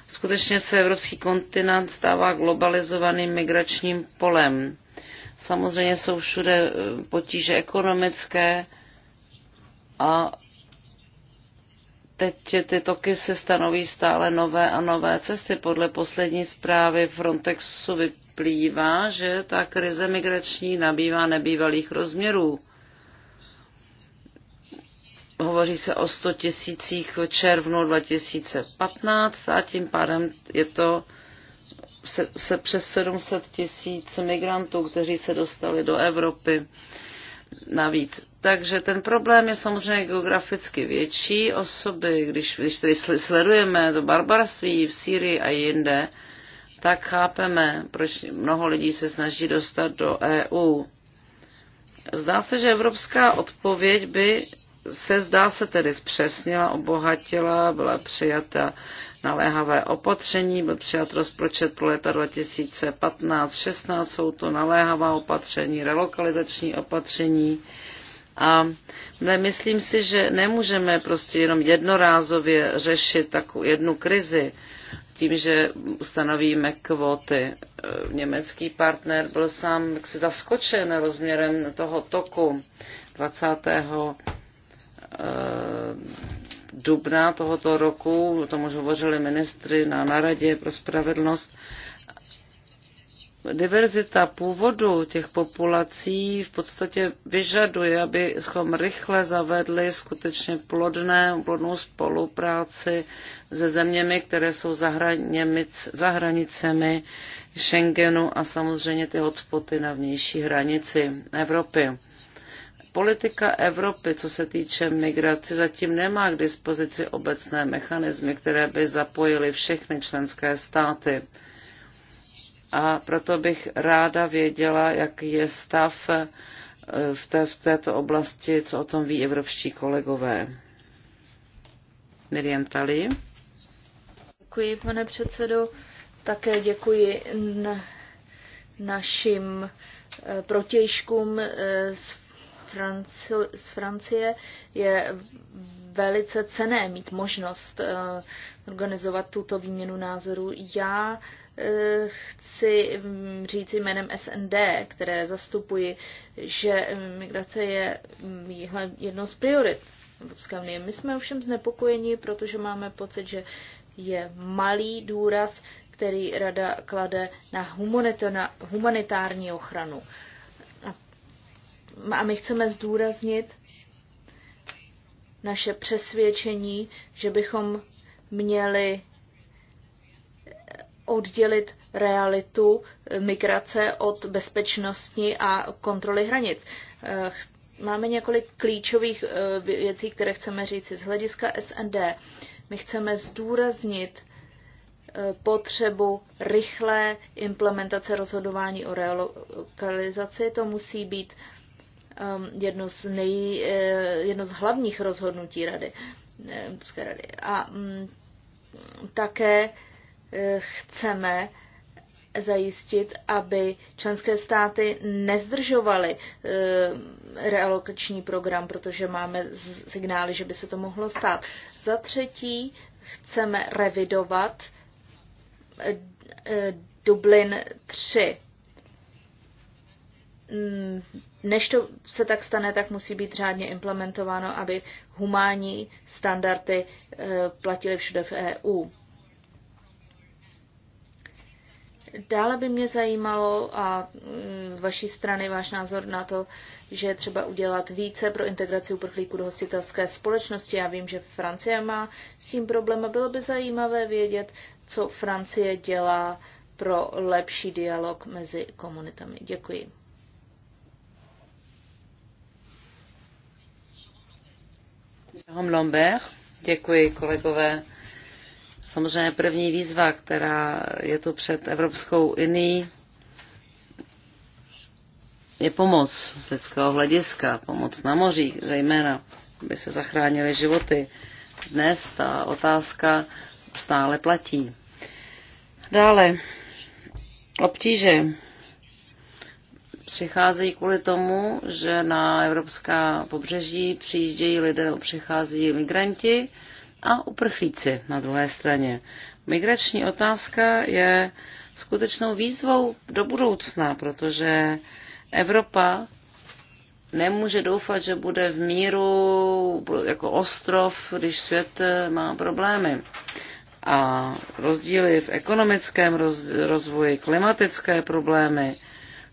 skutečně se evropský kontinent stává globalizovaným migračním polem. Samozřejmě jsou všude eh, potíže ekonomické a teď ty toky se stanoví stále nové a nové cesty. Podle poslední zprávy Frontexu vyplývá, že ta krize migrační nabývá nebývalých rozměrů. Hovoří se o 100 tisících červnu 2015 a tím pádem je to se, se přes 700 tisíc migrantů, kteří se dostali do Evropy navíc. Takže ten problém je samozřejmě geograficky větší. Osoby, když, když tady sledujeme to barbarství v Sýrii a jinde, tak chápeme, proč mnoho lidí se snaží dostat do EU. Zdá se, že evropská odpověď by se zdá se tedy zpřesnila, obohatila, byla přijata naléhavé opatření, byl přijat rozpočet pro léta 2015-16, jsou to naléhavá opatření, relokalizační opatření. A myslím si, že nemůžeme prostě jenom jednorázově řešit takovou jednu krizi tím, že ustanovíme kvóty. E, německý partner byl sám jaksi zaskočen rozměrem toho toku 20 dubna tohoto roku, o tom už hovořili ministry na Naradě pro spravedlnost, diverzita původu těch populací v podstatě vyžaduje, abychom rychle zavedli skutečně plodné, plodnou spolupráci se zeměmi, které jsou za, hraněmi, za hranicemi Schengenu a samozřejmě ty hotspoty na vnější hranici Evropy politika Evropy, co se týče migrace, zatím nemá k dispozici obecné mechanismy, které by zapojily všechny členské státy. A proto bych ráda věděla, jaký je stav eh, v, té, v této oblasti, co o tom ví evropští kolegové. Miriam Tali.
Děkuji, pane předsedo. Také děkuji na, našim eh, protějškům z eh, Franci- z Francie je velice cené mít možnost eh, organizovat tuto výměnu názorů. Já eh, chci mm, říct jménem SND, které zastupuji, že mm, migrace je mm, jednou z priorit Evropské unie. My jsme ovšem znepokojeni, protože máme pocit, že je malý důraz, který Rada klade na humanitární ochranu a my chceme zdůraznit naše přesvědčení, že bychom měli oddělit realitu eh, migrace od bezpečnosti a kontroly hranic. Eh, máme několik klíčových eh, věcí, které chceme říct z hlediska SND. My chceme zdůraznit potřebu rychlé implementace rozhodování o relokalizaci. To musí být Um, jedno z, nej, eh, jedno z hlavních rozhodnutí rady, eh, Evropské rady. A mm, také eh, chceme zajistit, aby členské státy nezdržovaly realokační program, protože máme signály, že by se to mohlo stát. Za třetí chceme revidovat Dublin 3 než to se tak stane, tak musí být řádně implementováno, aby humánní standardy eh, platily všude v EU. Dále by mě zajímalo a mm, z vaší strany váš názor na to, že je třeba udělat více pro integraci uprchlíků do hostitelské společnosti. Já vím, že Francie má s tím problém a bylo by zajímavé vědět, co Francie dělá pro lepší dialog mezi komunitami.
Děkuji. Jean Lambert, děkuji kolegové. Samozřejmě první výzva, která je tu před Evropskou unii, je pomoc z lidského hlediska, pomoc na moří, zejména, aby se zachránily životy. Dnes ta otázka stále platí. Dále, obtíže přicházejí kvůli tomu, že na evropská pobřeží přijíždějí lidé, přichází migranti a uprchlíci na druhé straně. Migrační otázka je skutečnou výzvou do budoucna, protože Evropa nemůže doufat, že bude v míru jako ostrov, když svět eh, má problémy. A rozdíly v ekonomickém rozvoji, klimatické problémy,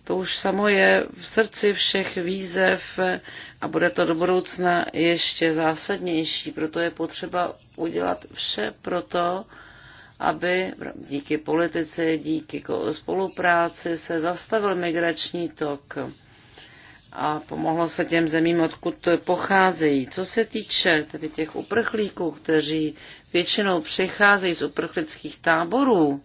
to už samo je v srdci všech výzev a bude to do budoucna ještě zásadnější. Proto je potřeba udělat vše pro to, aby díky politice, díky spolupráci se zastavil migrační tok a pomohlo se těm zemím, odkud pocházejí. Co se týče tedy těch uprchlíků, kteří většinou přicházejí z uprchlických táborů,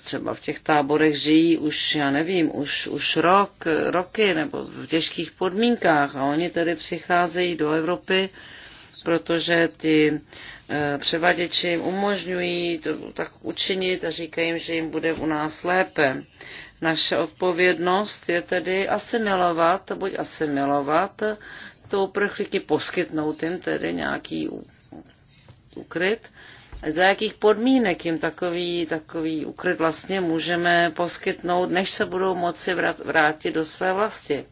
třeba v těch táborech žijí už, já nevím, už, už rok, roky nebo v těžkých podmínkách a oni tedy přicházejí do Evropy, protože ty eh, převaděči jim umožňují to tak učinit a říkají jim, že jim bude u nás lépe. Naše odpovědnost je tedy asimilovat, buď asimilovat to uprchlíky, poskytnout jim tedy nějaký ukryt, za jakých podmínek jim takový, takový ukryt vlastně můžeme poskytnout, než se budou moci vrátit do své vlasti.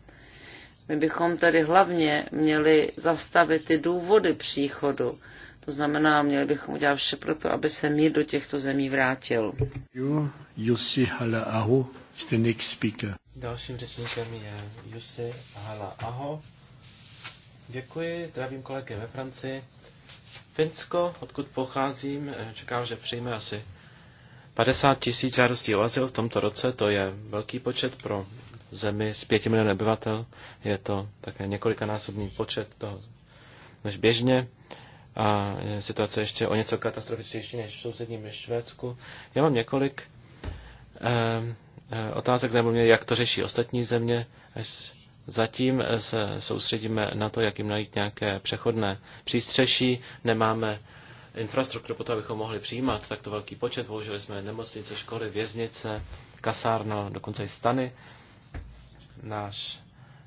My bychom tedy hlavně měli zastavit ty důvody příchodu. To znamená, měli bychom udělat vše pro to, aby se mír do těchto zemí vrátil.
Jussi Halaaho
Dalším
řečníkem je Jussi Halaaho. Děkuji, zdravím kolegy ve Francii. Finsko, odkud pocházím, eh, čekám, že přijme asi 50 tisíc žádostí o azyl v tomto roce, to je velký počet pro zemi s 5 miliony obyvatel, je to také několikanásobný počet toho než běžně a situace ještě o něco katastrofičtější než v sousedním Švédsku. Já mám několik eh, eh otázek, nebo mě, jak to řeší ostatní země, až Zatím eh, se soustředíme na to, jak jim najít nějaké přechodné přístřeší. Nemáme infrastrukturu pro to, abychom mohli přijímat takto velký počet. Použili jsme nemocnice, školy, věznice, kasárna, dokonce i stany. Náš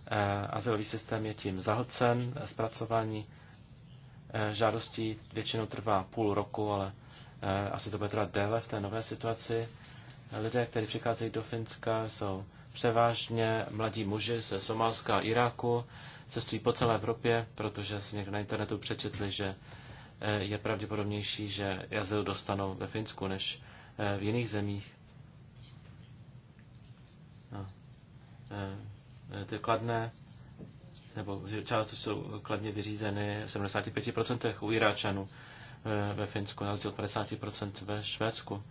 eh, azylový systém je tím zahlcen. Zpracování eh, žádostí většinou trvá půl roku, ale eh, asi to bude trvat déle v té nové situaci. Lidé, kteří přicházejí do Finska, jsou Převážně mladí muži ze Somálska a Iráku cestují po celé Evropě, protože si někde na internetu přečetli, že eh, je pravděpodobnější, že jazyl dostanou ve Finsku než eh, v jiných zemích. No. Eh, ty kladné, nebo části jsou kladně vyřízeny v 75% u Iráčanů ve Finsku, na rozdíl 50% ve Švédsku.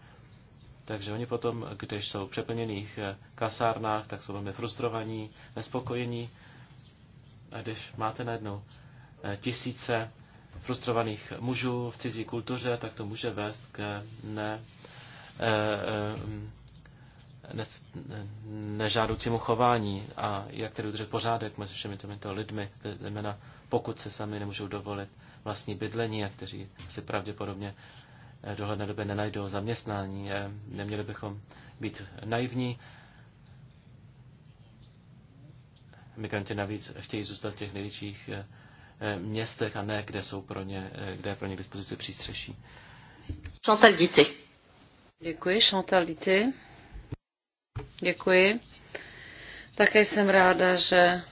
Takže oni potom, když jsou v přeplněných eh, kasárnách, tak jsou velmi frustrovaní, nespokojení. A když máte najednou eh, tisíce frustrovaných mužů v cizí kultuře, tak to může vést k ne, eh, ne, nežádoucímu chování a jak tedy udržet pořádek mezi všemi těmito lidmi, zejména pokud se sami nemůžou dovolit vlastní bydlení a kteří si pravděpodobně dohledné době nenajdou zaměstnání. Neměli bychom být naivní. Migranti navíc chtějí zůstat v těch největších eh, městech a ne, kde, jsou pro ně, eh, kde je pro ně k dispozici přístřeší.
Chantal Dité. Děkuji, Chantal Dité. Děkuji. Také jsem ráda, že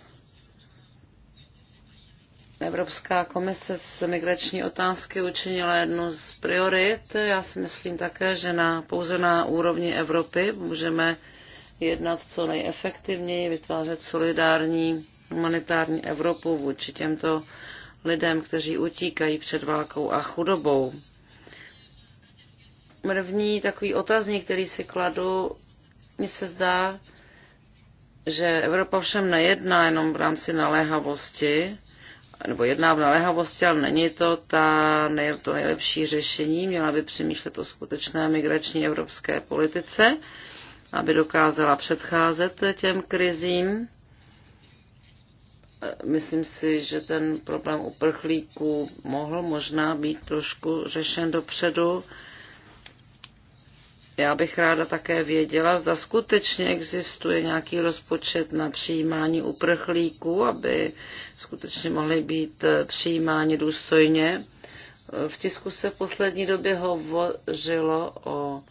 Evropská komise z migrační otázky učinila jednu z priorit. Já si myslím také, že na, pouze na úrovni Evropy můžeme jednat co nejefektivněji, vytvářet solidární humanitární Evropu vůči těmto lidem, kteří utíkají před válkou a chudobou. První takový otazník, který si kladu, mi se zdá, že Evropa všem nejedná jenom v rámci naléhavosti, nebo jedná v naléhavosti, ale není to ta, nej, to nejlepší řešení. Měla by přemýšlet o skutečné migrační evropské politice, aby dokázala předcházet těm krizím. Myslím si, že ten problém uprchlíků mohl možná být trošku řešen dopředu. Já bych ráda také věděla, zda skutečně existuje nějaký rozpočet na přijímání uprchlíků, aby skutečně mohly být eh, přijímáni důstojně. V tisku se v poslední době hovořilo o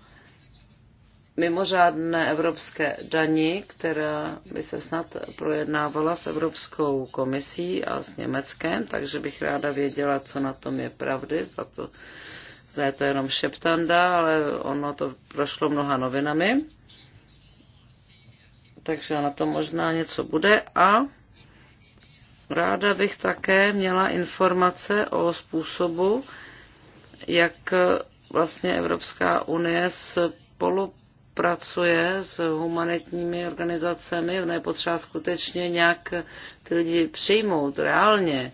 mimořádné evropské dani, která by se snad projednávala s Evropskou komisí a s Německem, takže bych ráda věděla, co na tom je pravdy, zda to zda je to jenom šeptanda, ale ono to prošlo mnoha novinami. Takže na to možná něco bude. A ráda bych také měla informace o způsobu, jak vlastně Evropská unie spolupracuje s humanitními organizacemi. Ono je potřeba skutečně nějak ty lidi přijmout reálně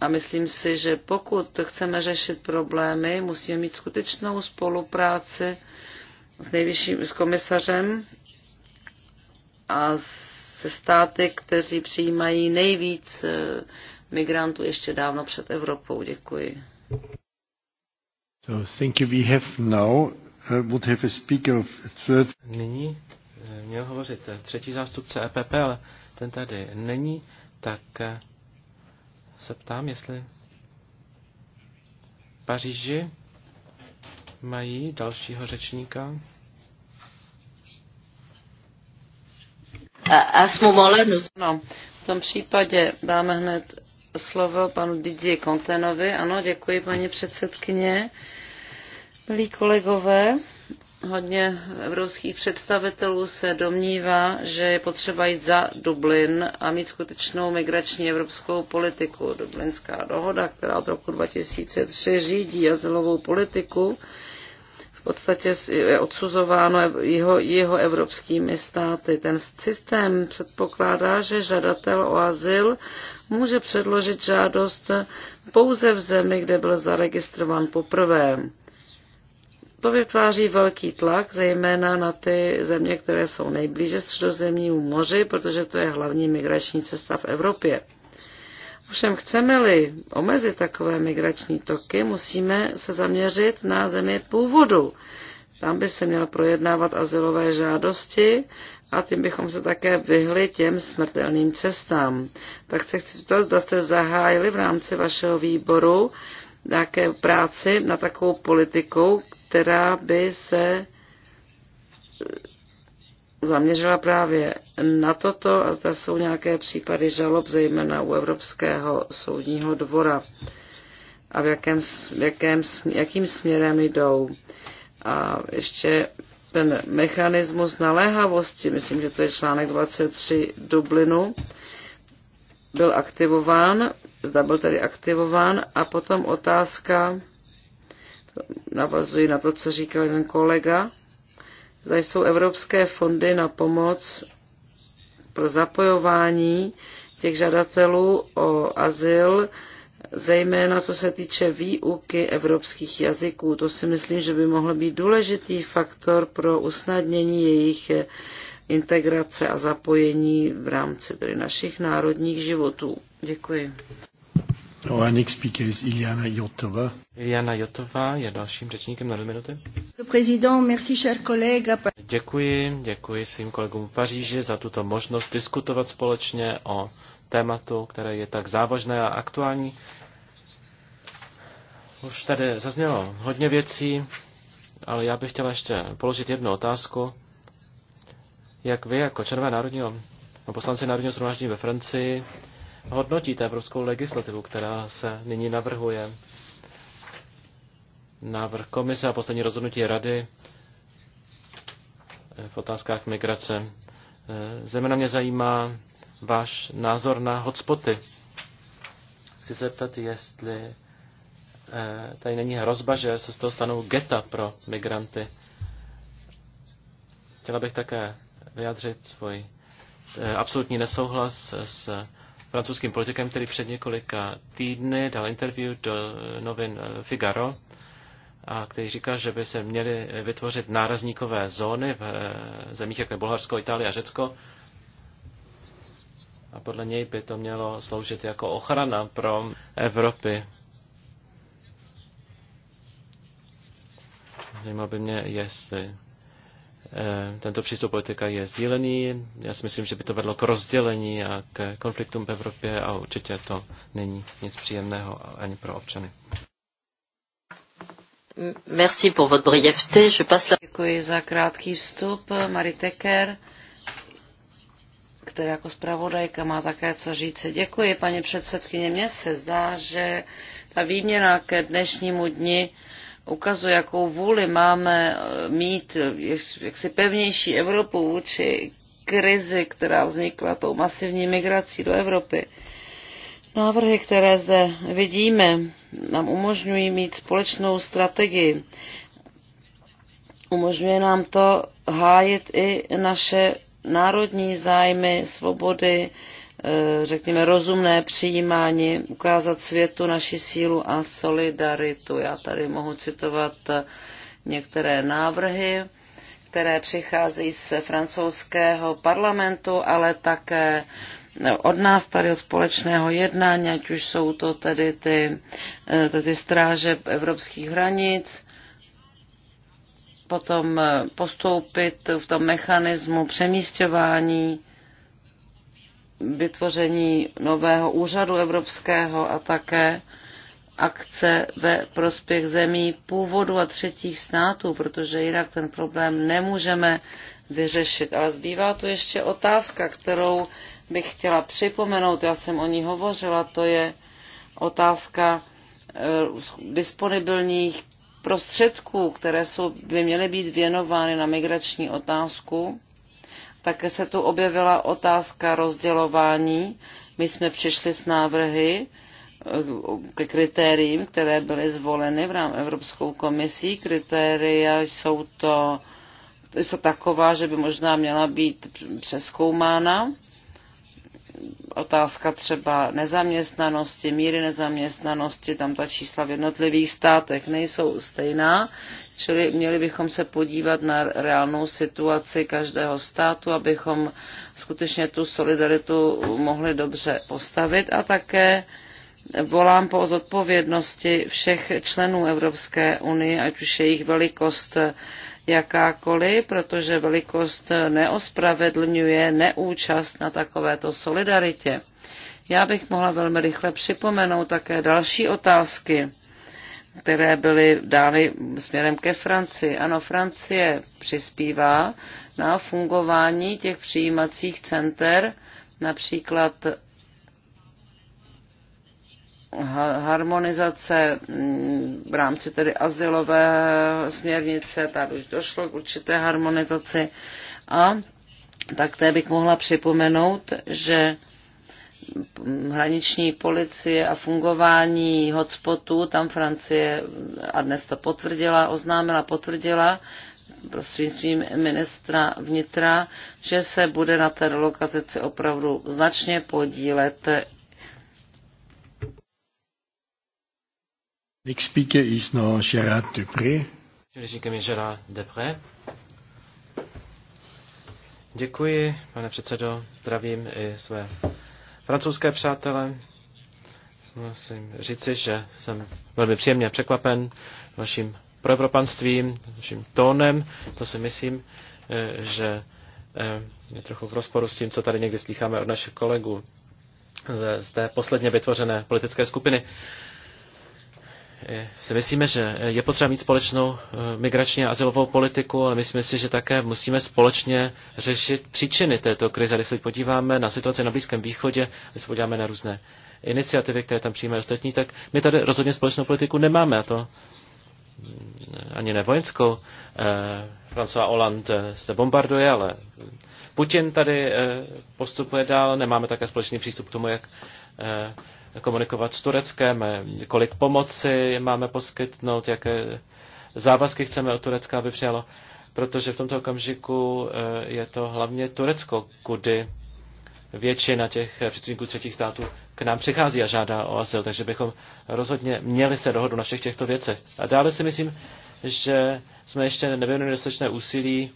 a myslím si, že pokud chceme řešit problémy, musíme mít skutečnou spolupráci s nejvyšším s komisařem a se státy, kteří přijímají nejvíc eh, migrantů ještě dávno před Evropou. Děkuji.
So, thank you. We have now uh, would have a speaker of third. Nyní
eh, měl hovořit eh, třetí zástupce EPP, ale ten tady není, tak se ptám, jestli Paříži mají dalšího řečníka.
A, no. no, v tom případě dáme hned slovo panu Didier Kontenovi. Ano, děkuji paní předsedkyně. Milí kolegové, hodně evropských představitelů se domnívá, že je potřeba jít za Dublin a mít skutečnou migrační evropskou politiku. Dublinská dohoda, která od roku 2003 řídí azylovou politiku, v podstatě je odsuzováno jeho, jeho evropskými státy. Ten systém předpokládá, že žadatel o azyl může předložit žádost pouze v zemi, kde byl zaregistrován poprvé. To vytváří velký tlak, zejména na ty země, které jsou nejblíže středozemnímu moři, protože to je hlavní migrační cesta v Evropě. Ovšem chceme-li omezit takové migrační toky, musíme se zaměřit na země původu. Tam by se měl projednávat asilové žádosti a tím bychom se také vyhli těm smrtelným cestám. Tak se chci to, zda jste zahájili v rámci vašeho výboru nějaké práci na takovou politikou, která by se zaměřila právě na toto a zda jsou nějaké případy žalob, zejména u Evropského soudního dvora a v jakém, jakém, jakým směrem jdou. A ještě ten mechanismus naléhavosti, myslím, že to je článek 23 Dublinu, byl aktivován, zda byl tedy aktivován, a potom otázka navazuji na to, co říkal jeden kolega. Zde jsou evropské fondy na pomoc pro zapojování těch žadatelů o azyl, zejména co se týče výuky evropských jazyků. To si myslím, že by mohl být důležitý faktor pro usnadnění jejich integrace a zapojení v rámci tedy našich národních životů. Děkuji.
Pro a next speaker is Iliana Jotova. Iliana Jotova je dalším řečníkem na dvě minuty.
Děkuji, děkuji svým kolegům v Paříži za tuto možnost diskutovat společně o tématu, které je tak závažné a aktuální. Už tady zaznělo hodně věcí, ale já bych chtěla ještě položit jednu otázku. Jak vy jako členové národního, poslanci národního shromáždění ve Francii, hodnotíte evropskou legislativu, která se nyní navrhuje? Návrh komise a poslední rozhodnutí rady eh, v otázkách migrace. Eh, zejména mě zajímá váš názor na hotspoty. Chci se zeptat, jestli eh, tady není hrozba, že se z toho stanou geta pro migranty. Chtěla bych také vyjádřit svůj absolutní nesouhlas s francouzským politikem, který před několika týdny dal interview do novin eh, Figaro, a který říká, že by se měly vytvořit nárazníkové zóny v eh, zemích, jako je Bulharsko, Itálie a Řecko. A podle něj by to mělo sloužit jako ochrana pro Evropy. Zajímalo by mě, jestli Eh, tento přístup politika je sdílený. Já si myslím, že by to vedlo k rozdělení a k konfliktům v Evropě a určitě to není nic příjemného ani pro občany.
Merci pour votre brièveté. Je passe la... Děkuji za krátký vstup. Eh, Marie Teker, která jako zpravodajka má také co říct. Děkuji, paní předsedkyně. Mně se zdá, že ta výměna ke dnešnímu dni ukazuje, jakou vůli máme eh, mít eh, jaksi pevnější Evropu vůči krizi, která vznikla tou masivní migrací do Evropy. Návrhy, které zde vidíme, nám umožňují mít společnou strategii. Umožňuje nám to hájit i naše národní zájmy, svobody, Eh, řekněme, rozumné přijímání, ukázat světu naši sílu a solidaritu. Já tady mohu citovat eh, některé návrhy, které přicházejí z francouzského parlamentu, ale také eh, od nás tady od společného jednání, ať už jsou to tedy ty, ty stráže evropských hranic, potom postoupit v tom mechanismu přemístování vytvoření nového úřadu evropského a také akce ve prospěch zemí původu a třetích států, protože jinak ten problém nemůžeme vyřešit. Ale zbývá tu ještě otázka, kterou bych chtěla připomenout, já jsem o ní hovořila, to je otázka eh, disponibilních prostředků, které jsou, by měly být věnovány na migrační otázku. Také se tu objevila otázka rozdělování. My jsme přišli s návrhy eh, ke kritériím, které byly zvoleny v rámci Evropskou komisí. Kritéria jsou to jsou taková, že by možná měla být přeskoumána otázka třeba nezaměstnanosti, míry nezaměstnanosti, tam ta čísla v jednotlivých státech nejsou stejná, čili měli bychom se podívat na reálnou situaci každého státu, abychom skutečně tu solidaritu mohli dobře postavit a také volám po zodpovědnosti všech členů Evropské unie, ať už je jejich velikost, jakákoliv, protože velikost neospravedlňuje neúčast na takovéto solidaritě. Já bych mohla velmi rychle připomenout také další otázky, které byly dány směrem ke Francii. Ano, Francie přispívá na fungování těch přijímacích center, například harmonizace mm, v rámci tedy asilové směrnice, tady už došlo k určité harmonizaci a tak té bych mohla připomenout, že hraniční policie a fungování hotspotů, tam Francie a dnes to potvrdila, oznámila, potvrdila prostřednictvím ministra vnitra, že se bude na té relokalizaci opravdu značně podílet
Next speaker is now Gerard Dupré.
Řečníkem je Gerard Dupré. Děkuji, pane předsedo. Zdravím i své francouzské přátele. Musím říci, že jsem velmi příjemně překvapen vaším proevropanstvím, vaším tónem. To si myslím, eh, že eh, je trochu v rozporu s tím, co tady někdy slycháme od našich kolegů z té posledně vytvořené politické skupiny. Eh, si myslíme, že eh, je potřeba mít společnou eh, migrační a azylovou politiku, ale myslíme si, že také musíme společně řešit příčiny této krize. Když se podíváme na situaci na Blízkém východě, když se podíváme na různé iniciativy, které tam přijímají ostatní, tak my tady rozhodně společnou politiku nemáme a to mm, ani ne vojenskou. François Hollande se bombarduje, ale Putin tady postupuje dál, nemáme také společný přístup k tomu, jak komunikovat s Tureckem, kolik pomoci máme poskytnout, jaké závazky chceme od Turecka, aby přijalo, protože v tomto okamžiku eh, je to hlavně Turecko, kudy většina těch příslušníků třetích států k nám přichází a žádá o azyl, takže bychom rozhodně měli se dohodu na všech těchto věcech. A dále si myslím, že jsme ještě nevěnili dostatečné úsilí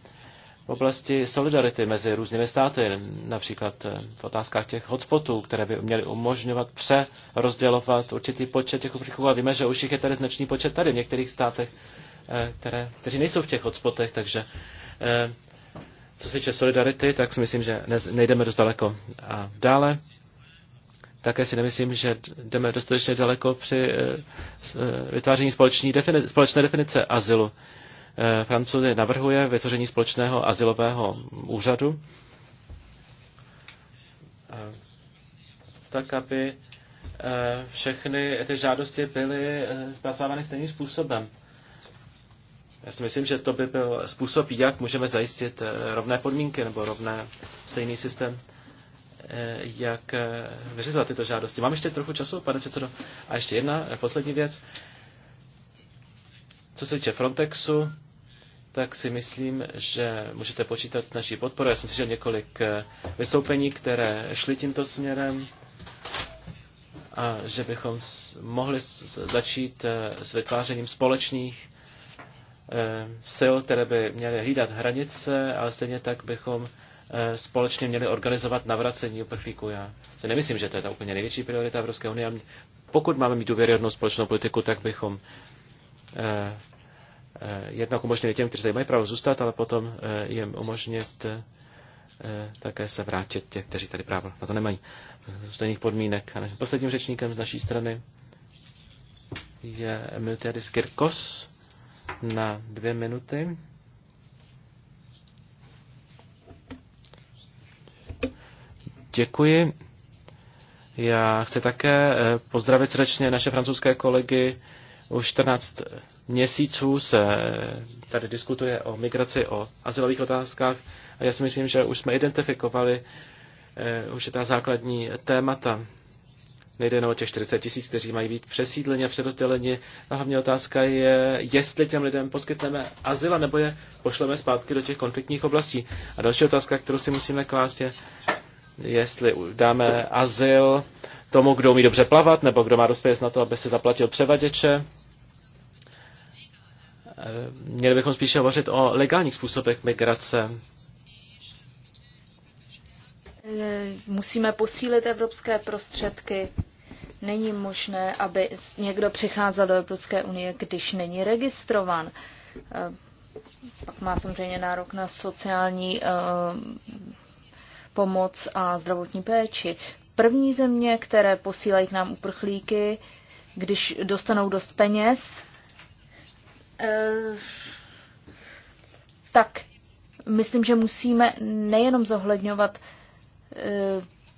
v oblasti solidarity mezi různými státy, například eh, v otázkách těch hotspotů, které by měly umožňovat přerozdělovat určitý počet těch uprchlíků. A víme, že už jich je tady značný počet tady v některých státech, eh, které, kteří nejsou v těch hotspotech, takže eh, co se týče solidarity, tak si myslím, že nejdeme dost daleko. A dále také si nemyslím, že jdeme dostatečně daleko při vytváření společné definice azylu. Eh, Francie navrhuje vytvoření společného asilového úřadu, eh, tak aby eh, všechny ty žádosti byly zpracovány stejným způsobem. Já si myslím, že to by byl způsob, jak můžeme zajistit rovné podmínky nebo rovné stejný systém, jak vyřizovat tyto žádosti. Mám ještě trochu času, pane předsedo. A ještě jedna poslední věc. Co se týče Frontexu, tak si myslím, že můžete počítat s naší podporou. Já jsem slyšel několik eh, vystoupení, které šly tímto směrem a že bychom mohli začít eh, s vytvářením společných eh, sil, které by měly hlídat hranice, ale stejně tak bychom společně měli organizovat navracení uprchlíků. Já si nemyslím, že to je ta úplně největší priorita Evropské unie. Pokud máme mít důvěryhodnou společnou politiku, tak bychom Eh, jednak umožnili těm, kteří tady mají právo zůstat, ale potom eh, jim umožnit eh, také se vrátit těch, kteří tady právo na to nemají. Z stejných podmínek. A posledním řečníkem z naší strany je Miltiadis Kirkos na dvě minuty. Děkuji. Já chci také pozdravit srdečně naše francouzské kolegy. Už 14 měsíců se tady diskutuje o migraci, o azylových otázkách a já si myslím, že už jsme identifikovali eh, už je ta základní témata. Nejde jenom o těch 40 tisíc, kteří mají být přesídleni a přerozděleni. A hlavní otázka je, jestli těm lidem poskytneme azyl, nebo je pošleme zpátky do těch konfliktních oblastí. A další otázka, kterou si musíme klást, je, jestli dáme azyl tomu, kdo umí dobře plavat, nebo kdo má dost na to, aby se zaplatil převaděče, Měli bychom spíše hovořit o legálních způsobech migrace.
Musíme posílit evropské prostředky. Není možné, aby někdo přicházel do Evropské unie, když není registrován. Eh, pak má samozřejmě nárok na sociální eh, pomoc a zdravotní péči. První země, které posílají k nám uprchlíky, když dostanou dost peněz, Eh, tak myslím, že musíme nejenom zohledňovat eh,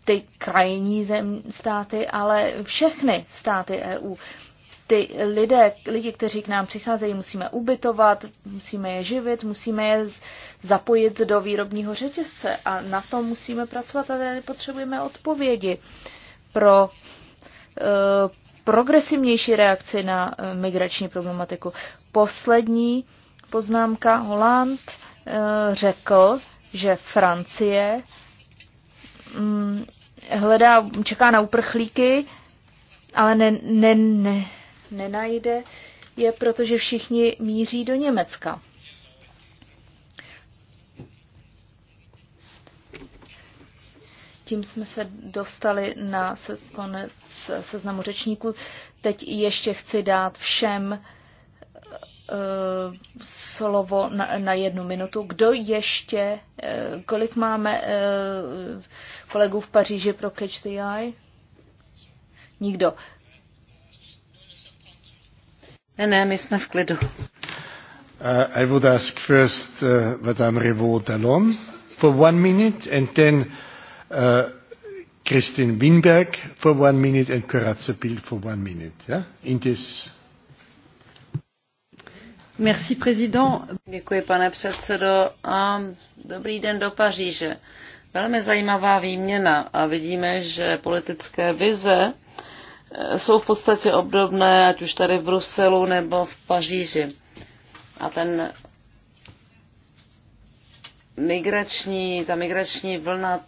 ty krajní zem, státy, ale všechny státy EU. Ty lidé, lidi, kteří k nám přicházejí, musíme ubytovat, musíme je živit, musíme je zapojit do výrobního řetězce a na to musíme pracovat a tady potřebujeme odpovědi pro e, progresivnější reakci na migrační problematiku poslední poznámka. Holand eh, řekl, že Francie mm, hledá, čeká na uprchlíky, ale ne, ne, ne, nenajde je, protože všichni míří do Německa. Tím jsme se dostali na konec seznamu řečníků. Teď ještě chci dát všem Eh, slovo na, na jednu minutu. Kdo ještě, eh, kolik máme eh, kolegů v Paříži pro
Catch the Eye? Nikdo. Ne, ne, my jsme v klidu. Uh,
I would ask first uh, Madame Revaud Dallon for one minute and then uh, Christine Winberg for one minute and Corazza Bild for one minute. Yeah? In this
Děkuji, pane předsedo. A dobrý den do Paříže. Velmi zajímavá výměna a vidíme, že politické vize eh, jsou v podstatě obdobné, ať už tady v Bruselu nebo v Paříži. A ten migrační, ta migrační vlna,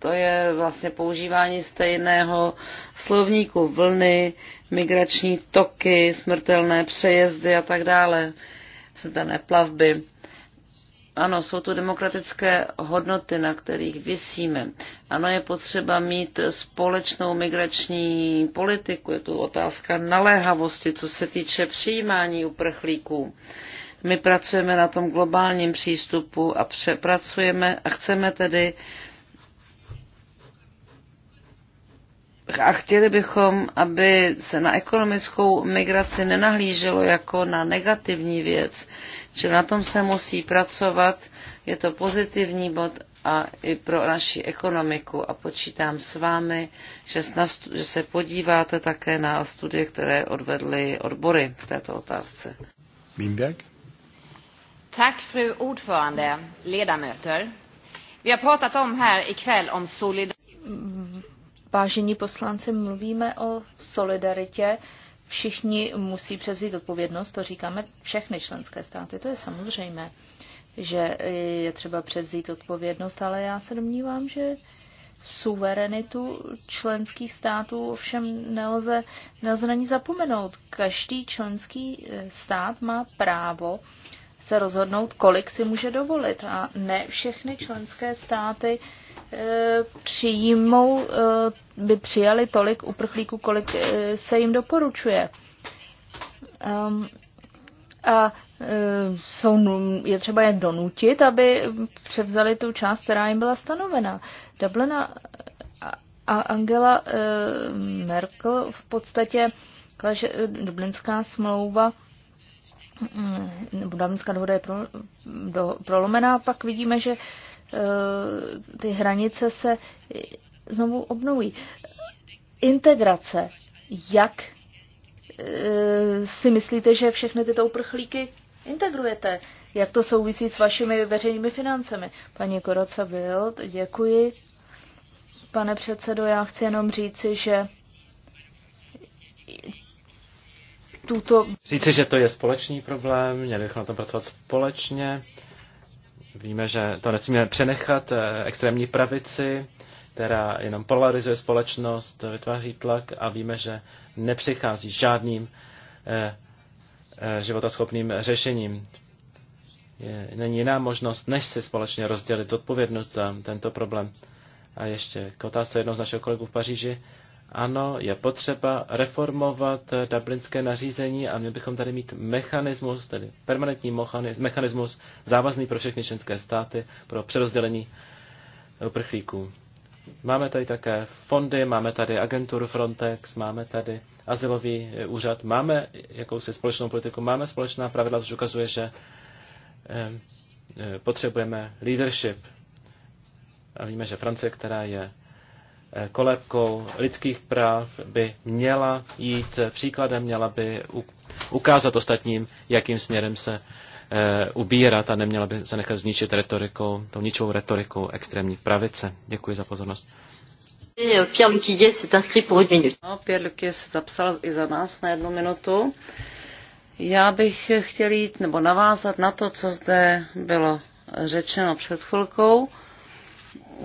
to je vlastně používání stejného slovníku vlny, migrační toky, smrtelné přejezdy a tak dále, smrtelné plavby. Ano, jsou tu demokratické hodnoty, na kterých vysíme. Ano, je potřeba mít společnou migrační politiku. Je tu otázka naléhavosti, co se týče přijímání uprchlíků. My pracujeme na tom globálním přístupu a přepracujeme a chceme tedy uh, a chtěli bychom, aby se na ekonomickou migraci nenahlíželo jako na negativní věc, že na tom se musí pracovat, je to pozitivní bod a i pro naši ekonomiku a počítám s vámi, že, že se podíváte také na studie, které odvedly odbory v této otázce. Winberg. Tak, fru ordförande,
ledamöter. Vi har pratat om här ikväll om solidaritet Vážení poslanci, mluvíme o solidaritě. Všichni musí převzít odpovědnost, to říkáme všechny členské státy, to je samozřejmé, že je třeba převzít odpovědnost, ale já se domnívám, že suverenitu členských států ovšem nelze, nelze na ní zapomenout. Každý členský eh, stát má právo se rozhodnout, kolik si může dovolit. A ne všechny členské státy uh, Eh, přijmou, eh, by přijali tolik uprchlíků, kolik eh, se jim doporučuje. Ehm, a jsou, je třeba je donutit, aby převzali tu část, která jim byla stanovena. Dublina a Angela Merkel v podstatě, že Dublinská smlouva nebo Dublinská dohoda je pro, do, prolomená, pak vidíme, že Eh, ty hranice se znovu obnoví. Integrace. Jak eh, si myslíte, že všechny tyto uprchlíky integrujete? Jak to souvisí s vašimi veřejnými financemi? Paní Koroca byl, děkuji. Pane předsedo, já chci jenom říci, že tuto...
Říci, že to je společný problém, měli bychom na tom pracovat společně. Víme, že to nesmíme přenechat eh, extrémní pravici, která jenom polarizuje společnost, vytváří tlak a víme, že nepřichází žádným eh, eh, životaschopným řešením. Je, není jiná možnost, než si společně rozdělit odpovědnost za tento problém. A ještě k otázce jednoho z našich kolegů v Paříži. Ano, je potřeba reformovat eh, dublinské nařízení a měli bychom tady mít mechanismus, tedy permanentní mechanismus, závazný pro všechny členské státy, pro přerozdělení uprchlíků. Máme tady také fondy, máme tady agenturu Frontex, máme tady asilový eh, úřad, máme jakousi společnou politiku, máme společná pravidla, což ukazuje, že eh, potřebujeme leadership. A víme, že Francie, která je Eh, kolebkou lidských práv, by měla jít příkladem, měla by ukázat ostatním, jakým směrem se eh, ubírat a neměla by se nechat zničit retorikou, tou ničovou retorikou extrémní pravice. Děkuji za pozornost. Eh,
Pierre Luquillet s'est inscrit pour une minute. No, Pierre se zapsal i za nás na jednu minutu. Já bych chtěl jít nebo navázat na to, co zde bylo řečeno před chvilkou.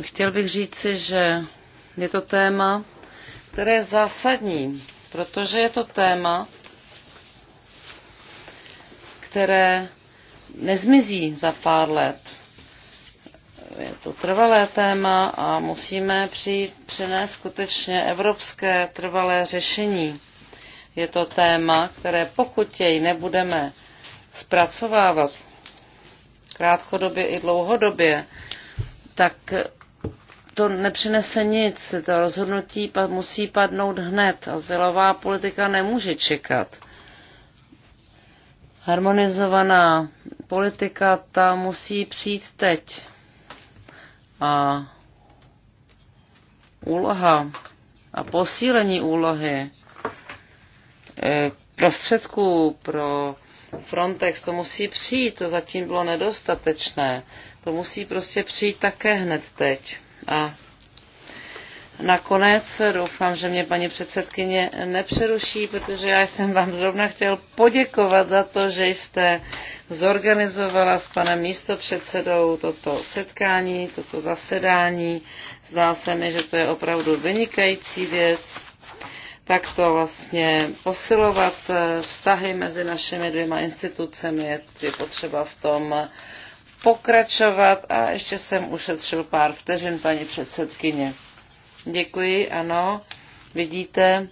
Chtěl bych říci, že je to téma, které je zásadní, protože je to téma, které nezmizí za pár let. Je to trvalé téma a musíme přijít, přinést skutečně evropské trvalé řešení. Je to téma, které pokud jej nebudeme zpracovávat krátkodobě i dlouhodobě, tak to nepřinese nic. To rozhodnutí musí padnout hned. Azylová politika nemůže čekat. Harmonizovaná politika ta musí přijít teď. A úloha a posílení úlohy e, prostředků pro Frontex, to musí přijít, to zatím bylo nedostatečné. To musí prostě přijít také hned teď. A nakonec doufám, že mě paní předsedkyně nepřeruší, protože já jsem vám zrovna chtěl poděkovat za to, že jste zorganizovala s panem místopředsedou toto setkání, toto zasedání. Zdá se mi, že to je opravdu vynikající věc tak to vlastně posilovat eh, vztahy mezi našimi dvěma institucemi je potřeba v tom pokračovat a ještě jsem ušetřil pár vteřin, paní předsedkyně. Děkuji, ano. Vidíte,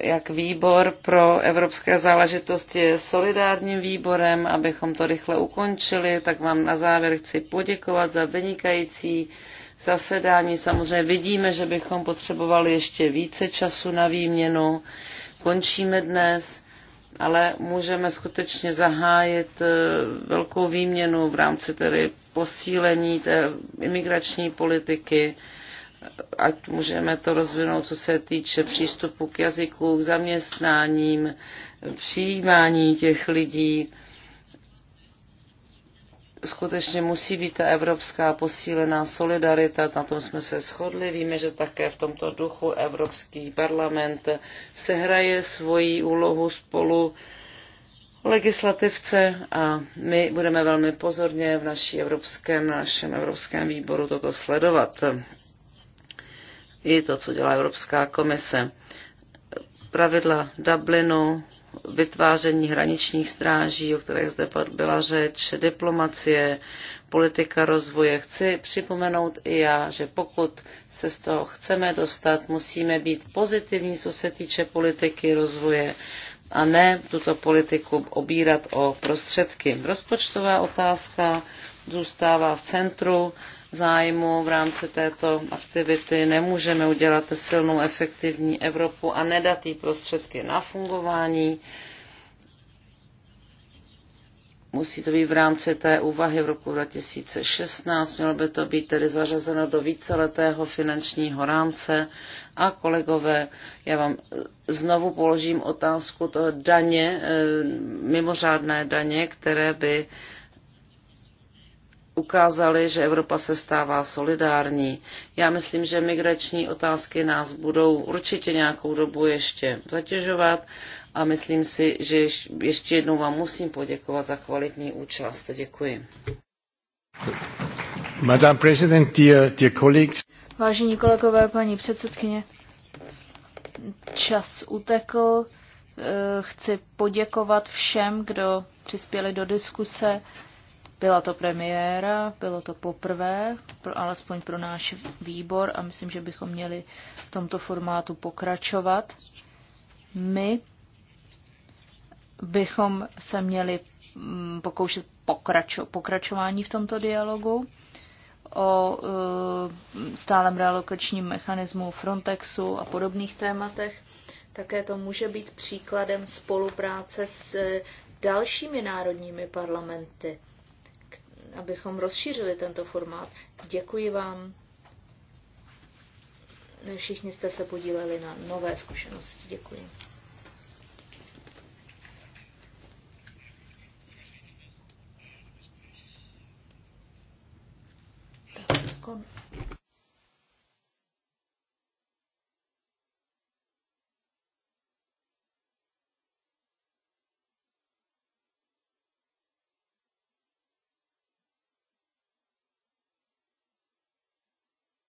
jak výbor pro evropské záležitosti je solidárním výborem, abychom to rychle ukončili, tak vám na závěr chci poděkovat za vynikající zasedání. Samozřejmě vidíme, že bychom potřebovali ještě více času na výměnu. Končíme dnes ale můžeme skutečně zahájit eh, velkou výměnu v rámci tedy posílení té imigrační politiky, ať můžeme to rozvinout, co se týče přístupu k jazyku, k zaměstnáním, přijímání těch lidí skutečně musí být ta evropská posílená solidarita, na tom jsme se shodli. Víme, že také v tomto duchu Evropský parlament sehraje svoji úlohu spolu legislativce a my budeme velmi pozorně v naší evropském, našem evropském výboru toto sledovat. I to, co dělá Evropská komise. Pravidla Dublinu vytváření hraničních stráží, o kterých zde byla řeč, diplomacie, politika rozvoje. Chci připomenout i já, že pokud se z toho chceme dostat, musíme být pozitivní, co se týče politiky rozvoje a ne tuto politiku obírat o prostředky. Rozpočtová otázka zůstává v centru zájmu v rámci této aktivity. Nemůžeme udělat silnou, efektivní Evropu a nedat jí prostředky na fungování. Musí to být v rámci té úvahy v roku 2016, mělo by to být tedy zařazeno do víceletého finančního rámce. A kolegové, já vám znovu položím otázku toho daně, eh, mimořádné daně, které by ukázali, že Evropa se stává solidární. Já myslím, že migrační otázky nás budou určitě nějakou dobu ještě zatěžovat a myslím si, že ještě jednou vám musím poděkovat za kvalitní účast. Děkuji.
Madame President, dear, dear colleagues.
Vážení kolegové, paní předsedkyně, čas utekl. Eh, chci poděkovat všem, kdo přispěli do diskuse. Byla to premiéra, bylo to poprvé, pro, alespoň pro náš výbor a myslím, že bychom měli v tomto formátu pokračovat. My bychom se měli mm, pokoušet pokračo, pokračování v tomto dialogu o e, stálem realokačním mechanismu Frontexu a podobných tématech. Také to může být příkladem spolupráce s e, dalšími národními parlamenty abychom rozšířili tento formát. Děkuji vám. Všichni jste se podíleli na nové zkušenosti. Děkuji. Tak, kon.